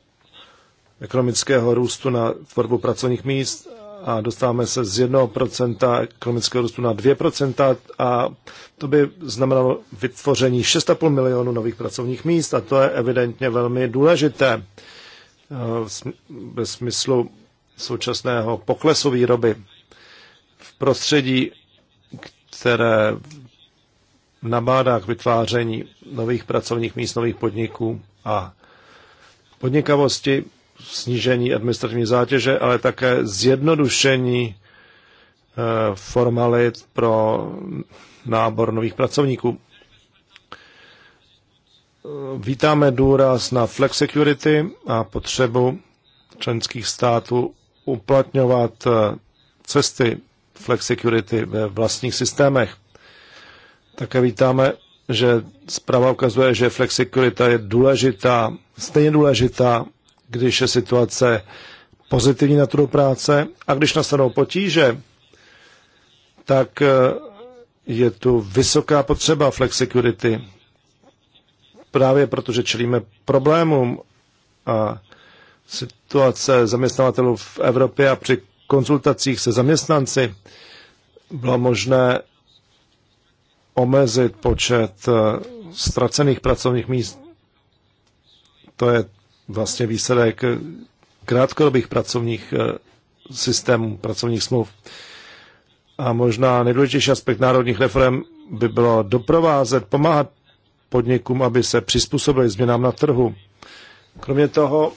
ekonomického růstu na tvorbu pracovních míst a dostáváme se z 1% ekonomického růstu na 2% a to by znamenalo vytvoření 6,5 milionu nových pracovních míst a to je evidentně velmi důležité. Eh, ve smyslu současného poklesu výroby v prostředí, které nabádá k vytváření nových pracovních míst, nových podniků a podnikavosti, snížení administrativní zátěže, ale také zjednodušení eh, formalit pro nábor nových pracovníků. Vítáme důraz na flex security a potřebu členských států uplatňovat eh, cesty flex security ve vlastních systémech. Také vítáme, že zpráva ukazuje, že flex security je důležitá, stejně důležitá, když je situace pozitivní na trhu práce a když nastanou potíže, tak eh, je tu vysoká potřeba flexicurity právě protože čelíme problémům a situace zaměstnavatelů v Evropě a při konzultacích se zaměstnanci bylo možné omezit počet eh, ztracených pracovních míst. To je vlastně výsledek eh, krátkodobých pracovních eh, systémů, pracovních smluv. A možná nejdůležitější aspekt národních reform by bylo doprovázet, pomáhat podnikům, aby se přizpůsobili změnám na trhu. Kromě toho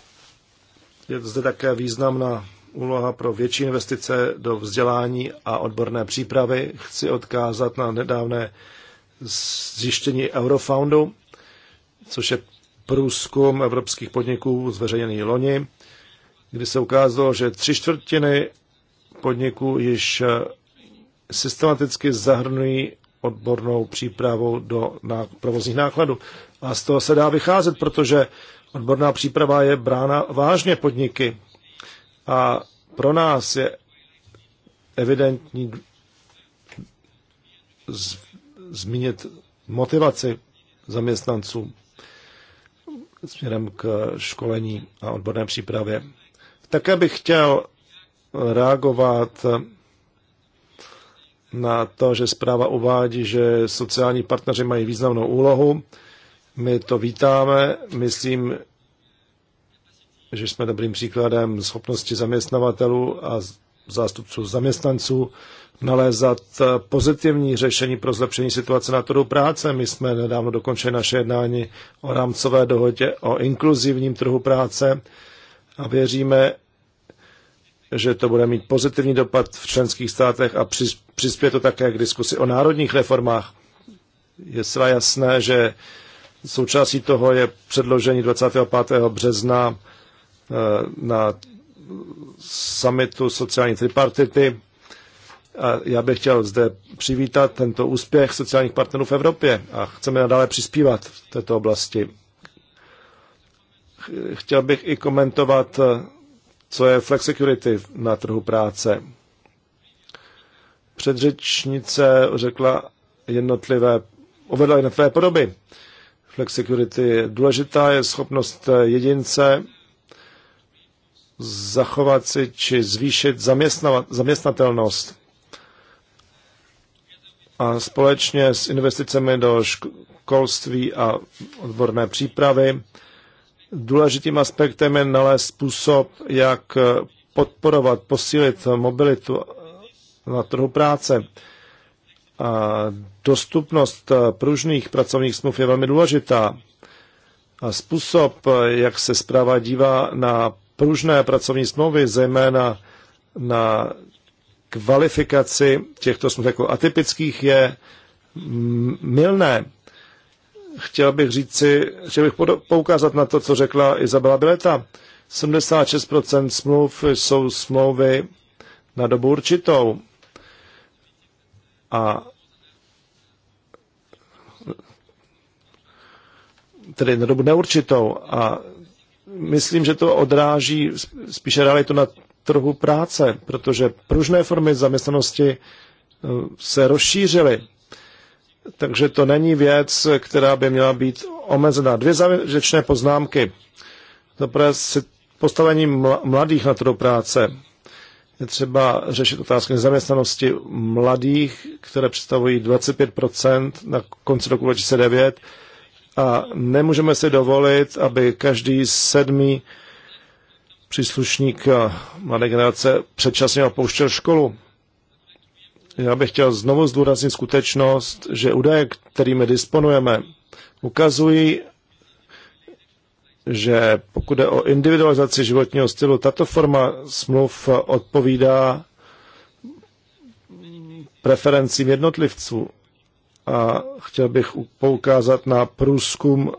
je zde také významná úloha pro větší investice do vzdělání a odborné přípravy. Chci odkázat na nedávné zjištění Eurofoundu, což je průzkum evropských podniků zveřejněný loni, kdy se ukázalo, že tři čtvrtiny podniků již systematicky zahrnují odbornou přípravou do na provozních nákladů. A z toho se dá vycházet, protože odborná příprava je brána vážně podniky. A pro nás je evidentní z, zmínit motivaci zaměstnanců směrem k školení a odborné přípravě. Také bych chtěl reagovat na to, že zpráva uvádí, že sociální partneři mají významnou úlohu. My to vítáme. Myslím, že jsme dobrým příkladem schopnosti zaměstnavatelů a zástupců zaměstnanců nalézat pozitivní řešení pro zlepšení situace na trhu práce. My jsme nedávno dokončili naše jednání o rámcové dohodě o inkluzivním trhu práce a věříme, že to bude mít pozitivní dopad v členských státech a přispěje to také k diskusi o národních reformách. Je zcela jasné, že součástí toho je předložení 25. března eh, na summitu sociální tripartity. A já bych chtěl zde přivítat tento úspěch sociálních partnerů v Evropě a chceme nadále přispívat v této oblasti. Chtěl bych i komentovat eh, co je flexicurity na trhu práce. Předřečnice řekla jednotlivé, uvedla jednotlivé podoby. Flexicurity důležitá je schopnost jedince zachovat si či zvýšit zaměstnatelnost. A společně s investicemi do školství a odborné přípravy Důležitým aspektem je nalézt způsob, jak podporovat, posílit mobilitu na trhu práce. A dostupnost pružných pracovních smluv je velmi důležitá. A způsob, jak se zpráva dívá na pružné pracovní smlouvy, zejména na kvalifikaci těchto smluv jako atypických, je mylné chtěl bych říci, že bych poukázat na to, co řekla Izabela Bileta. 76% smluv jsou smlouvy na dobu určitou. A tedy na dobu neurčitou. A myslím, že to odráží spíše realitu na trhu práce, protože pružné formy zaměstnanosti eh, se rozšířily takže to není věc, která by měla být omezená. Dvě závěrečné poznámky. Zaprvé postavení mladých na trhu práce. Je třeba řešit otázky nezaměstnanosti mladých, které představují 25% na konci roku 2009 a nemůžeme si dovolit, aby každý sedmý příslušník mladé generace předčasně opouštěl školu. Já bych chtěl znovu zdůraznit skutečnost, že údaje, kterými disponujeme, ukazují, že pokud je o individualizaci životního stylu, tato forma smluv odpovídá preferencím jednotlivců. A chtěl bych poukázat na průzkum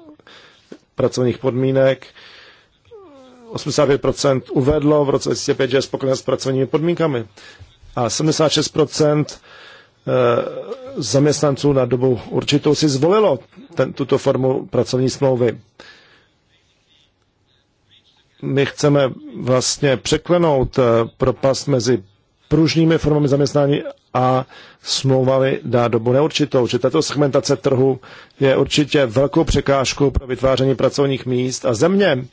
pracovních podmínek. 85% uvedlo v roce 2005, že je spokojené s pracovními podmínkami a 76% eh, zaměstnanců na dobu určitou si zvolilo ten, tuto formu pracovní smlouvy. My chceme vlastně překlenout eh, propast mezi pružnými formami zaměstnání a smlouvali na dobu neurčitou. Že tato segmentace trhu je určitě velkou překážkou pro vytváření pracovních míst a země,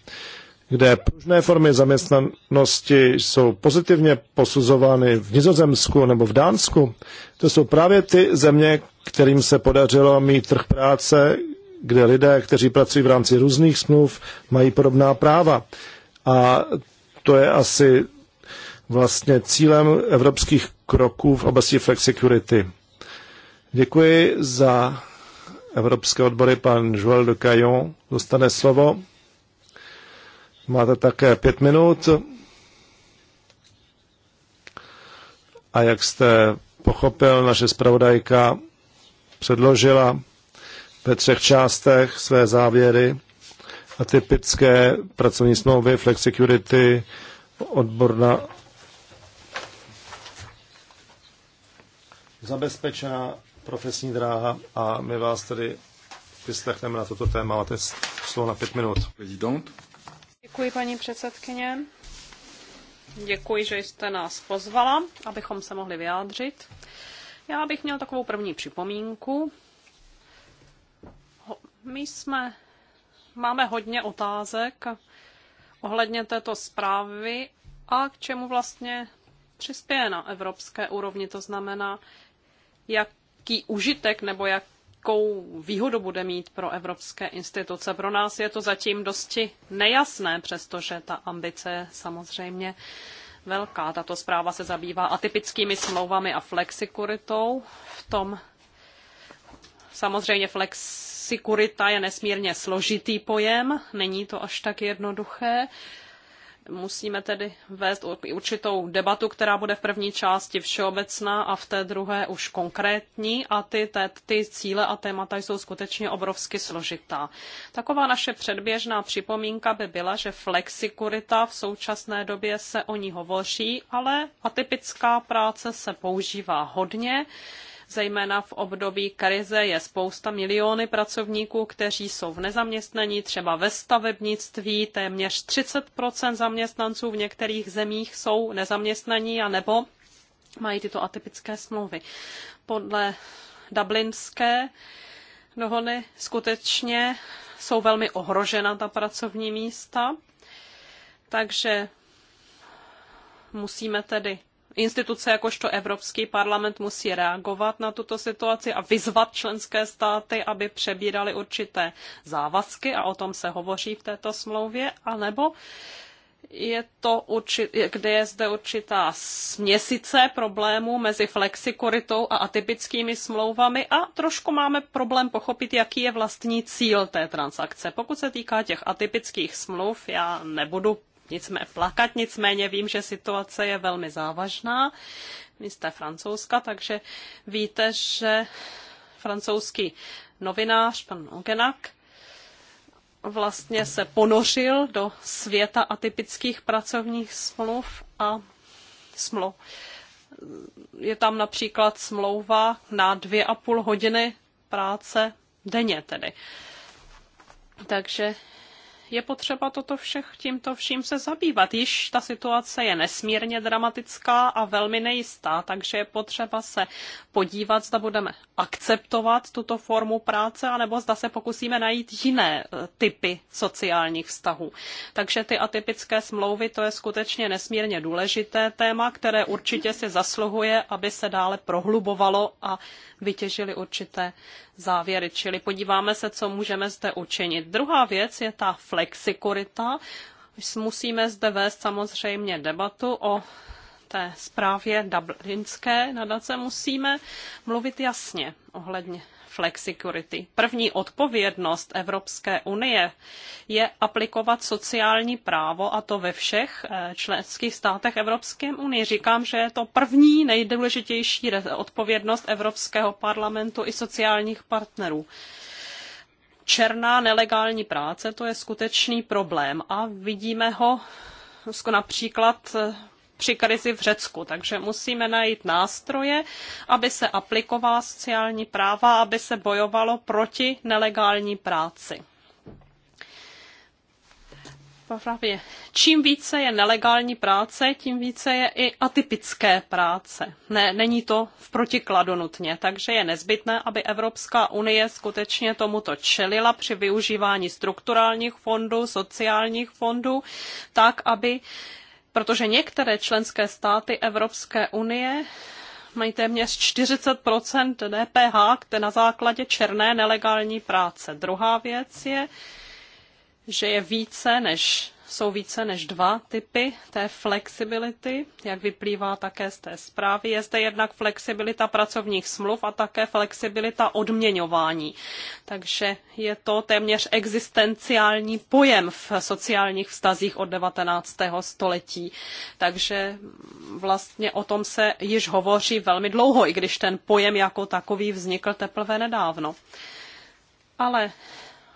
kde pružné formy zaměstnanosti jsou pozitivně posuzovány v Nizozemsku nebo v Dánsku. To jsou právě ty země, kterým se podařilo mít trh práce, kde lidé, kteří pracují v rámci různých smluv, mají podobná práva. A to je asi vlastně cílem evropských kroků v oblasti flexicurity. Děkuji za evropské odbory. Pan Joel de Caillon dostane slovo. Máte také pět minut. A jak jste pochopil, naše zpravodajka předložila ve třech částech své závěry a typické pracovní smlouvy, flexicurity, odborná zabezpečená profesní dráha a my vás tedy vyslechneme na toto téma. Máte slovo na pět minut. Děkuji, paní předsedkyně. Děkuji, že jste nás pozvala, abychom se mohli vyjádřit. Já bych měl takovou první připomínku. My jsme, máme hodně otázek ohledně této zprávy a k čemu vlastně přispěje na evropské úrovni. To znamená, jaký užitek nebo jak jakou výhodu bude mít pro evropské instituce. Pro nás je to zatím dosti nejasné, přestože ta ambice je samozřejmě velká. Tato zpráva se zabývá atypickými smlouvami a flexikuritou. V tom samozřejmě flexikurita je nesmírně složitý pojem, není to až tak jednoduché. Musíme tedy vést určitou debatu, která bude v první části všeobecná a v té druhé už konkrétní a ty, te, ty cíle a témata jsou skutečně obrovsky složitá. Taková naše předběžná připomínka by byla, že flexikurita v současné době se o ní hovoří, ale atypická práce se používá hodně zejména v období krize je spousta miliony pracovníků, kteří jsou v nezaměstnaní, třeba ve stavebnictví téměř 30% zaměstnanců v některých zemích jsou nezaměstnaní a nebo mají tyto atypické smlouvy. Podle dublinské dohody skutečně jsou velmi ohrožena ta pracovní místa, takže musíme tedy instituce jakožto Evropský parlament musí reagovat na tuto situaci a vyzvat členské státy, aby přebírali určité závazky a o tom se hovoří v této smlouvě, anebo je to určit, kde je zde určitá směsice problémů mezi flexikoritou a atypickými smlouvami a trošku máme problém pochopit, jaký je vlastní cíl té transakce. Pokud se týká těch atypických smluv, já nebudu nicmé, plakat, nicméně vím, že situace je velmi závažná. Vy jste francouzka, takže víte, že francouzský novinář, pan Ogenak, vlastně se ponořil do světa atypických pracovních smluv a smluv. Je tam například smlouva na dvě a půl hodiny práce denně tedy. Takže je potřeba toto všech, tímto vším se zabývat. Již ta situace je nesmírně dramatická a velmi nejistá, takže je potřeba se podívat, zda budeme akceptovat tuto formu práce, anebo zda se pokusíme najít jiné eh, typy sociálních vztahů. Takže ty atypické smlouvy, to je skutečně nesmírně důležité téma, které určitě si zasluhuje, aby se dále prohlubovalo a vytěžili určité závěry, čili podíváme se, co můžeme zde učinit. Druhá věc je ta flexikurita. Musíme zde vést samozřejmě debatu o té zprávě dublinské nadace musíme mluvit jasně ohledně flexicurity. První odpovědnost Evropské unie je aplikovat sociální právo a to ve všech eh, členských státech Evropské unie. Říkám, že je to první nejdůležitější odpovědnost Evropského parlamentu i sociálních partnerů černá nelegální práce, to je skutečný problém a vidíme ho například eh, při krizi v Řecku. Takže musíme najít nástroje, aby se aplikovala sociální práva, aby se bojovalo proti nelegální práci právě čím více je nelegální práce, tím více je i atypické práce. Ne, není to v protikladu nutně, takže je nezbytné, aby Evropská unie skutečně tomuto čelila při využívání strukturálních fondů, sociálních fondů, tak, aby protože některé členské státy Evropské unie mají téměř 40 DPH které na základě černé nelegální práce. Druhá věc je, že je více než jsou více než dva typy té flexibility, jak vyplývá také z té zprávy. Je zde jednak flexibilita pracovních smluv a také flexibilita odměňování. Takže je to téměř existenciální pojem v sociálních vztazích od 19. století. Takže vlastně o tom se již hovoří velmi dlouho, i když ten pojem jako takový vznikl teprve nedávno. Ale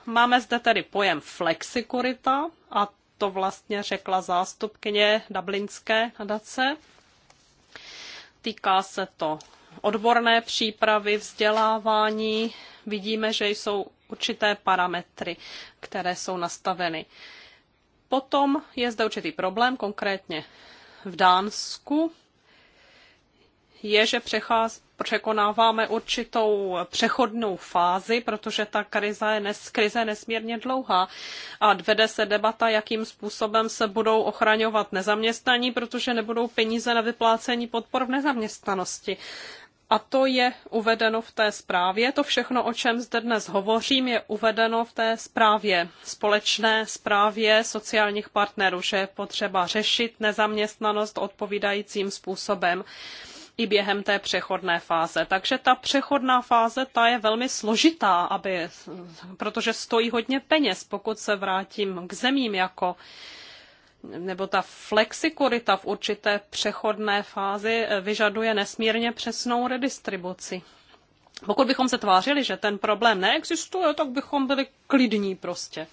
máme zde tedy pojem flexikurita a to vlastně řekla zástupkyně Dublinské nadace. Týká se to odborné přípravy, vzdělávání. Vidíme, že jsou určité parametry, které jsou nastaveny. Potom je zde určitý problém, konkrétně v Dánsku, je, že přecház, překonáváme určitou přechodnou fázi, protože ta krize je, nes, krize nesmírně dlouhá a vede se debata, jakým způsobem se budou ochraňovat nezaměstnaní, protože nebudou peníze na vyplácení podpor v nezaměstnanosti. A to je uvedeno v té zprávě. To všechno, o čem zde dnes hovořím, je uvedeno v té zprávě, společné zprávě sociálních partnerů, že je potřeba řešit nezaměstnanost odpovídajícím způsobem i během té přechodné fáze. Takže ta přechodná fáze, ta je velmi složitá, aby, protože stojí hodně peněz, pokud se vrátím k zemím jako nebo ta flexikurita v určité přechodné fázi eh, vyžaduje nesmírně přesnou redistribuci. Pokud bychom se tvářili, že ten problém neexistuje, tak bychom byli klidní prostě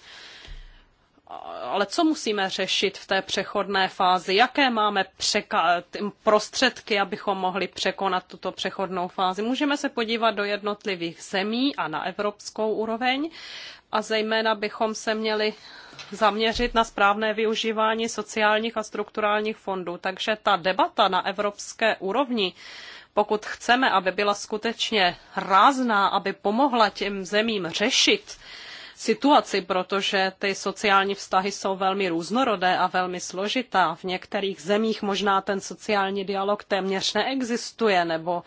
ale co musíme řešit v té přechodné fázi? Jaké máme prostředky, abychom mohli překonat tuto přechodnou fázi? Můžeme se podívat do jednotlivých zemí a na evropskou úroveň a zejména bychom se měli zaměřit na správné využívání sociálních a strukturálních fondů. Takže ta debata na evropské úrovni pokud chceme, aby byla skutečně rázná, aby pomohla těm zemím řešit situaci, protože ty sociální vztahy jsou velmi různorodé a velmi složitá. V některých zemích možná ten sociální dialog téměř neexistuje nebo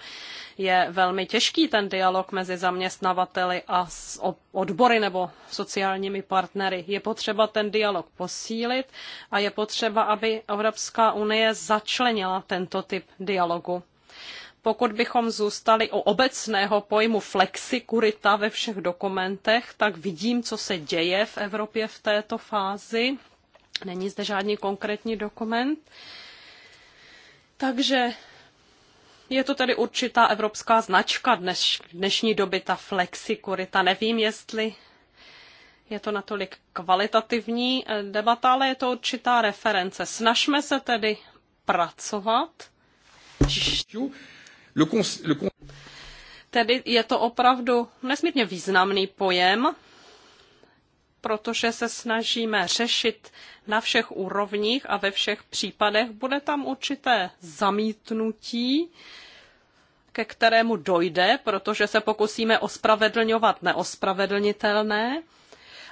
je velmi těžký ten dialog mezi zaměstnavateli a odbory nebo sociálními partnery. Je potřeba ten dialog posílit a je potřeba, aby Evropská unie začlenila tento typ dialogu pokud bychom zůstali u obecného pojmu flexikurita ve všech dokumentech, tak vidím, co se děje v Evropě v této fázi. Není zde žádný konkrétní dokument. Takže je to tedy určitá evropská značka dneš, dnešní doby, ta flexikurita. Nevím, jestli je to natolik kvalitativní eh, debata, ale je to určitá reference. Snažme se tedy pracovat Tedy je to opravdu nesmírně významný pojem, protože se snažíme řešit na všech úrovních a ve všech případech. Bude tam určité zamítnutí, ke kterému dojde, protože se pokusíme ospravedlňovat neospravedlnitelné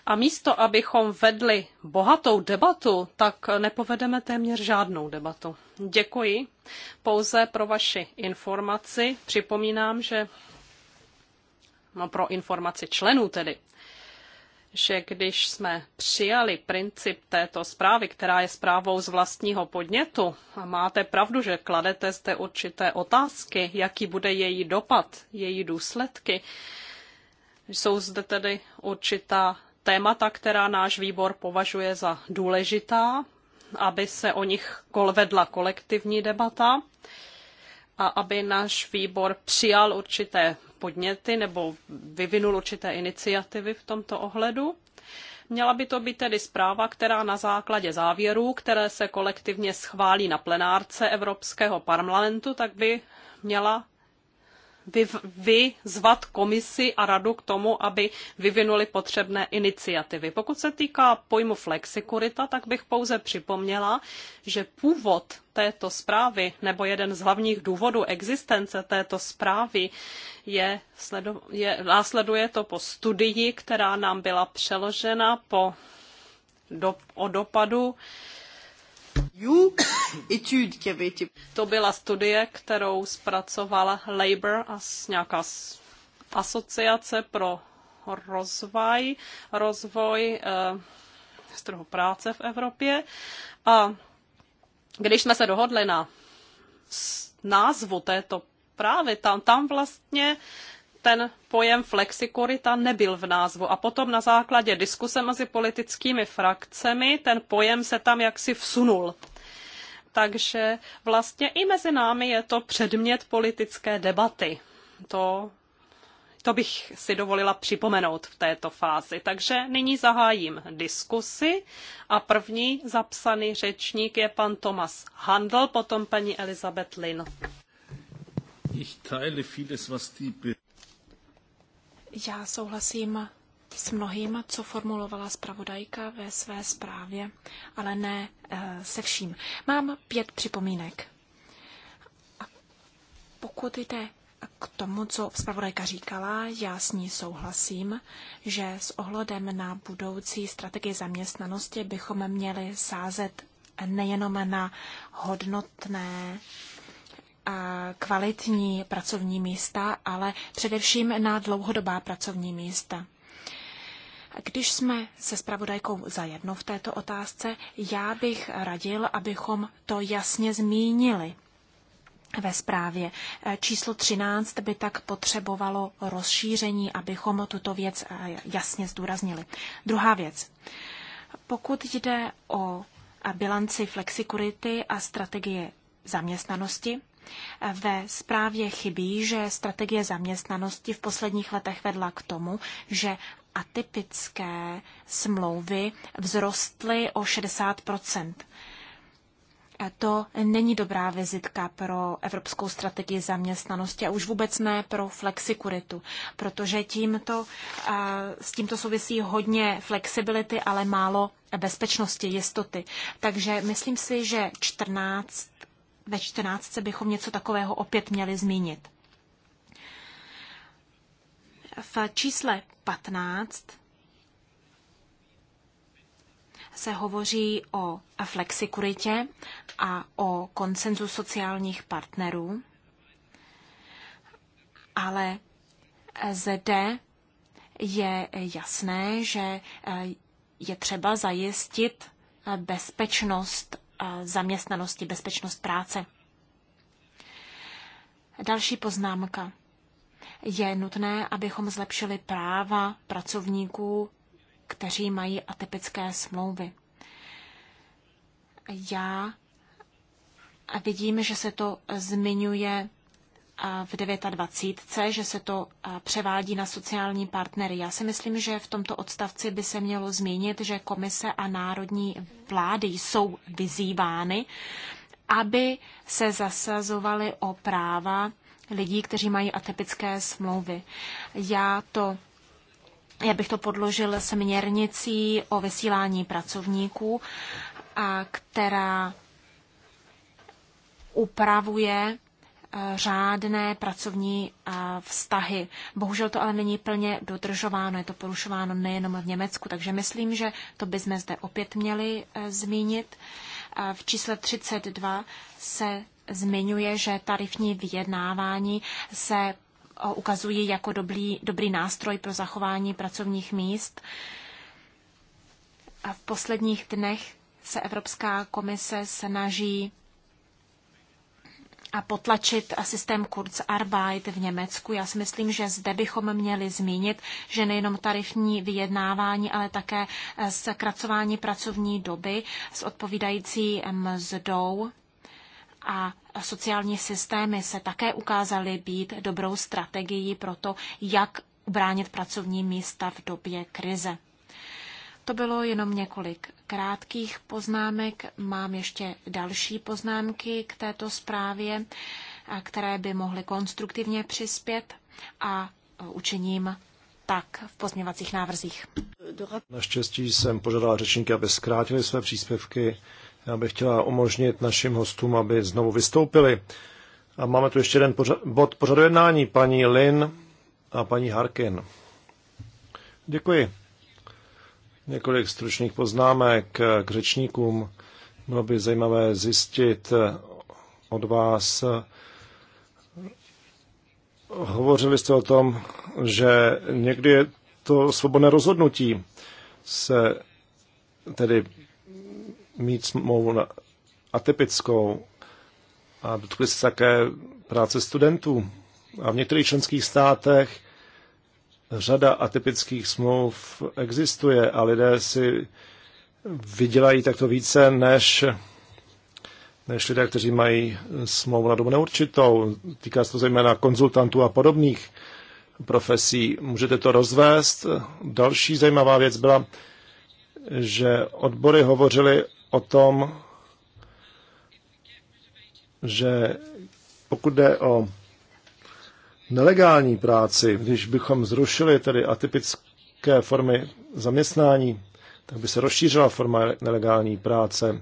a místo, abychom vedli bohatou debatu, tak nepovedeme téměř žádnou debatu. Děkuji. Pouze pro vaši informaci připomínám, že no pro informaci členů tedy, že když jsme přijali princip této zprávy, která je zprávou z vlastního podnětu, a máte pravdu, že kladete zde určité otázky, jaký bude její dopad, její důsledky, jsou zde tedy určitá témata, která náš výbor považuje za důležitá, aby se o nich vedla kolektivní debata a aby náš výbor přijal určité podněty nebo vyvinul určité iniciativy v tomto ohledu. Měla by to být tedy zpráva, která na základě závěrů, které se kolektivně schválí na plenárce Evropského parlamentu, tak by měla vyzvat komisi a radu k tomu, aby vyvinuli potřebné iniciativy. Pokud se týká pojmu flexikurita, tak bych pouze připomněla, že původ této zprávy nebo jeden z hlavních důvodů existence této zprávy je, sledu, je, následuje to po studii, která nám byla přeložena po do, o dopadu to byla studie, kterou zpracovala Labour a nějaká asociace pro rozvoj rozvoj eh, trhu práce v Evropě. A když jsme se dohodli na názvu této právě tam, tam vlastně ten pojem flexikorita nebyl v názvu. A potom na základě diskuse mezi politickými frakcemi ten pojem se tam jaksi vsunul. Takže vlastně i mezi námi je to předmět politické debaty. To, to bych si dovolila připomenout v této fázi. Takže nyní zahájím diskusi a první zapsaný řečník je pan Thomas Handel, potom paní Elizabeth Lin. Ich teile vieles, was die já souhlasím s mnohým, co formulovala zpravodajka ve své zprávě, ale ne eh, se vším. Mám pět připomínek. A pokud jde k tomu, co zpravodajka říkala, já s ní souhlasím, že s ohledem na budoucí strategii zaměstnanosti bychom měli sázet nejenom na hodnotné kvalitní pracovní místa, ale především na dlouhodobá pracovní místa. Když jsme se spravodajkou zajedno v této otázce, já bych radil, abychom to jasně zmínili ve zprávě. Číslo 13 by tak potřebovalo rozšíření, abychom tuto věc eh, jasně zdůraznili. Druhá věc. Pokud jde o bilanci flexikurity a strategie zaměstnanosti, ve zprávě chybí, že strategie zaměstnanosti v posledních letech vedla k tomu, že atypické smlouvy vzrostly o 60 to není dobrá vizitka pro evropskou strategii zaměstnanosti a už vůbec ne pro flexikuritu, protože tímto, s tímto souvisí hodně flexibility, ale málo bezpečnosti, jistoty. Takže myslím si, že 14 ve 14. bychom něco takového opět měli zmínit. V čísle 15 se hovoří o flexikuritě a o koncenzu sociálních partnerů, ale zde je jasné, že je třeba zajistit bezpečnost zaměstnanosti, bezpečnost práce. Další poznámka. Je nutné, abychom zlepšili práva pracovníků, kteří mají atypické smlouvy. Já vidím, že se to zmiňuje v 29, že se to převádí na sociální partnery. Já si myslím, že v tomto odstavci by se mělo zmínit, že komise a národní vlády jsou vyzývány, aby se zasazovaly o práva lidí, kteří mají atypické smlouvy. Já to já bych to podložil směrnicí o vysílání pracovníků, a která upravuje řádné pracovní vztahy. Bohužel to ale není plně dodržováno, je to porušováno nejenom v Německu, takže myslím, že to bychom zde opět měli e, zmínit. V čísle 32 se zmiňuje, že tarifní vyjednávání se ukazují jako dobrý, dobrý nástroj pro zachování pracovních míst. A v posledních dnech se Evropská komise snaží a potlačit systém Kurzarbeit v Německu. Já si myslím, že zde bychom měli zmínit, že nejenom tarifní vyjednávání, ale také eh, zkracování pracovní doby s odpovídající mzdou a sociální systémy se také ukázaly být dobrou strategií pro to, jak ubránit pracovní místa v době krize. To bylo jenom několik krátkých poznámek. Mám ještě další poznámky k této zprávě, které by mohly konstruktivně přispět a učiním tak v pozměvacích návrzích. Naštěstí jsem požádal řečníky, aby zkrátili své příspěvky. Já bych chtěla umožnit našim hostům, aby znovu vystoupili. A máme tu ještě jeden pořad, bod pořadu jednání, paní Lin a paní Harkin. Děkuji. Několik stručných poznámek k řečníkům. Bylo by zajímavé zjistit od vás. Hovořili jste o tom, že někdy je to svobodné rozhodnutí se tedy mít smlouvu na atypickou a dotkli se také práce studentů. A v některých členských státech řada atypických smluv existuje a lidé si vydělají takto více než, než lidé, kteří mají smlouvu na dobu neurčitou. Týká se to zejména konzultantů a podobných profesí. Můžete to rozvést. Další zajímavá věc byla, že odbory hovořily o tom, že pokud jde o nelegální práci, když bychom zrušili tedy atypické formy zaměstnání, tak by se rozšířila forma nelegální práce.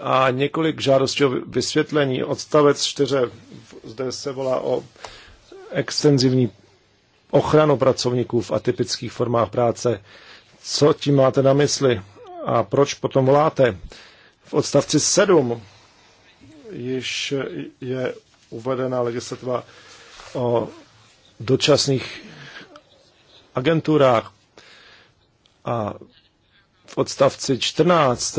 A několik žádostí o vysvětlení. Odstavec 4, zde se volá o extenzivní ochranu pracovníků v atypických formách práce. Co tím máte na mysli a proč potom voláte? V odstavci 7 již je uvedená legislativa o dočasných agenturách a v odstavci 14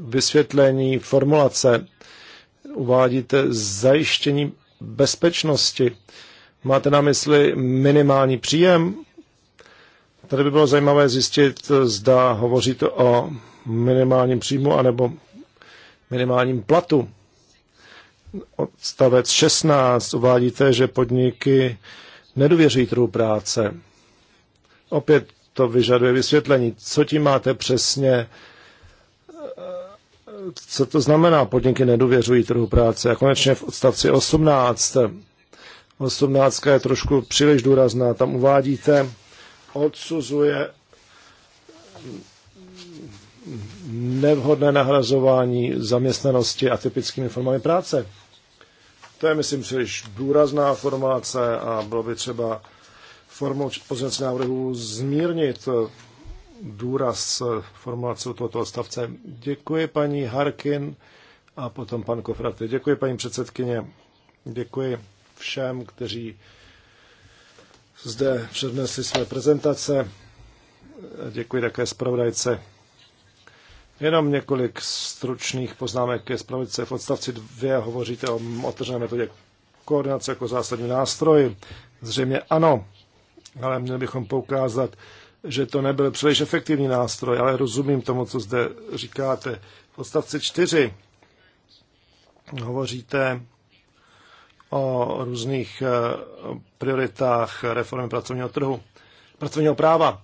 vysvětlení formulace uvádíte zajištění bezpečnosti. Máte na mysli minimální příjem? Tady by bylo zajímavé zjistit, zda hovoříte o minimálním příjmu anebo minimálním platu odstavec 16 uvádíte, že podniky nedověří trhu práce. Opět to vyžaduje vysvětlení. Co tím máte přesně? Co to znamená, podniky nedůvěřují trhu práce? A konečně v odstavci 18. 18 je trošku příliš důrazná. Tam uvádíte, odsuzuje nevhodné nahrazování zaměstnanosti a typickými formami práce. To je, myslím, příliš důrazná formulace a bylo by třeba formou pozměnce návrhu zmírnit důraz formulace tohoto odstavce. Děkuji paní Harkin a potom pan Kofraty. Děkuji paní předsedkyně. Děkuji všem, kteří zde přednesli své prezentace. Děkuji také zpravodajce Jenom několik stručných poznámek ke zpravice. V odstavci 2 hovoříte o otevřené metodě koordinace jako zásadní nástroj. Zřejmě ano, ale měli bychom poukázat, že to nebyl příliš efektivní nástroj, ale rozumím tomu, co zde říkáte. V odstavci 4 hovoříte o různých eh, prioritách reformy pracovního trhu, pracovního práva.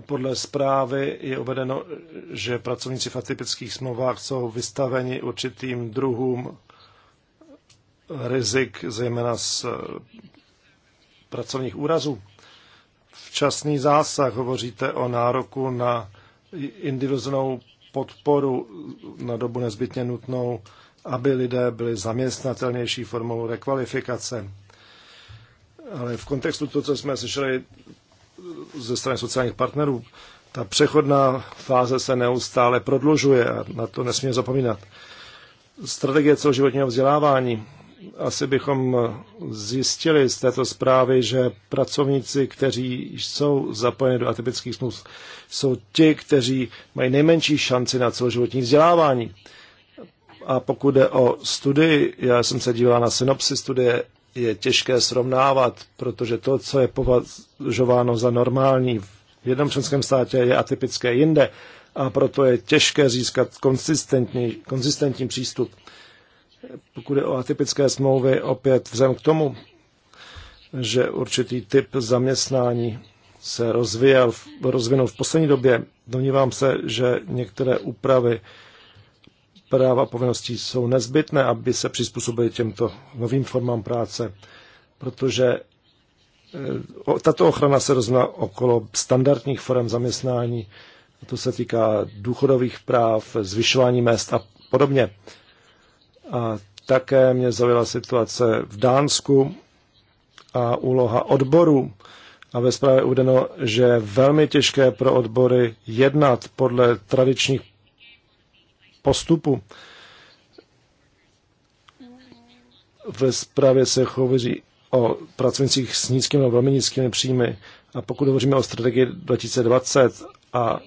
Podle zprávy je uvedeno, že pracovníci v atypických smlouvách jsou vystaveni určitým druhům rizik, zejména z eh, pracovních úrazů. Včasný zásah, hovoříte o nároku na individuálnou podporu na dobu nezbytně nutnou, aby lidé byli zaměstnatelnější formou rekvalifikace. Ale v kontextu toho, co jsme slyšeli ze strany sociálních partnerů. Ta přechodná fáze se neustále prodlužuje a na to nesmíme zapomínat. Strategie celoživotního vzdělávání. Asi bychom zjistili z této zprávy, že pracovníci, kteří jsou zapojeni do atypických smluv, jsou ti, kteří mají nejmenší šanci na celoživotní vzdělávání. A pokud jde o studii, já jsem se dívala na synopsi studie je těžké srovnávat, protože to, co je považováno za normální v jednom členském státě, je atypické jinde a proto je těžké získat konsistentní, konsistentní přístup. Pokud je o atypické smlouvy, opět vzem k tomu, že určitý typ zaměstnání se rozvíjel, rozvinul v poslední době. Domnívám se, že některé úpravy práv a povinností jsou nezbytné, aby se přizpůsobili těmto novým formám práce, protože eh, tato ochrana se rozná okolo standardních forem zaměstnání, to se týká důchodových práv, zvyšování mest a podobně. A také mě zavěla situace v Dánsku a úloha odborů. A ve zprávě uvedeno, že je velmi těžké pro odbory jednat podle tradičních postupu. Ve zprávě se hovoří o pracovnicích s nízkými a velmi nízkými příjmy. A pokud hovoříme o strategii 2020 a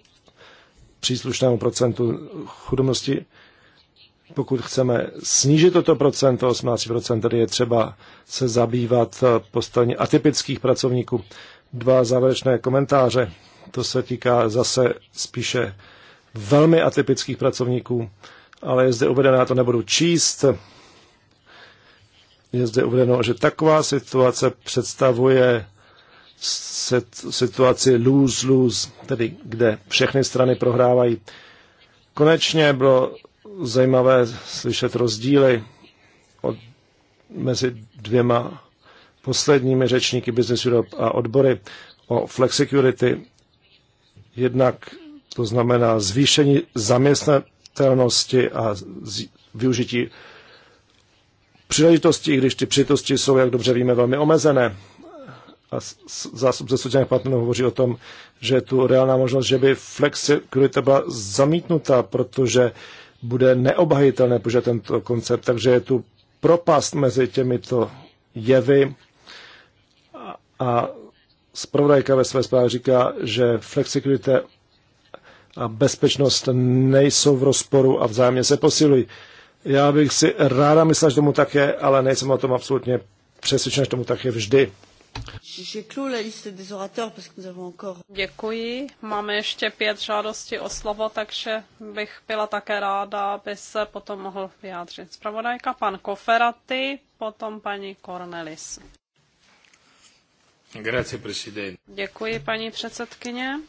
příslušnému procentu chudomosti, pokud chceme snížit toto procento, 18%, tedy je třeba se zabývat postavení atypických pracovníků. Dva závěrečné komentáře, to se týká zase spíše velmi atypických pracovníků, ale je zde uvedeno, já to nebudu číst, je zde uvedeno, že taková situace představuje situaci lose-lose, tedy kde všechny strany prohrávají. Konečně bylo zajímavé slyšet rozdíly od, mezi dvěma posledními řečníky Business Europe a odbory o flexicurity. Jednak to znamená zvýšení zaměstnatelnosti a využití příležitostí, když ty příležitosti jsou, jak dobře víme, velmi omezené. A ze sociálních partnerů hovoří o tom, že je tu reálná možnost, že by flexibilita byla zamítnuta, protože bude neobhajitelné, protože tento koncept, takže je tu propast mezi těmito jevy a zpravodajka ve své zprávě říká, že flexibilita a bezpečnost nejsou v rozporu a vzájemně se posilují. Já bych si ráda myslel, že tomu tak je, ale nejsem o tom absolutně přesvědčen, že tomu tak je vždy. Děkuji. Máme ještě pět žádostí o slovo, takže bych byla také ráda, aby se potom mohl vyjádřit zpravodajka pan Koferaty, potom paní Cornelis. Děkuji, paní předsedkyně.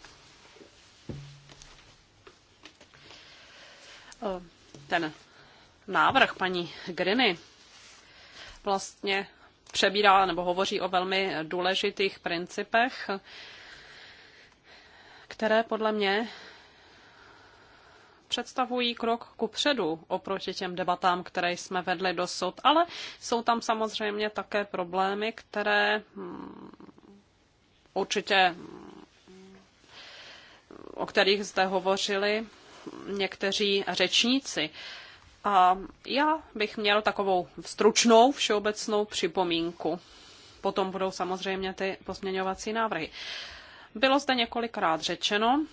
Ten návrh paní Griny vlastně přebírá nebo hovoří o velmi důležitých principech, které podle mě představují krok ku předu oproti těm debatám, které jsme vedli dosud, ale jsou tam samozřejmě také problémy, které mm, určitě mm, o kterých zde hovořili někteří řečníci. A já bych měl takovou stručnou všeobecnou připomínku. Potom budou samozřejmě ty pozměňovací návrhy. Bylo zde několikrát řečeno,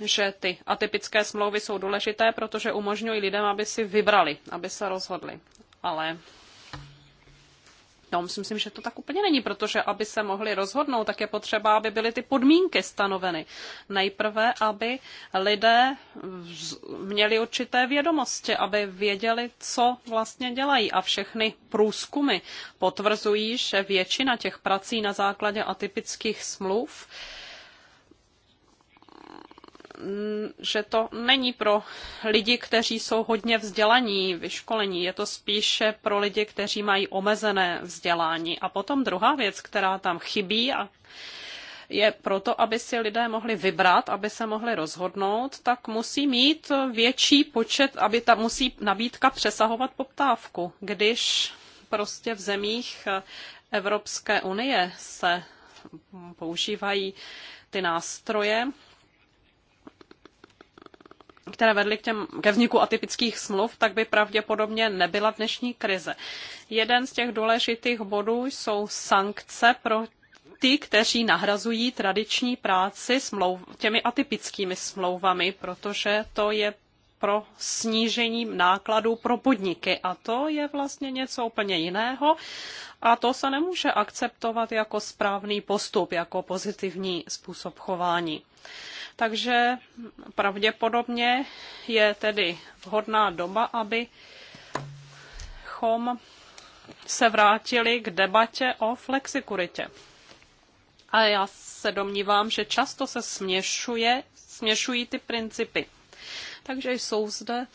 že ty atypické smlouvy jsou důležité, protože umožňují lidem, aby si vybrali, aby se rozhodli. Ale No, si myslím, že to tak úplně není, protože aby se mohli rozhodnout, tak je potřeba, aby byly ty podmínky stanoveny. Nejprve, aby lidé měli určité vědomosti, aby věděli, co vlastně dělají. A všechny průzkumy potvrzují, že většina těch prací na základě atypických smluv uh, Mm, že to není pro lidi, kteří jsou hodně vzdělaní, vyškolení. Je to spíše pro lidi, kteří mají omezené vzdělání. A potom druhá věc, která tam chybí a je proto, aby si lidé mohli vybrat, aby se mohli rozhodnout, tak musí mít větší počet, aby ta musí nabídka přesahovat poptávku. Když prostě v zemích Evropské unie se používají ty nástroje, které vedly k těm, ke vzniku atypických smluv, tak by pravděpodobně nebyla dnešní krize. Jeden z těch důležitých bodů jsou sankce pro ty, kteří nahrazují tradiční práci smlouv, těmi atypickými smlouvami, protože to je pro snížení nákladů pro podniky. A to je vlastně něco úplně jiného. A to se nemůže akceptovat jako správný postup, jako pozitivní způsob chování. Takže pravděpodobně je tedy vhodná doba, abychom se vrátili k debatě o flexikuritě. A já se domnívám, že často se směšuje, směšují ty principy. Takže jsou zde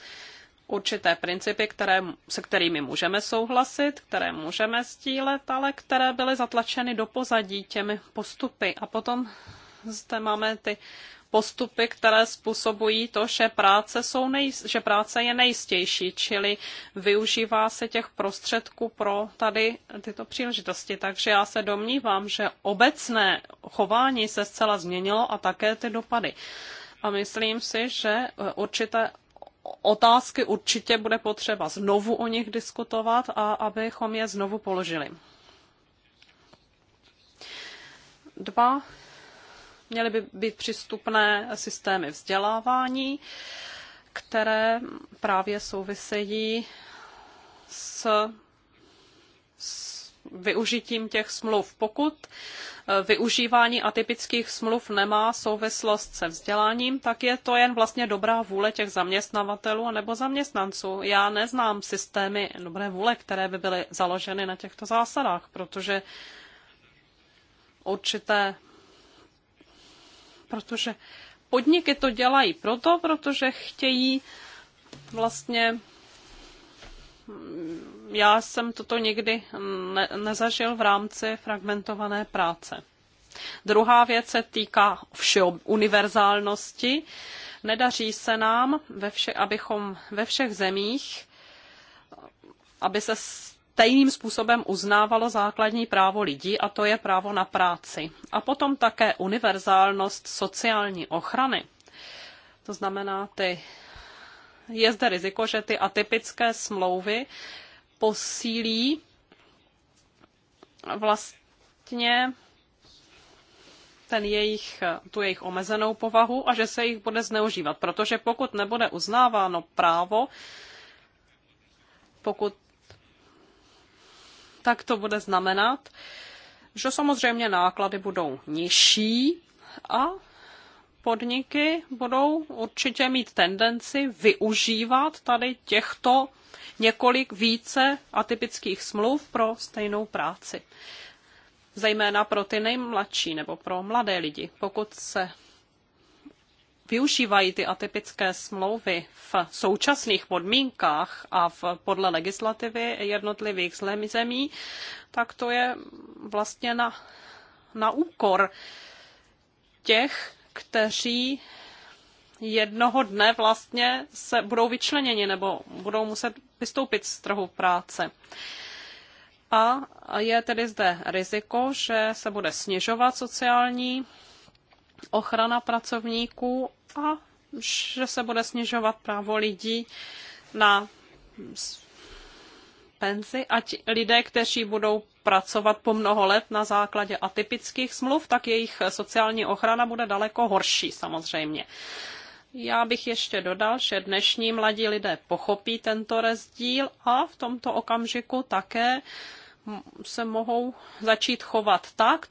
určité principy, které, se kterými můžeme souhlasit, které můžeme stílet, ale které byly zatlačeny do pozadí těmi postupy. A potom zde máme ty postupy, které způsobují to, že práce, jsou nej, že práce je nejistější, čili využívá se těch prostředků pro tady tyto příležitosti. Takže já se domnívám, že obecné chování se zcela změnilo a také ty dopady. A myslím si, že e, určité otázky určitě bude potřeba znovu o nich diskutovat a abychom je znovu položili. Dva Měly by být přístupné systémy vzdělávání, které právě souvisejí s, s využitím těch smluv. Pokud eh, využívání atypických smluv nemá souvislost se vzděláním, tak je to jen vlastně dobrá vůle těch zaměstnavatelů nebo zaměstnanců. Já neznám systémy dobré vůle, které by byly založeny na těchto zásadách, protože určité protože podniky to dělají proto, protože chtějí vlastně hm, já jsem toto nikdy ne- nezažil v rámci fragmentované práce. Druhá věc se týká všeho univerzálnosti. Nedaří se nám, ve vše- abychom ve všech zemích, aby se tajným způsobem uznávalo základní právo lidí, a to je právo na práci. A potom také univerzálnost sociální ochrany. To znamená, ty, je zde riziko, že ty atypické smlouvy posílí vlastně ten jejich, tu jejich omezenou povahu a že se jich bude zneužívat. Protože pokud nebude uznáváno právo, pokud tak to bude znamenat, že samozřejmě náklady budou nižší a podniky budou určitě mít tendenci využívat tady těchto několik více atypických smluv pro stejnou práci. Zejména pro ty nejmladší nebo pro mladé lidi. Pokud se využívají ty atypické smlouvy v současných podmínkách a v, podle legislativy jednotlivých zemí, tak to je vlastně na, na úkor těch, kteří jednoho dne vlastně se budou vyčleněni nebo budou muset vystoupit z trhu práce. A je tedy zde riziko, že se bude snižovat sociální ochrana pracovníků a že se bude snižovat právo lidí na penzi, ať lidé, kteří budou pracovat po mnoho let na základě atypických smluv, tak jejich sociální ochrana bude daleko horší samozřejmě. Já bych ještě dodal, že dnešní mladí lidé pochopí tento rozdíl a v tomto okamžiku také se mohou začít chovat tak,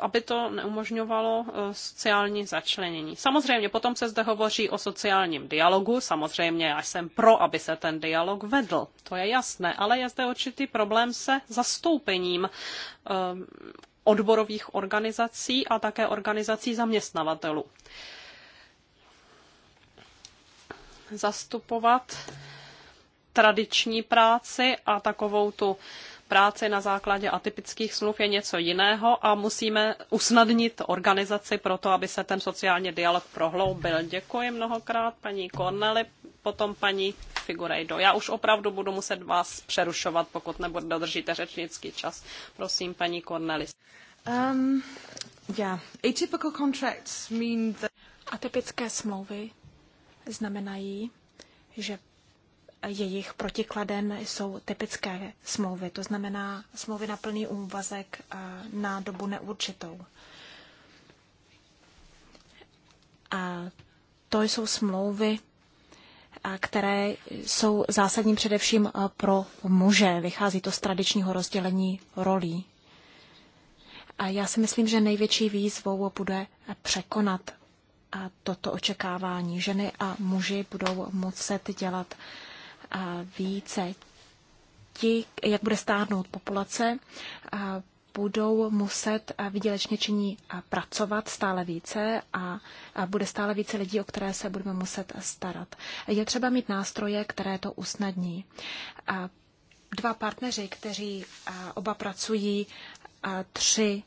aby to neumožňovalo eh, sociální začlenění. Samozřejmě potom se zde hovoří o sociálním dialogu, samozřejmě já jsem pro, aby se ten dialog vedl, to je jasné, ale je zde určitý problém se zastoupením eh, odborových organizací a také organizací zaměstnavatelů. Zastupovat tradiční práci a takovou tu práce na základě atypických smluv je něco jiného a musíme usnadnit organizaci pro to, aby se ten sociální dialog prohloubil. Děkuji mnohokrát paní Korneli, potom paní Figurejdo. Já už opravdu budu muset vás přerušovat, pokud nebudu dodržíte řečnický čas. Prosím, paní Korneli. Um, yeah. Atypical contracts mean that... Atypické smlouvy znamenají, že jejich protikladem jsou typické smlouvy, to znamená smlouvy na plný úvazek eh, na dobu neurčitou. A to jsou smlouvy, eh, které jsou zásadní především eh, pro muže. Vychází to z tradičního rozdělení rolí. A já si myslím, že největší výzvou bude překonat toto očekávání. Ženy a muži budou muset dělat uh, více. Ti, jak bude stárnout populace, budou muset výdělečně činí pracovat stále více a bude stále více lidí, o které se budeme muset starat. Je třeba mít nástroje, které to usnadní. Dva partneři, kteří oba pracují tři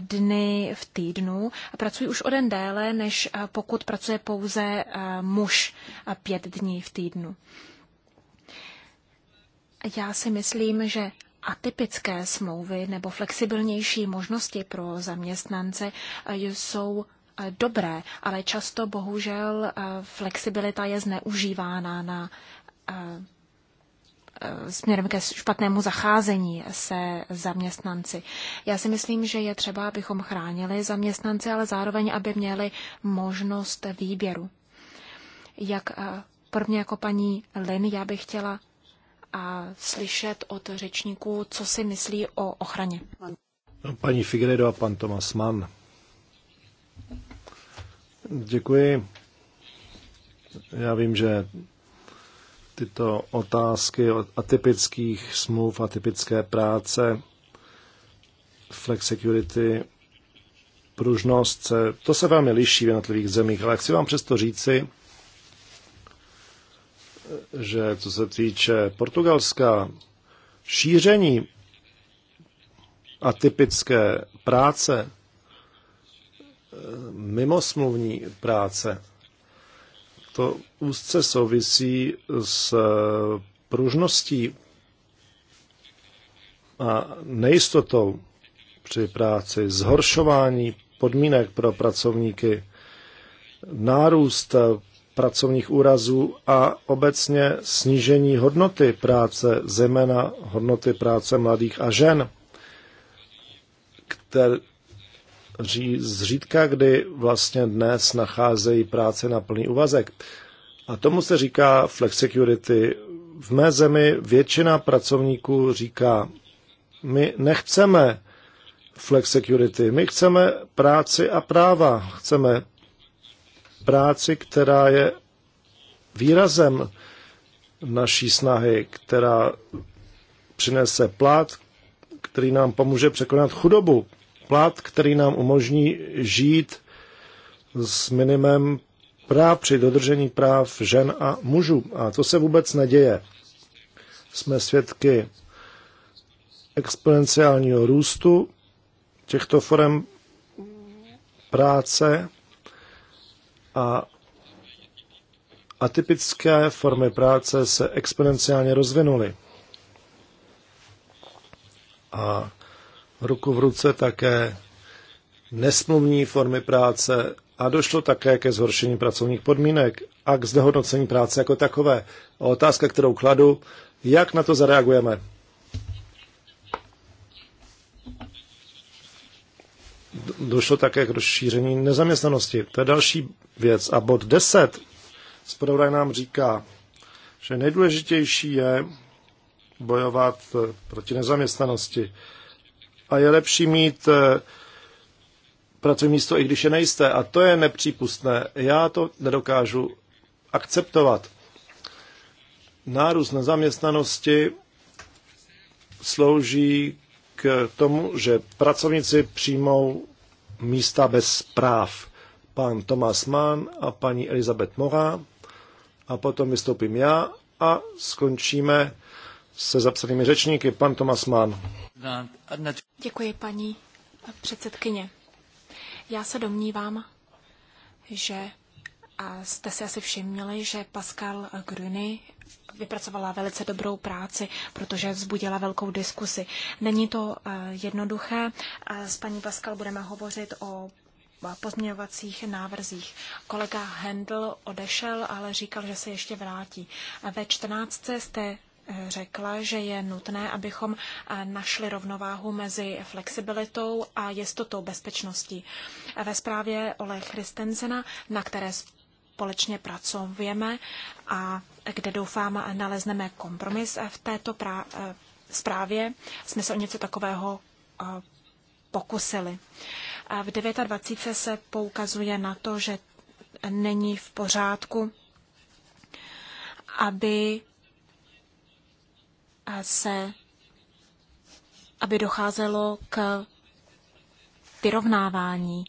dny v týdnu a pracují už o den déle, než pokud pracuje pouze muž pět dní v týdnu. Já si myslím, že atypické smlouvy nebo flexibilnější možnosti pro zaměstnance eh, jsou eh, dobré, ale často bohužel eh, flexibilita je zneužívána na směrem ke špatnému zacházení se zaměstnanci. Já si myslím, že je třeba, abychom chránili zaměstnance, ale zároveň, aby měli možnost výběru. Jak prvně jako paní Lin, já bych chtěla a slyšet od řečníků, co si myslí o ochraně. No, paní Figredo a pan Tomas Mann. Děkuji. Já vím, že tyto otázky o atypických smluv, atypické práce, flexicurity, pružnost, to se velmi liší v jednotlivých zemích, ale chci vám přesto říci, že co se týče Portugalska, šíření atypické práce, eh, mimosmluvní práce, to úzce souvisí s eh, pružností a nejistotou při práci, zhoršování podmínek pro pracovníky, nárůst pracovních úrazů a obecně snížení hodnoty práce, zejména hodnoty práce mladých a žen, kteří zřídka kdy vlastně dnes nacházejí práce na plný úvazek. A tomu se říká security. V mé zemi většina pracovníků říká, my nechceme security, my chceme práci a práva, chceme práci, která je výrazem naší snahy, která přinese plat, který nám pomůže překonat chudobu. plat, který nám umožní žít s minimem práv při dodržení práv žen a mužů. A to se vůbec neděje. Jsme svědky exponenciálního růstu těchto forem práce a atypické formy práce se exponenciálně rozvinuly. A ruku v ruce také nesmluvní formy práce a došlo také ke zhoršení pracovních podmínek a k znehodnocení práce jako takové. A otázka, kterou kladu, jak na to zareagujeme? došlo také k rozšíření nezaměstnanosti. To je další věc. A bod 10 z nám říká, že nejdůležitější je bojovat eh, proti nezaměstnanosti. A je lepší mít eh, pracovní místo, i když je nejisté. A to je nepřípustné. Já to nedokážu akceptovat. Nárůst nezaměstnanosti slouží k tomu, že pracovníci přijmou místa bez práv. Pan Thomas Mann a paní Elizabeth Mora a potom vystoupím já a skončíme se zapsanými řečníky. Pan Thomas Mann. Děkuji, paní předsedkyně. Já se domnívám, že a jste si asi všimli, že Pascal Gruny vypracovala velice dobrou práci, protože vzbudila velkou diskusi. Není to eh, jednoduché. S paní Pascal budeme hovořit o eh, pozměňovacích návrzích. Kolega Hendl odešel, ale říkal, že se ještě vrátí. Ve 14. jste eh, řekla, že je nutné, abychom našli rovnováhu mezi flexibilitou a jistotou bezpečnosti. Ve zprávě Ole Christensena, na které společně pracujeme a kde doufám nalezneme kompromis v této eh, zprávě, jsme se o něco takového eh, pokusili. V 29. se poukazuje na to, že není v pořádku, aby eh, se aby docházelo k vyrovnávání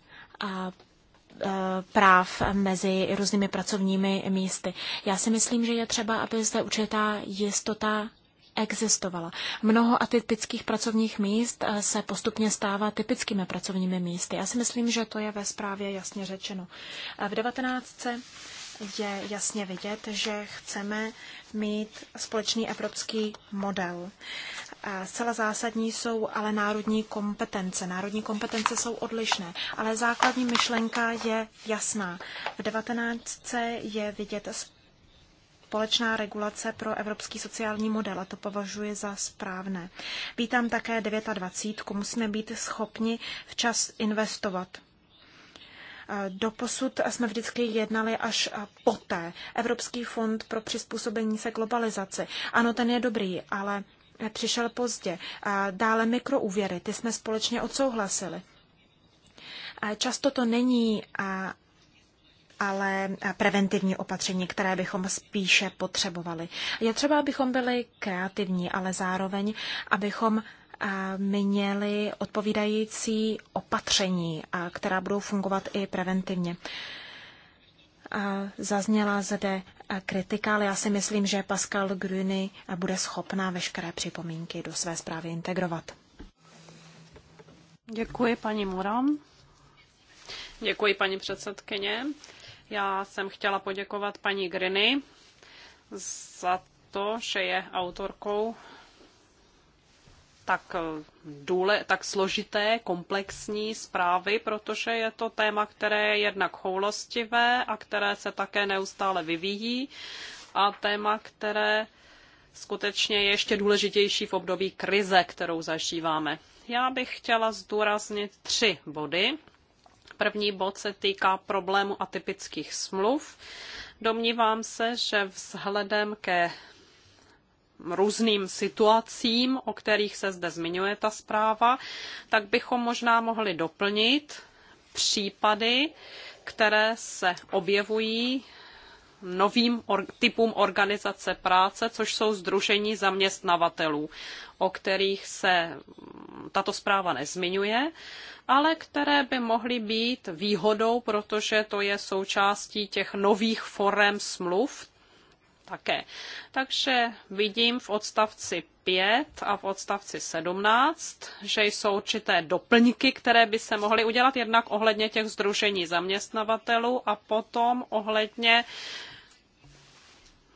Eh, práv mezi různými pracovními místy. Já si myslím, že je třeba, aby zde určitá jistota existovala. Mnoho atypických pracovních míst eh, se postupně stává typickými pracovními místy. Já si myslím, že to je ve zprávě jasně řečeno. Eh, v 19. je jasně vidět, že chceme mít společný evropský model. Zcela zásadní jsou ale národní kompetence. Národní kompetence jsou odlišné, ale základní myšlenka je jasná. V 19. je vidět společná regulace pro evropský sociální model a to považuji za správné. Vítám také 29. Musíme být schopni včas investovat. Doposud jsme vždycky jednali až poté. Evropský fond pro přizpůsobení se globalizaci. Ano, ten je dobrý, ale přišel pozdě. Dále mikroúvěry, ty jsme společně odsouhlasili. Často to není ale preventivní opatření, které bychom spíše potřebovali. Je třeba, abychom byli kreativní, ale zároveň, abychom měli odpovídající opatření, která budou fungovat i preventivně. Zazněla zde kritika, ale já si myslím, že Pascal Gruny bude schopná veškeré připomínky do své zprávy integrovat. Děkuji, paní Muram. Děkuji, paní předsedkyně. Já jsem chtěla poděkovat paní Griny za to, že je autorkou tak, eh, důle, tak složité, komplexní zprávy, protože je to téma, které je jednak choulostivé a které se také neustále vyvíjí a téma, které skutečně je ještě důležitější v období krize, kterou zažíváme. Já bych chtěla zdůraznit tři body. První bod se týká problému atypických smluv. Domnívám se, že vzhledem ke různým situacím, o kterých se zde zmiňuje ta zpráva, tak bychom možná mohli doplnit případy, které se objevují novým or- typům organizace práce, což jsou združení zaměstnavatelů, o kterých se tato zpráva nezmiňuje, ale které by mohly být výhodou, protože to je součástí těch nových forem smluv, také. Takže vidím v odstavci 5 a v odstavci 17, že jsou určité doplňky, které by se mohly udělat jednak ohledně těch združení zaměstnavatelů a potom ohledně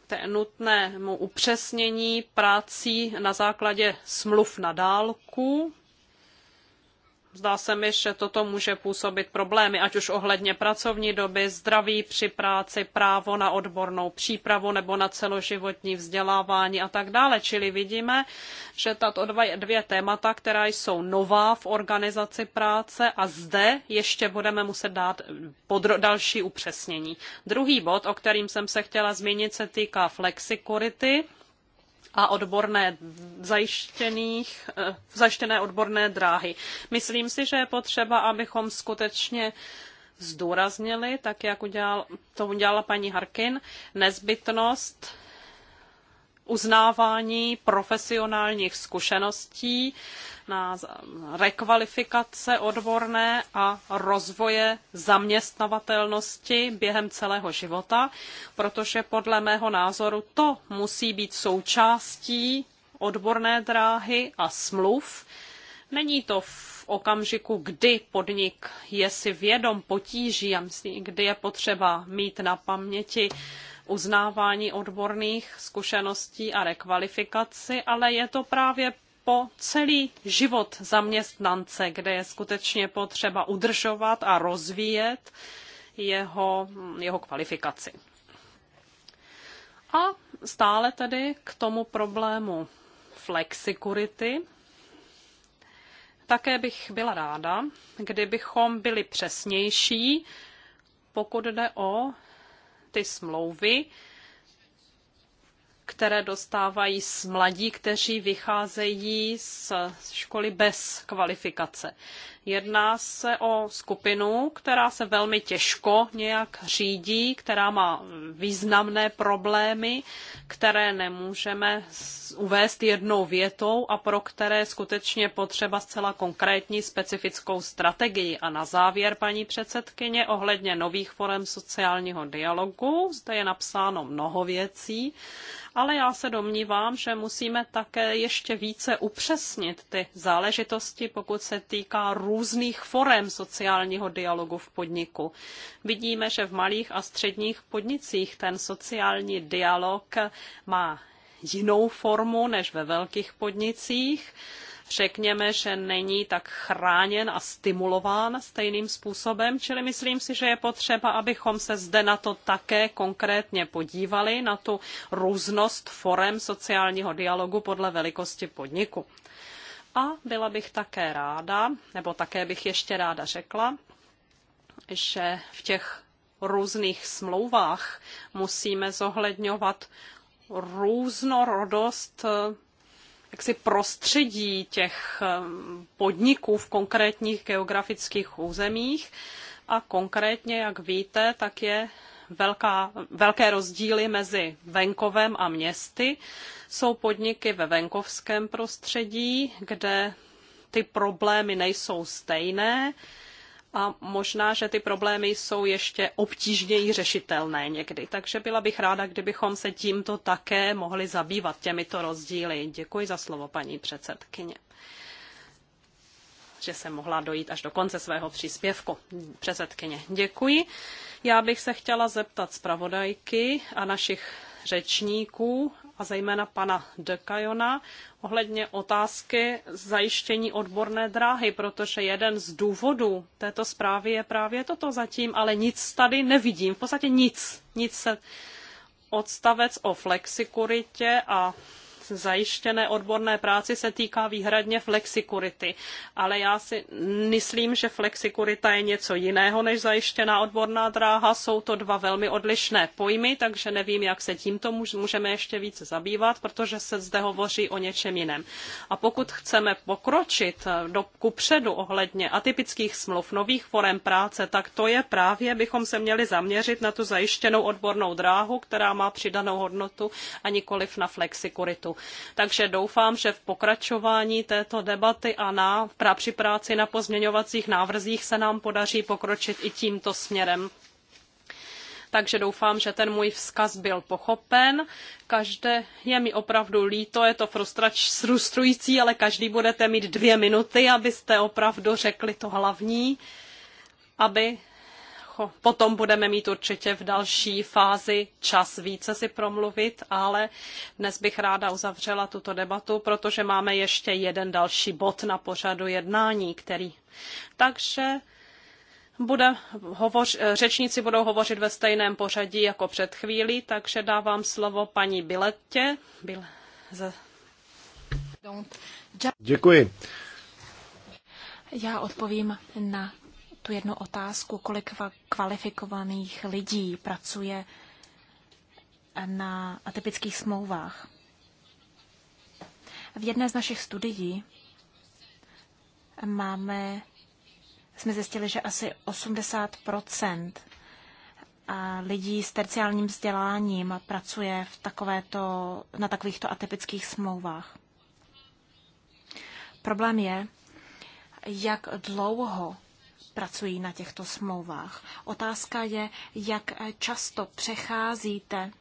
té nutnému upřesnění prací na základě smluv na dálku, Zdá se mi, že toto může působit problémy, ať už ohledně pracovní doby, zdraví při práci, právo na odbornou přípravu nebo na celoživotní vzdělávání a tak dále. Čili vidíme, že tato dvě témata, která jsou nová v organizaci práce a zde ještě budeme muset dát podro- další upřesnění. Druhý bod, o kterým jsem se chtěla zmínit, se týká flexikurity a odborné zajištěných, eh, zajištěné odborné dráhy. Myslím si, že je potřeba, abychom skutečně zdůraznili, tak jak udělal, to udělala paní Harkin, nezbytnost uznávání profesionálních zkušeností, na rekvalifikace odborné a rozvoje zaměstnavatelnosti během celého života, protože podle mého názoru to musí být součástí odborné dráhy a smluv. Není to v okamžiku, kdy podnik je si vědom potíží a myslím, kdy je potřeba mít na paměti uznávání odborných zkušeností a rekvalifikaci, ale je to právě po celý život zaměstnance, kde je skutečně potřeba udržovat a rozvíjet jeho, jeho kvalifikaci. A stále tedy k tomu problému flexikurity. Také bych byla ráda, kdybychom byli přesnější, pokud jde o ty smlouvy, které dostávají s mladí, kteří vycházejí z školy bez kvalifikace. Jedná se o skupinu, která se velmi těžko nějak řídí, která má významné problémy, které nemůžeme uvést jednou větou a pro které skutečně potřeba zcela konkrétní specifickou strategii. A na závěr, paní předsedkyně, ohledně nových forem sociálního dialogu, zde je napsáno mnoho věcí, ale já se domnívám, že musíme také ještě více upřesnit ty záležitosti, pokud se týká různých různých forem sociálního dialogu v podniku. Vidíme, že v malých a středních podnicích ten sociální dialog má jinou formu než ve velkých podnicích. Řekněme, že není tak chráněn a stimulován stejným způsobem, čili myslím si, že je potřeba, abychom se zde na to také konkrétně podívali, na tu různost forem sociálního dialogu podle velikosti podniku. A byla bych také ráda, nebo také bych ještě ráda řekla, že v těch různých smlouvách musíme zohledňovat různorodost eh, jaksi prostředí těch eh, podniků v konkrétních geografických územích. A konkrétně, jak víte, tak je velká, velké rozdíly mezi venkovem a městy. Jsou podniky ve venkovském prostředí, kde ty problémy nejsou stejné a možná, že ty problémy jsou ještě obtížněji řešitelné někdy. Takže byla bych ráda, kdybychom se tímto také mohli zabývat těmito rozdíly. Děkuji za slovo, paní předsedkyně že jsem mohla dojít až do konce svého příspěvku. Předsedkyně, děkuji. Já bych se chtěla zeptat zpravodajky a našich řečníků a zejména pana Dekajona ohledně otázky zajištění odborné dráhy, protože jeden z důvodů této zprávy je právě toto zatím, ale nic tady nevidím, v podstatě nic, nic se odstavec o flexikuritě a zajištěné odborné práci se týká výhradně flexikurity. Ale já si myslím, že flexikurita je něco jiného než zajištěná odborná dráha. Jsou to dva velmi odlišné pojmy, takže nevím, jak se tímto můžeme ještě více zabývat, protože se zde hovoří o něčem jiném. A pokud chceme pokročit eh, do, kupředu ohledně atypických smluv, nových forem práce, tak to je právě, bychom se měli zaměřit na tu zajištěnou odbornou dráhu, která má přidanou hodnotu a nikoliv na flexikuritu. Takže doufám, že v pokračování této debaty a na, pra, při práci na pozměňovacích návrzích se nám podaří pokročit i tímto směrem takže doufám, že ten můj vzkaz byl pochopen. Každé je mi opravdu líto, je to frustrující, ale každý budete mít dvě minuty, abyste opravdu řekli to hlavní, aby potom budeme mít určitě v další fázi čas více si promluvit, ale dnes bych ráda uzavřela tuto debatu, protože máme ještě jeden další bod na pořadu jednání, který. Takže bude hovoř, řečníci budou hovořit ve stejném pořadí jako před chvílí, takže dávám slovo paní Biletě. Bile, z... Děkuji. Já odpovím na tu jednu otázku, kolik kvalifikovaných lidí pracuje na atypických smlouvách. V jedné z našich studií máme, jsme zjistili, že asi 80 lidí s terciálním vzděláním pracuje v takovéto, na takovýchto atypických smlouvách. Problém je, jak dlouho pracují na těchto smlouvách. Otázka je, jak často přecházíte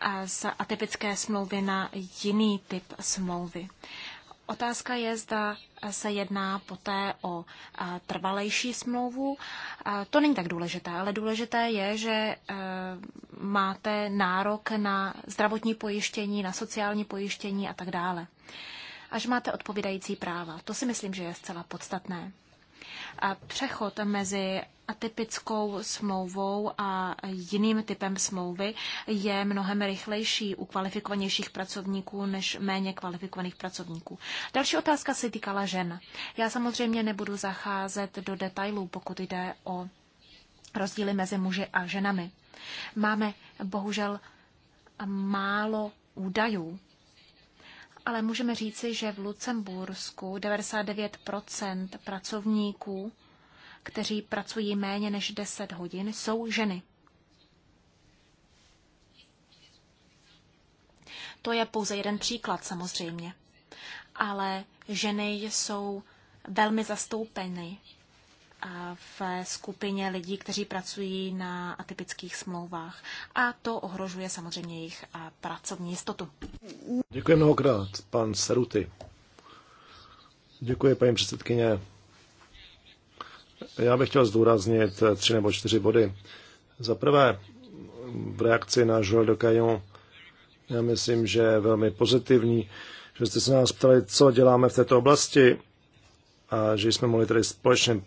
eh, z atypické smlouvy na jiný typ smlouvy. Otázka je, zda se jedná poté o eh, trvalejší smlouvu. Eh, to není tak důležité, ale důležité je, že máte nárok na zdravotní pojištění, na sociální pojištění a tak dále a že máte odpovídající práva. To si myslím, že je zcela podstatné. A přechod mezi atypickou smlouvou a jiným typem smlouvy je mnohem rychlejší u kvalifikovanějších pracovníků než méně kvalifikovaných pracovníků. Další otázka se týkala žen. Já samozřejmě nebudu zacházet do detailů, pokud jde o rozdíly mezi muži a ženami. Máme bohužel málo údajů ale můžeme říci, že v Lucembursku 99 pracovníků, kteří pracují méně než 10 hodin, jsou ženy. To je pouze jeden příklad samozřejmě. Ale ženy jsou velmi zastoupeny v skupině lidí, kteří pracují na atypických smlouvách. A to ohrožuje samozřejmě jejich pracovní jistotu. Děkuji mnohokrát, pan Seruty. Děkuji, paní předsedkyně. Já bych chtěl zdůraznit tři nebo čtyři body. Za prvé, v reakci na Joel de Caillon, já myslím, že je velmi pozitivní, že jste se nás ptali, co děláme v této oblasti a že jsme mohli tady společně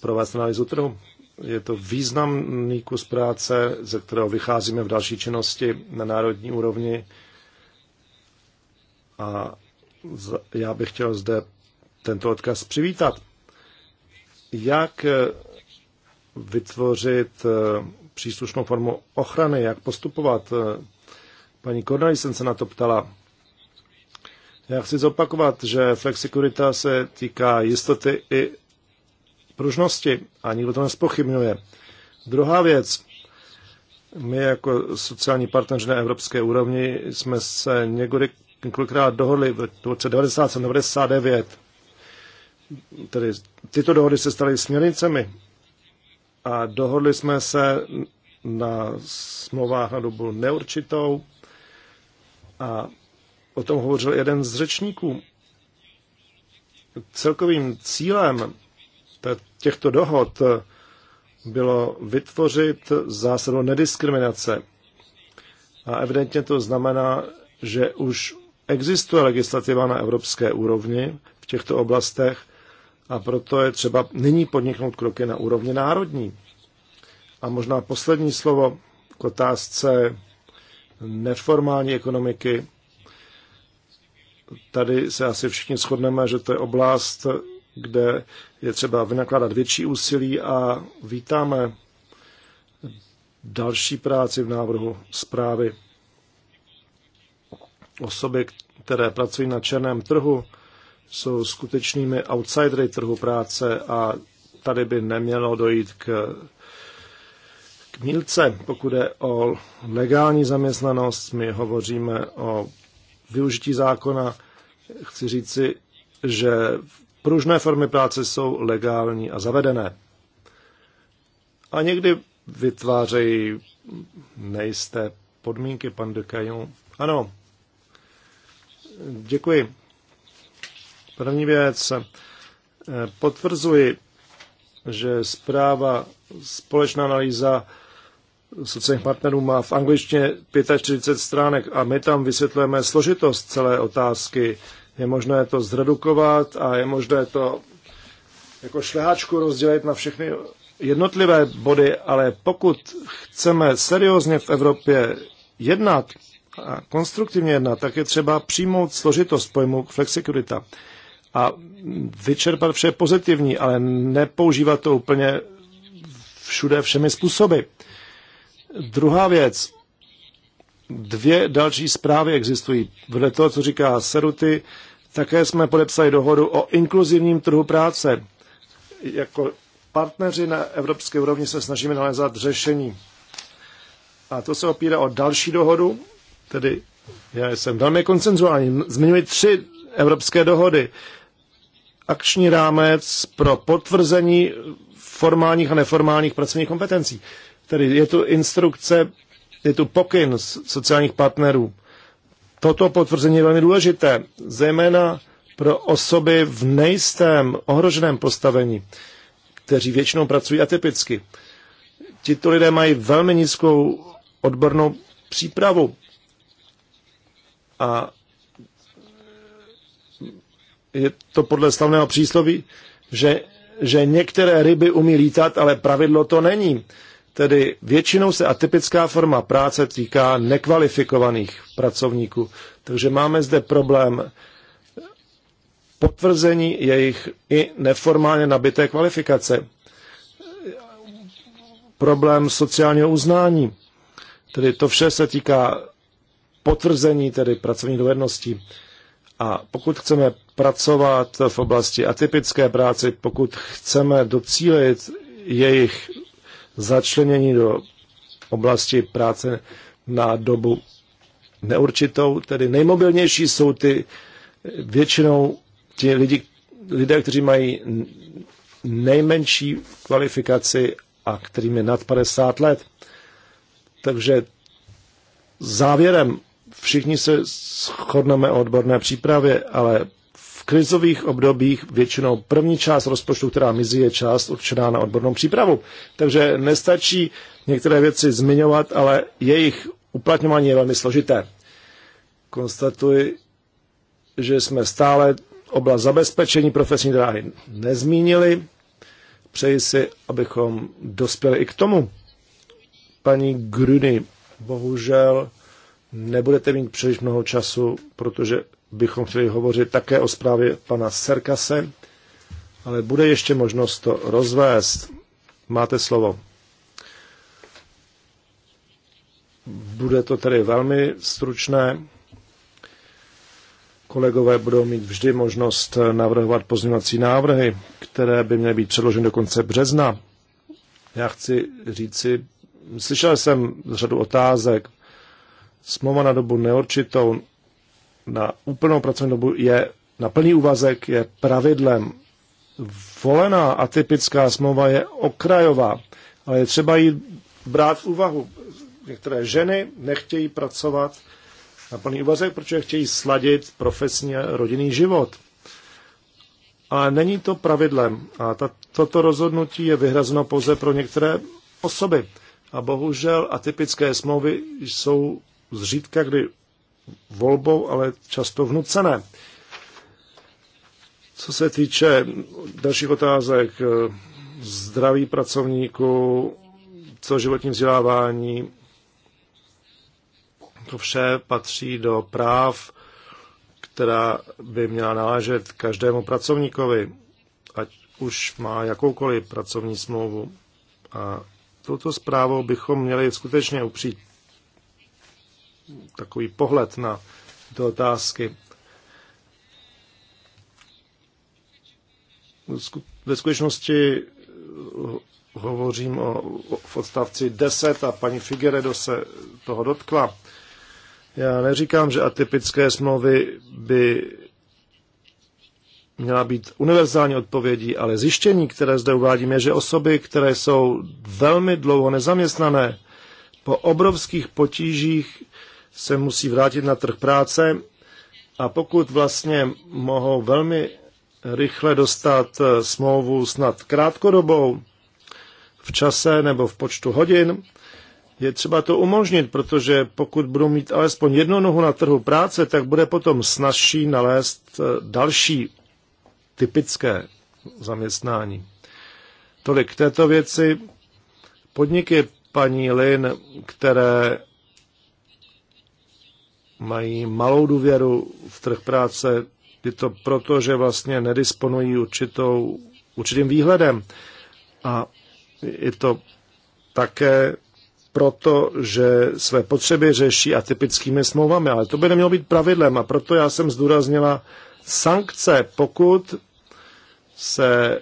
provést analýzu trhu. Je to významný kus práce, ze kterého vycházíme v další činnosti na národní úrovni. A já bych chtěl zde tento odkaz přivítat. Jak vytvořit eh, příslušnou formu ochrany, jak postupovat. Eh, paní jsem se na to ptala. Já chci zopakovat, že flexikurita se týká jistoty i pružnosti a nikdo to nespochybňuje. Druhá věc, my jako sociální partneři na evropské úrovni jsme se několik, několikrát dohodli v roce 97, 99. Tedy tyto dohody se staly směrnicemi a dohodli jsme se na smlouvách na dobu neurčitou a o tom hovořil jeden z řečníků. Celkovým cílem těchto dohod bylo vytvořit zásadu nediskriminace. A evidentně to znamená, že už existuje legislativa na evropské úrovni v těchto oblastech a proto je třeba nyní podniknout kroky na úrovni národní. A možná poslední slovo k otázce neformální ekonomiky. Tady se asi všichni shodneme, že to je oblast, kde je třeba vynakládat větší úsilí a vítáme další práci v návrhu zprávy. Osoby, které pracují na černém trhu, jsou skutečnými outsidery trhu práce a tady by nemělo dojít k, k mílce. Pokud je o legální zaměstnanost, my hovoříme o využití zákona. Chci říci, že Pružné formy práce jsou legální a zavedené. A někdy vytvářejí nejisté podmínky, pan de Caillon. Ano, děkuji. První věc. Potvrzuji, že zpráva společná analýza sociálních partnerů má v angličtině 45 stránek a my tam vysvětlujeme složitost celé otázky je možné to zredukovat a je možné to jako šleháčku rozdělit na všechny jednotlivé body, ale pokud chceme seriózně v Evropě jednat a konstruktivně jednat, tak je třeba přijmout složitost pojmu flexikurita a vyčerpat vše pozitivní, ale nepoužívat to úplně všude všemi způsoby. Druhá věc. Dvě další zprávy existují. Vedle toho, co říká Seruty, také jsme podepsali dohodu o inkluzivním trhu práce. Jako partneři na evropské úrovni se snažíme nalézat řešení. A to se opírá o další dohodu, tedy já jsem velmi koncenzuální. Zmiňuji tři evropské dohody. Akční rámec pro potvrzení formálních a neformálních pracovních kompetencí. Tedy je tu instrukce, je tu pokyn sociálních partnerů Toto potvrzení je velmi důležité, zejména pro osoby v nejistém, ohroženém postavení, kteří většinou pracují atypicky. Tito lidé mají velmi nízkou odbornou přípravu a je to podle slavného přísloví, že, že některé ryby umí lítat, ale pravidlo to není. Tedy většinou se atypická forma práce týká nekvalifikovaných pracovníků. Takže máme zde problém potvrzení jejich i neformálně nabité kvalifikace. Problém sociálního uznání. Tedy to vše se týká potvrzení tedy pracovní dovedností. A pokud chceme pracovat v oblasti atypické práce, pokud chceme docílit jejich začlenění do oblasti práce na dobu neurčitou, tedy nejmobilnější jsou ty většinou ti lidi, lidé, kteří mají nejmenší kvalifikaci a kterým je nad 50 let. Takže závěrem všichni se shodneme o odborné přípravě, ale krizových obdobích většinou první část rozpočtu, která mizí, je část určená na odbornou přípravu. Takže nestačí některé věci zmiňovat, ale jejich uplatňování je velmi složité. Konstatuji, že jsme stále oblast zabezpečení profesní dráhy nezmínili. Přeji si, abychom dospěli i k tomu. Paní Gruny, bohužel nebudete mít příliš mnoho času, protože bychom chtěli hovořit také o zprávě pana Serkase, ale bude ještě možnost to rozvést. Máte slovo. Bude to tedy velmi stručné. Kolegové budou mít vždy možnost navrhovat pozměňovací návrhy, které by měly být předloženy do konce března. Já chci říci, slyšel jsem řadu otázek. Smlouva na dobu neurčitou na úplnou pracovní dobu je na plný úvazek je pravidlem. Volená atypická smlouva je okrajová, ale je třeba ji brát v úvahu. Některé ženy nechtějí pracovat na plný úvazek, protože chtějí sladit profesní a rodinný život. Ale není to pravidlem a ta, toto rozhodnutí je vyhrazeno pouze pro některé osoby. A bohužel atypické smlouvy jsou zřídka kdy volbou, ale často vnucené. Co se týče dalších otázek, zdraví pracovníků, životní vzdělávání, to vše patří do práv, která by měla náležet každému pracovníkovi, ať už má jakoukoliv pracovní smlouvu. A touto zprávou bychom měli skutečně upřít takový pohled na tyto otázky. Ve skutečnosti hovořím o, v odstavci 10 a paní Figueredo se toho dotkla. Já neříkám, že atypické smlouvy by měla být univerzální odpovědí, ale zjištění, které zde uvádím, je, že osoby, které jsou velmi dlouho nezaměstnané, po obrovských potížích se musí vrátit na trh práce a pokud vlastně mohou velmi rychle dostat eh, smlouvu snad krátkodobou, v čase nebo v počtu hodin, je třeba to umožnit, protože pokud budou mít alespoň jednu nohu na trhu práce, tak bude potom snažší nalézt eh, další typické zaměstnání. Tolik k této věci. Podniky paní Lin, které mají malou důvěru v trh práce, je to proto, že vlastně nedisponují určitou, určitým výhledem. A je to také proto, že své potřeby řeší atypickými smlouvami, ale to by nemělo být pravidlem a proto já jsem zdůraznila sankce, pokud se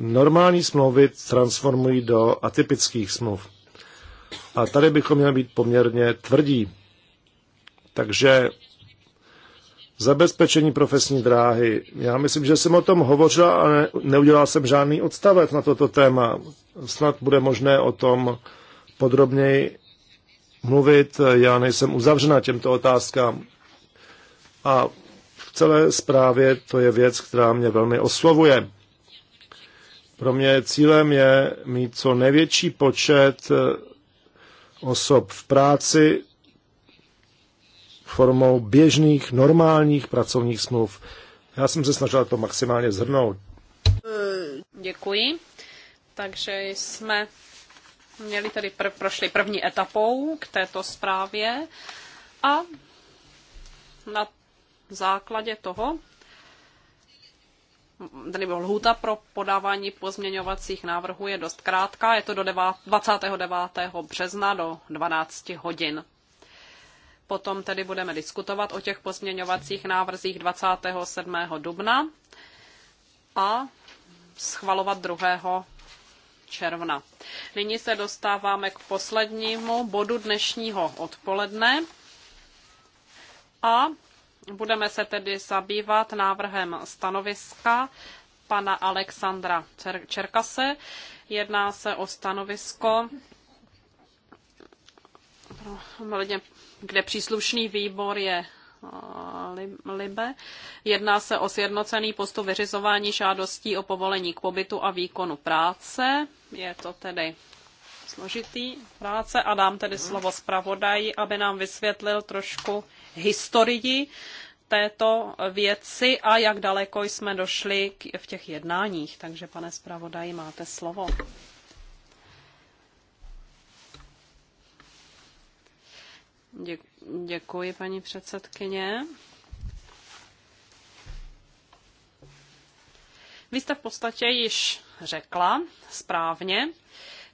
normální smlouvy transformují do atypických smluv. A tady bychom měli být poměrně tvrdí. Takže zabezpečení profesní dráhy. Já myslím, že jsem o tom hovořil a neudělal jsem žádný odstavec na toto téma. Snad bude možné o tom podrobněji mluvit. Já nejsem uzavřena těmto otázkám. A v celé zprávě to je věc, která mě velmi oslovuje. Pro mě cílem je mít co největší počet osob v práci formou běžných, normálních pracovních smluv. Já jsem se snažila to maximálně zhrnout. Děkuji. Takže jsme měli tady pr- prošli první etapou k této zprávě a na základě toho tedy lhůta pro podávání pozměňovacích návrhů je dost krátká, je to do 29. března do 12 hodin. Potom tedy budeme diskutovat o těch pozměňovacích návrzích 27. dubna a schvalovat 2. června. Nyní se dostáváme k poslednímu bodu dnešního odpoledne a Budeme se tedy zabývat návrhem stanoviska pana Alexandra Čerkase. Jedná se o stanovisko kde příslušný výbor je eh, Libe. Jedná se o sjednocený postup vyřizování žádostí o povolení k pobytu a výkonu práce. Je to tedy složitý práce a dám tedy slovo zpravodaji, aby nám vysvětlil trošku historii této věci a jak daleko jsme došli v těch jednáních. Takže, pane zpravodaji, máte slovo. Děkuji, paní předsedkyně. Vy jste v podstatě již řekla správně,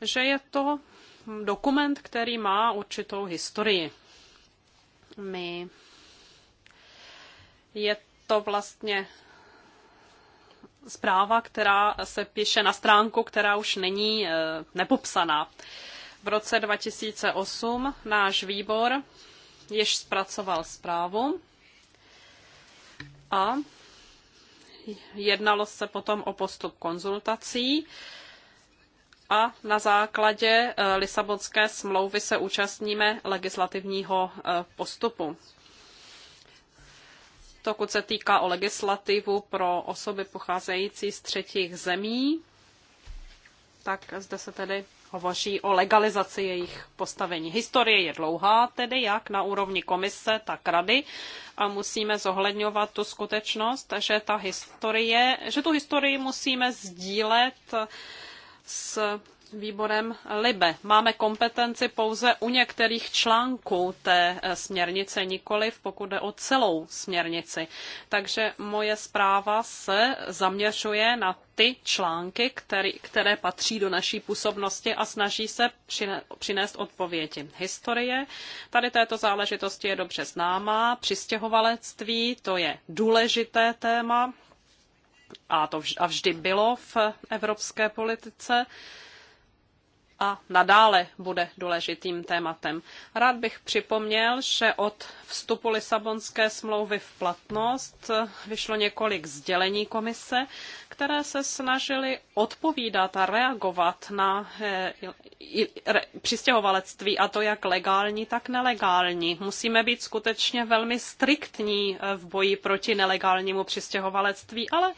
že je to dokument, který má určitou historii. My je to vlastně zpráva, která se píše na stránku, která už není eh, nepopsaná. V roce 2008 náš výbor již zpracoval zprávu a jednalo se potom o postup konzultací a na základě eh, Lisabonské smlouvy se účastníme legislativního eh, postupu. Pokud se týká o legislativu pro osoby pocházející z třetích zemí, tak zde se tedy hovoří o legalizaci jejich postavení. Historie je dlouhá, tedy jak na úrovni komise, tak rady a musíme zohledňovat tu skutečnost, že ta historie, že tu historii musíme sdílet s výborem LIBE. Máme kompetenci pouze u některých článků té eh, směrnice, nikoliv pokud jde o celou směrnici. Takže moje zpráva se zaměřuje na ty články, který, které patří do naší působnosti a snaží se přinést odpovědi. Historie tady této záležitosti je dobře známá. Přistěhovalectví, to je důležité téma a to vž, a vždy bylo v evropské politice a nadále bude důležitým tématem. Rád bych připomněl, že od vstupu Lisabonské smlouvy v platnost vyšlo několik sdělení komise, které se snažily odpovídat a reagovat na eh, přistěhovalectví, a to jak legální, tak nelegální. Musíme být skutečně velmi striktní eh, v boji proti nelegálnímu přistěhovalectví, ale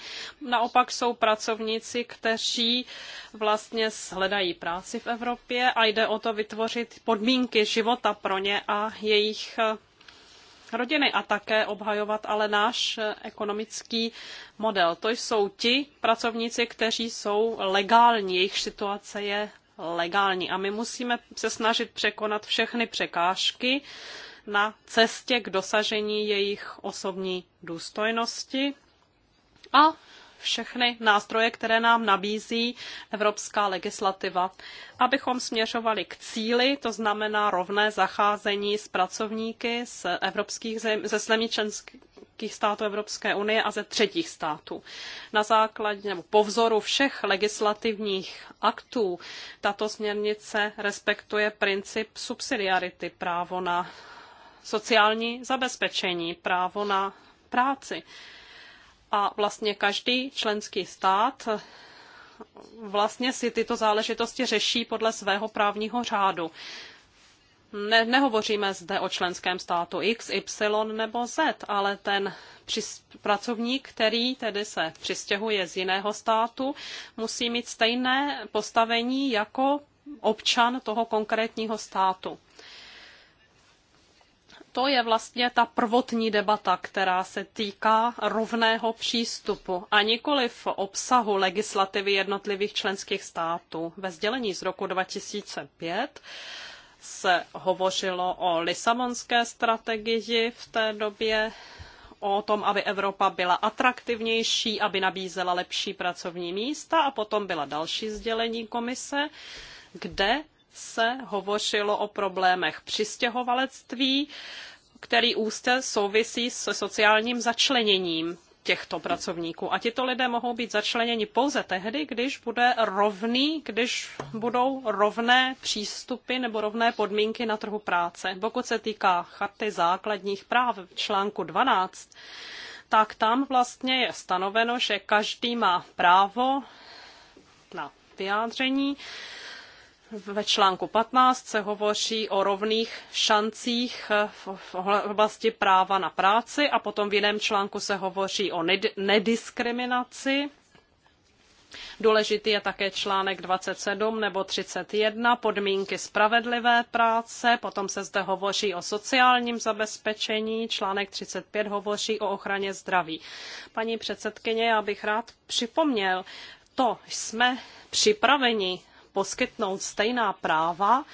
naopak jsou pracovníci, kteří vlastně hledají práci v Evropě a jde o to vytvořit podmínky života pro ně a jejich eh, rodiny a také obhajovat ale náš eh, ekonomický model. To jsou ti pracovníci, kteří jsou legální, jejich situace je legální a my musíme se snažit překonat všechny překážky na cestě k dosažení jejich osobní důstojnosti a všechny nástroje, které nám nabízí evropská legislativa, abychom směřovali k cíli, to znamená rovné zacházení s pracovníky z evropských zem, ze zemí členských států Evropské unie a ze třetích států. Na základě nebo po vzoru všech legislativních aktů tato směrnice respektuje princip subsidiarity, právo na sociální zabezpečení, právo na práci a vlastně každý členský stát vlastně si tyto záležitosti řeší podle svého právního řádu. Ne, nehovoříme zde o členském státu X, Y nebo Z, ale ten přis, pracovník, který tedy se přistěhuje z jiného státu, musí mít stejné postavení jako občan toho konkrétního státu to je vlastně ta prvotní debata, která se týká rovného přístupu a nikoli v obsahu legislativy jednotlivých členských států. Ve sdělení z roku 2005 se hovořilo o Lisabonské strategii v té době, o tom, aby Evropa byla atraktivnější, aby nabízela lepší pracovní místa a potom byla další sdělení komise, kde se hovořilo o problémech přistěhovalectví, který úzce souvisí se sociálním začleněním těchto pracovníků. A tito lidé mohou být začleněni pouze tehdy, když bude rovný, když budou rovné přístupy nebo rovné podmínky na trhu práce. Pokud se týká charty základních práv v článku 12, tak tam vlastně je stanoveno, že každý má právo na vyjádření, ve článku 15 se hovoří o rovných šancích eh, v oblasti práva na práci a potom v jiném článku se hovoří o nediskriminaci. Důležitý je také článek 27 nebo 31, podmínky spravedlivé práce, potom se zde hovoří o sociálním zabezpečení, článek 35 hovoří o ochraně zdraví. Paní předsedkyně, já bych rád připomněl, to jsme připraveni poskytnout stejná práva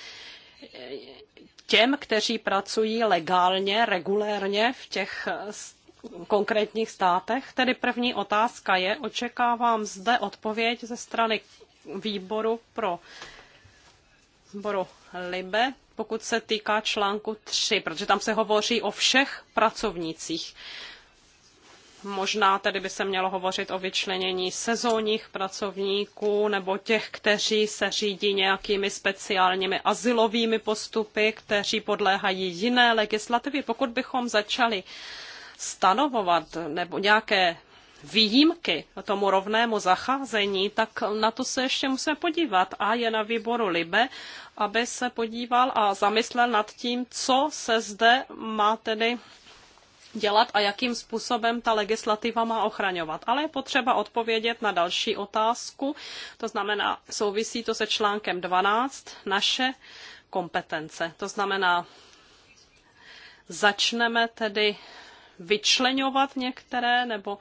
těm, kteří pracují legálně, regulérně v těch konkrétních státech. Tedy první otázka je, očekávám zde odpověď ze strany výboru pro výboru Libe, pokud se týká článku 3, protože tam se hovoří o všech pracovnících. Možná tedy by se mělo hovořit o vyčlenění sezónních pracovníků nebo těch, kteří se řídí nějakými speciálními asilovými postupy, kteří podléhají jiné legislativě. Pokud bychom začali stanovovat nebo nějaké výjimky tomu rovnému zacházení, tak na to se ještě musíme podívat. A je na výboru Libe, aby se podíval a zamyslel nad tím, co se zde má tedy dělat a jakým způsobem ta legislativa má ochraňovat. Ale je potřeba odpovědět na další otázku, to znamená, souvisí to se článkem 12, naše kompetence. To znamená, začneme tedy vyčleňovat některé nebo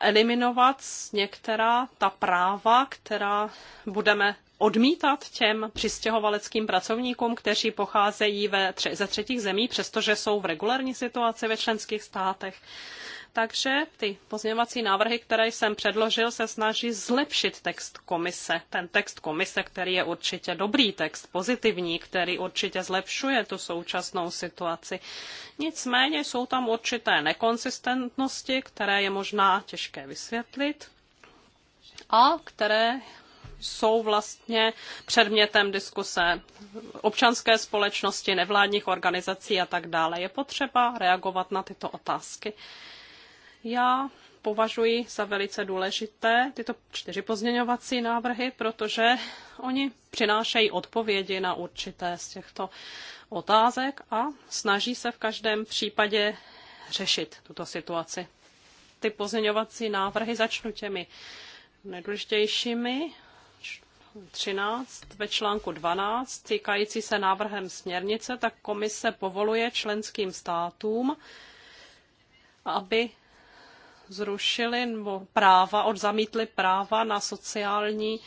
eliminovat některá ta práva, která budeme odmítat těm přistěhovaleckým pracovníkům, kteří pocházejí ve tře- ze třetích zemí, přestože jsou v regulární situaci ve členských státech. Takže ty pozměňovací návrhy, které jsem předložil, se snaží zlepšit text komise. Ten text komise, který je určitě dobrý text, pozitivní, který určitě zlepšuje tu současnou situaci. Nicméně jsou tam určité nekonsistentnosti, které je možná těžké vysvětlit a které jsou vlastně předmětem diskuse občanské společnosti, nevládních organizací a tak dále. Je potřeba reagovat na tyto otázky. Já považuji za velice důležité tyto čtyři pozměňovací návrhy, protože oni přinášejí odpovědi na určité z těchto otázek a snaží se v každém případě řešit tuto situaci. Ty pozměňovací návrhy začnu těmi nejdůležitějšími. 13 ve článku 12 týkající se návrhem směrnice, tak komise povoluje členským státům, aby zrušili nebo práva, odzamítli práva na sociální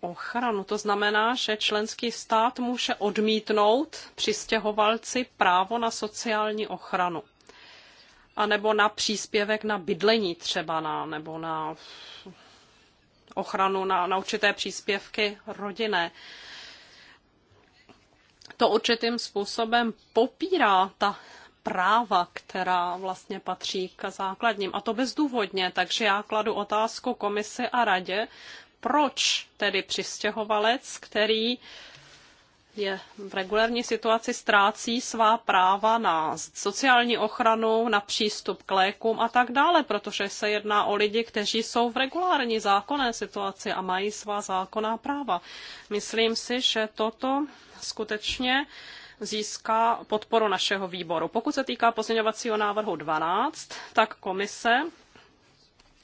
ochranu. To znamená, že členský stát může odmítnout přistěhovalci právo na sociální ochranu. A nebo na příspěvek na bydlení třeba, na, nebo na ochranu na, na určité příspěvky rodinné. To určitým způsobem popírá ta práva, která vlastně patří k základním. A to bezdůvodně, takže já kladu otázku komisi a radě, proč tedy přistěhovalec, který je v regulární situaci ztrácí svá práva na sociální ochranu, na přístup k lékům a tak dále, protože se jedná o lidi, kteří jsou v regulární zákonné situaci a mají svá zákonná práva. Myslím si, že toto skutečně získá podporu našeho výboru. Pokud se týká pozměňovacího návrhu 12, tak komise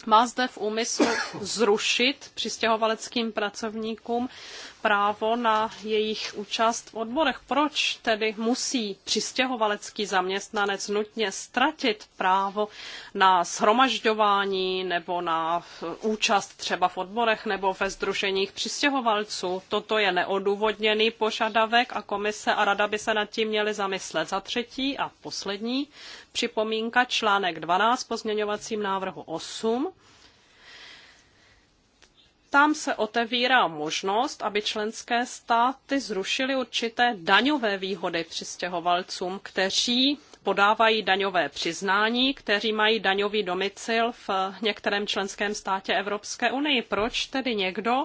má zde v úmyslu zrušit přistěhovaleckým pracovníkům právo na jejich účast v odborech. Proč tedy musí přistěhovalecký zaměstnanec nutně ztratit právo na shromažďování nebo na účast třeba v odborech nebo ve združeních přistěhovalců? Toto je neodůvodněný požadavek a komise a rada by se nad tím měly zamyslet. Za třetí a poslední připomínka článek 12 pozměňovacím návrhu 8 tam se otevírá možnost, aby členské státy zrušily určité daňové výhody přistěhovalcům, kteří podávají daňové přiznání, kteří mají daňový domicil v některém členském státě Evropské unie. Proč tedy někdo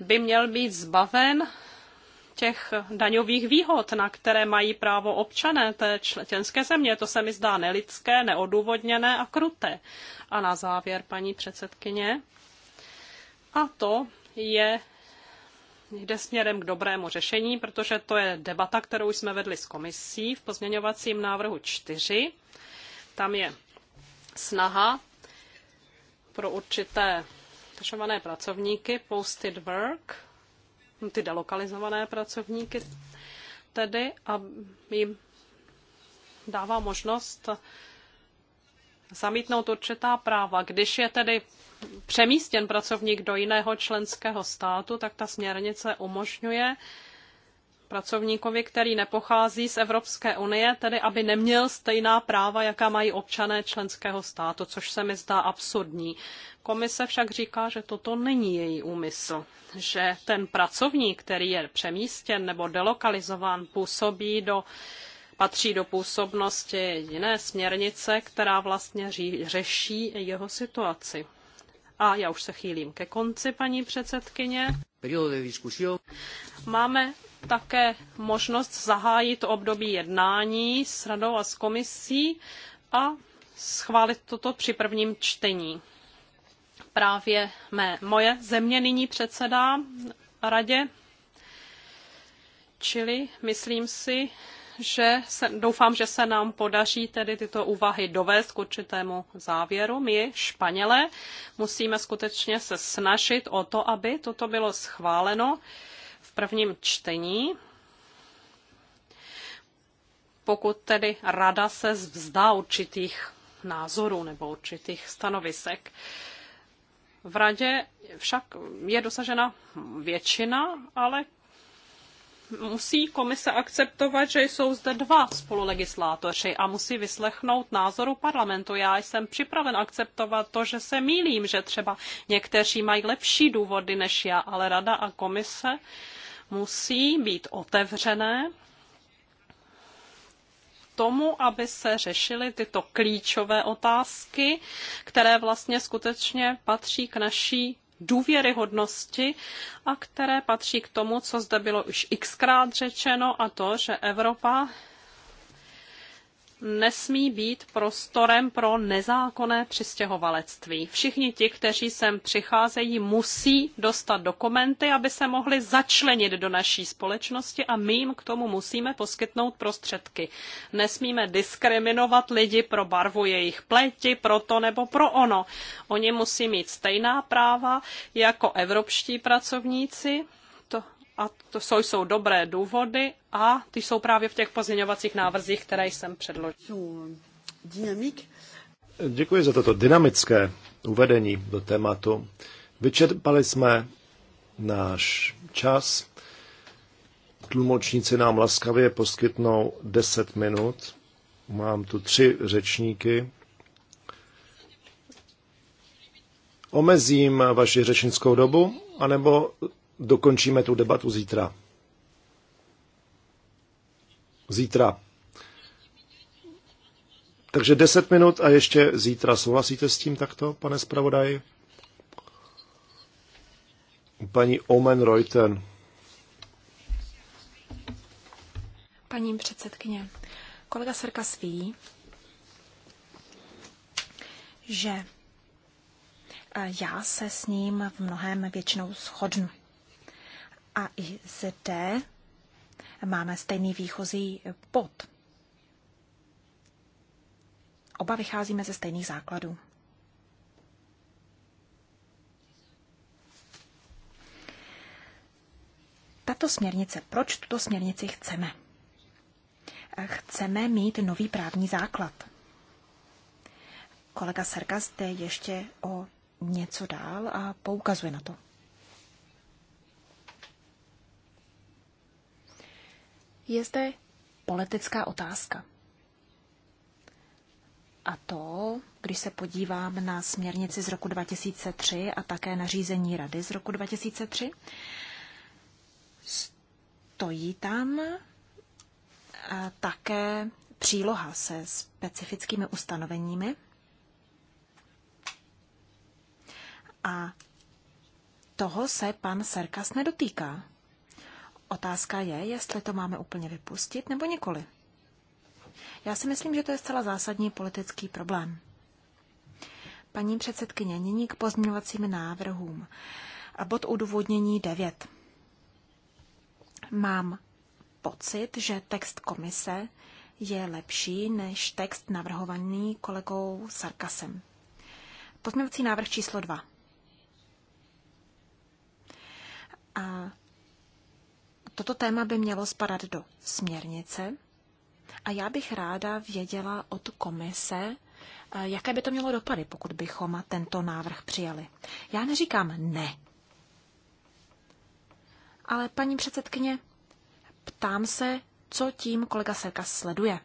by měl být zbaven těch daňových výhod, na které mají právo občané té členské země. To se mi zdá nelidské, neodůvodněné a kruté. A na závěr, paní předsedkyně, a to je jde směrem k dobrému řešení, protože to je debata, kterou jsme vedli s komisí v pozměňovacím návrhu 4. Tam je snaha pro určité detašované pracovníky, posted work, ty delokalizované pracovníky tedy, a jim dává možnost zamítnout určitá práva. Když je tedy přemístěn pracovník do jiného členského státu, tak ta směrnice umožňuje pracovníkovi, který nepochází z Evropské unie, tedy aby neměl stejná práva, jaká mají občané členského státu, což se mi zdá absurdní. Komise však říká, že toto není její úmysl, že ten pracovník, který je přemístěn nebo delokalizován, působí do patří do působnosti jiné směrnice, která vlastně ří, řeší jeho situaci. A já už se chýlím ke konci, paní předsedkyně. Máme také možnost zahájit období jednání s radou a s komisí a schválit toto při prvním čtení. Právě mé, moje země nyní předsedá radě, čili myslím si, že se, doufám, že se nám podaří tedy tyto úvahy dovést k určitému závěru. My, Španělé, musíme skutečně se snažit o to, aby toto bylo schváleno v prvním čtení. Pokud tedy rada se vzdá určitých názorů nebo určitých stanovisek. V radě však je dosažena většina, ale musí komise akceptovat, že jsou zde dva spolulegislátoři a musí vyslechnout názoru parlamentu. Já jsem připraven akceptovat to, že se mýlím, že třeba někteří mají lepší důvody než já, ale rada a komise musí být otevřené tomu, aby se řešily tyto klíčové otázky, které vlastně skutečně patří k naší důvěryhodnosti a které patří k tomu, co zde bylo už xkrát řečeno, a to, že Evropa nesmí být prostorem pro nezákonné přistěhovalectví. Všichni ti, kteří sem přicházejí, musí dostat dokumenty, aby se mohli začlenit do naší společnosti a my jim k tomu musíme poskytnout prostředky. Nesmíme diskriminovat lidi pro barvu jejich pleti, pro to nebo pro ono. Oni musí mít stejná práva jako evropští pracovníci, a to jsou, jsou dobré důvody a ty jsou právě v těch pozměňovacích návrzích, které jsem předložil. Děkuji za toto dynamické uvedení do tématu. Vyčerpali jsme náš čas. Tlumočníci nám laskavě poskytnou 10 minut. Mám tu tři řečníky. Omezím vaši řečnickou dobu, anebo dokončíme tu debatu zítra. Zítra. Takže 10 minut a ještě zítra. Souhlasíte s tím takto, pane zpravodaji? Paní Omen Reuten. Paní předsedkyně, kolega Svrka sví, že eh, já se s ním v mnohem většinou shodnu. A i zde máme stejný výchozí bod. Oba vycházíme ze stejných základů. Tato směrnice, proč tuto směrnici chceme? Chceme mít nový právní základ. Kolega Serka zde ještě o něco dál a poukazuje na to. je zde politická otázka. A to, když se podívám na směrnici z roku 2003 a také na řízení rady z roku 2003, stojí tam eh, také příloha se specifickými ustanoveními a toho se pan Serkas nedotýká. Otázka je, jestli to máme úplně vypustit nebo nikoli. Já si myslím, že to je zcela zásadní politický problém. Paní předsedkyně, nyní k pozměňovacím návrhům. A bod odůvodnění 9. Mám pocit, že text komise je lepší než text navrhovaný kolegou Sarkasem. Pozměňovací návrh číslo 2. A Toto téma by mělo spadat do směrnice a já bych ráda věděla od komise, eh, jaké by to mělo dopady, pokud bychom tento návrh přijali. Já neříkám ne. Ale paní předsedkyně, ptám se, co tím kolega Serka sleduje.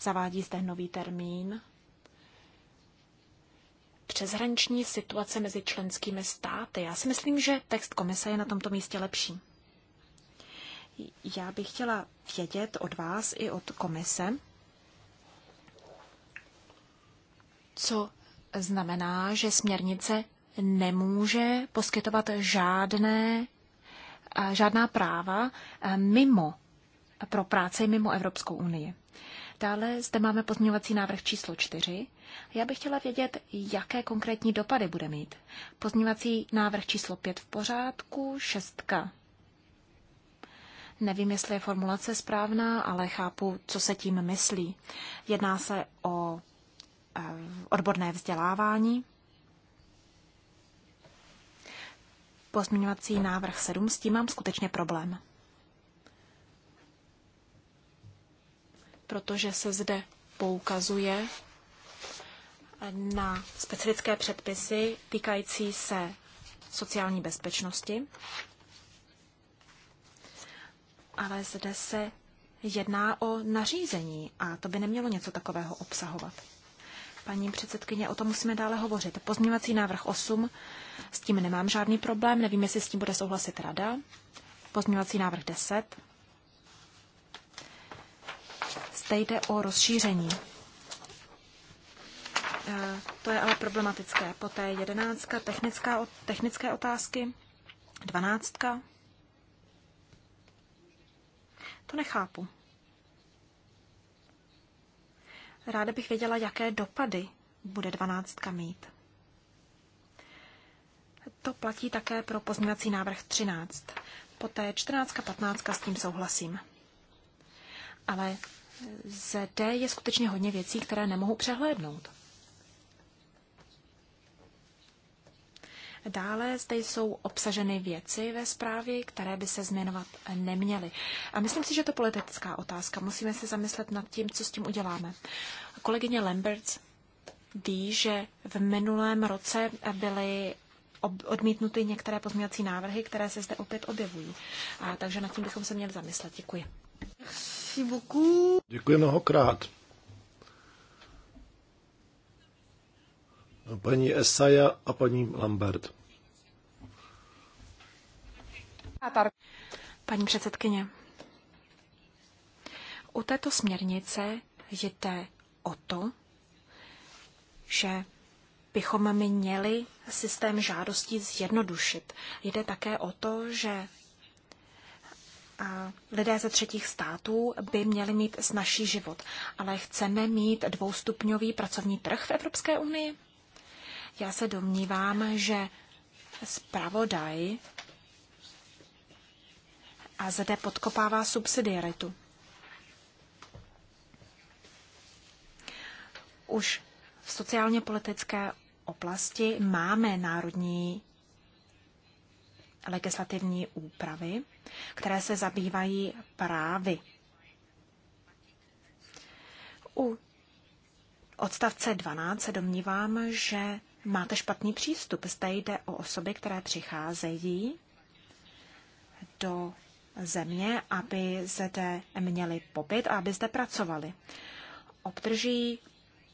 Zavádí zde nový termín. Přeshraniční situace mezi členskými státy. Já si myslím, že text komise je na tomto místě lepší. Já bych chtěla vědět od vás i od komise, co znamená, že směrnice nemůže poskytovat žádné, eh, žádná práva eh, mimo pro práci mimo Evropskou unii. Dále zde máme pozměňovací návrh číslo 4. Já bych chtěla vědět, jaké konkrétní dopady bude mít. Pozměňovací návrh číslo 5 v pořádku, šestka Nevím, jestli je formulace správná, ale chápu, co se tím myslí. Jedná se o eh, odborné vzdělávání. Pozměňovací návrh 7, s tím mám skutečně problém. Protože se zde poukazuje na specifické předpisy týkající se sociální bezpečnosti ale zde se jedná o nařízení a to by nemělo něco takového obsahovat. Paní předsedkyně, o tom musíme dále hovořit. Pozměňovací návrh 8, s tím nemám žádný problém, nevím, jestli s tím bude souhlasit rada. Pozměňovací návrh 10. Zde jde o rozšíření. E, to je ale problematické. Poté jedenáctka, technická, technické otázky, dvanáctka, to nechápu. Ráda bych věděla, jaké dopady bude dvanáctka mít. To platí také pro pozměňovací návrh 13. Poté 14 a 15 s tím souhlasím. Ale zde je skutečně hodně věcí, které nemohu přehlédnout. Dále zde jsou obsaženy věci ve zprávě, které by se změnovat neměly. A myslím si, že to politická otázka. Musíme se zamyslet nad tím, co s tím uděláme. Kolegyně Lamberts ví, že v minulém roce byly odmítnuty některé pozměňovací návrhy, které se zde opět objevují. A, takže nad tím bychom se měli zamyslet. Děkuji. Děkuji mnohokrát. paní Esaja a paní Lambert. Paní předsedkyně, u této směrnice jde o to, že bychom měli systém žádostí zjednodušit. Jde také o to, že lidé ze třetích států by měli mít snažší život. Ale chceme mít dvoustupňový pracovní trh v Evropské unii? Já se domnívám, že zpravodaj a zde podkopává subsidiaritu. Už v sociálně-politické oblasti máme národní legislativní úpravy, které se zabývají právy. U odstavce 12 se domnívám, že máte špatný přístup. Zde jde o osoby, které přicházejí do země, aby zde měli pobyt a aby zde pracovali. Obdrží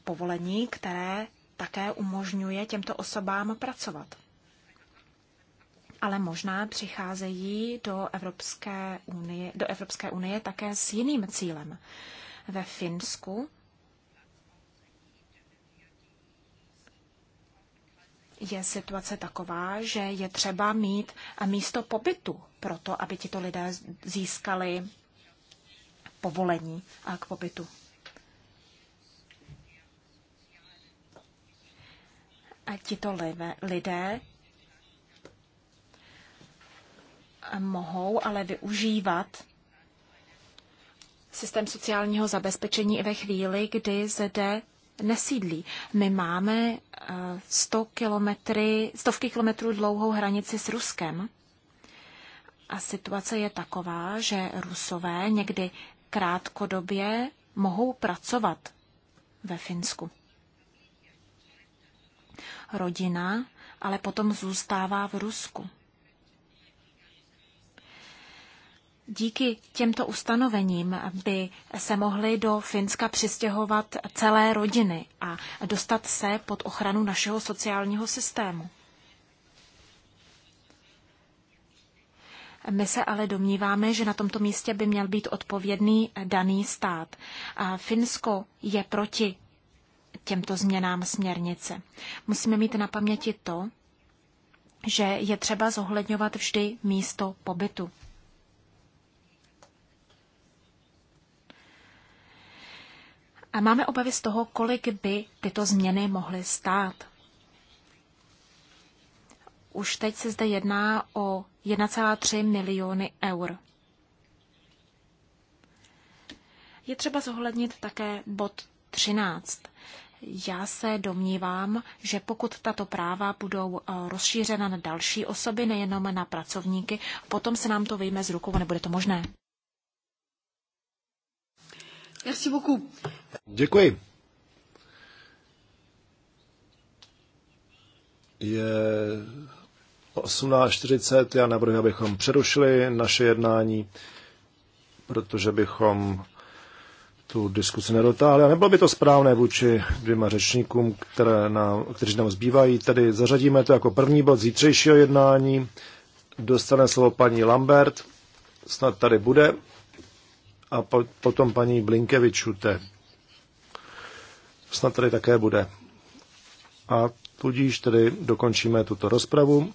povolení, které také umožňuje těmto osobám pracovat. Ale možná přicházejí do Evropské unie, do Evropské unie také s jiným cílem. Ve Finsku je situace taková, že je třeba mít místo pobytu pro to, aby tito lidé získali povolení k pobytu. A tito lidé mohou ale využívat systém sociálního zabezpečení i ve chvíli, kdy zde nesídlí. My máme 100 eh, kilometry, stovky kilometrů dlouhou hranici s Ruskem. A situace je taková, že Rusové někdy krátkodobě mohou pracovat ve Finsku. Rodina ale potom zůstává v Rusku. Díky těmto ustanovením by se mohly do Finska přistěhovat celé rodiny a dostat se pod ochranu našeho sociálního systému. My se ale domníváme, že na tomto místě by měl být odpovědný daný stát. A Finsko je proti těmto změnám směrnice. Musíme mít na paměti to, že je třeba zohledňovat vždy místo pobytu. A máme obavy z toho, kolik by tyto změny mohly stát. Už teď se zde jedná o 1,3 miliony eur. Je třeba zohlednit také bod 13. Já se domnívám, že pokud tato práva budou eh, rozšířena na další osoby, nejenom na pracovníky, potom se nám to vyjme z rukou a nebude to možné. Merci beaucoup. Děkuji. Je 18.40, já navrhuji, abychom přerušili naše jednání, protože bychom tu diskusi nedotáhli. A nebylo by to správné vůči dvěma řečníkům, které nám, kteří nám zbývají. Tedy zařadíme to jako první bod zítřejšího jednání. Dostane slovo paní Lambert, snad tady bude a po, potom paní Blinkevičute. Snad tady také bude. A tudíž tedy dokončíme tuto rozpravu.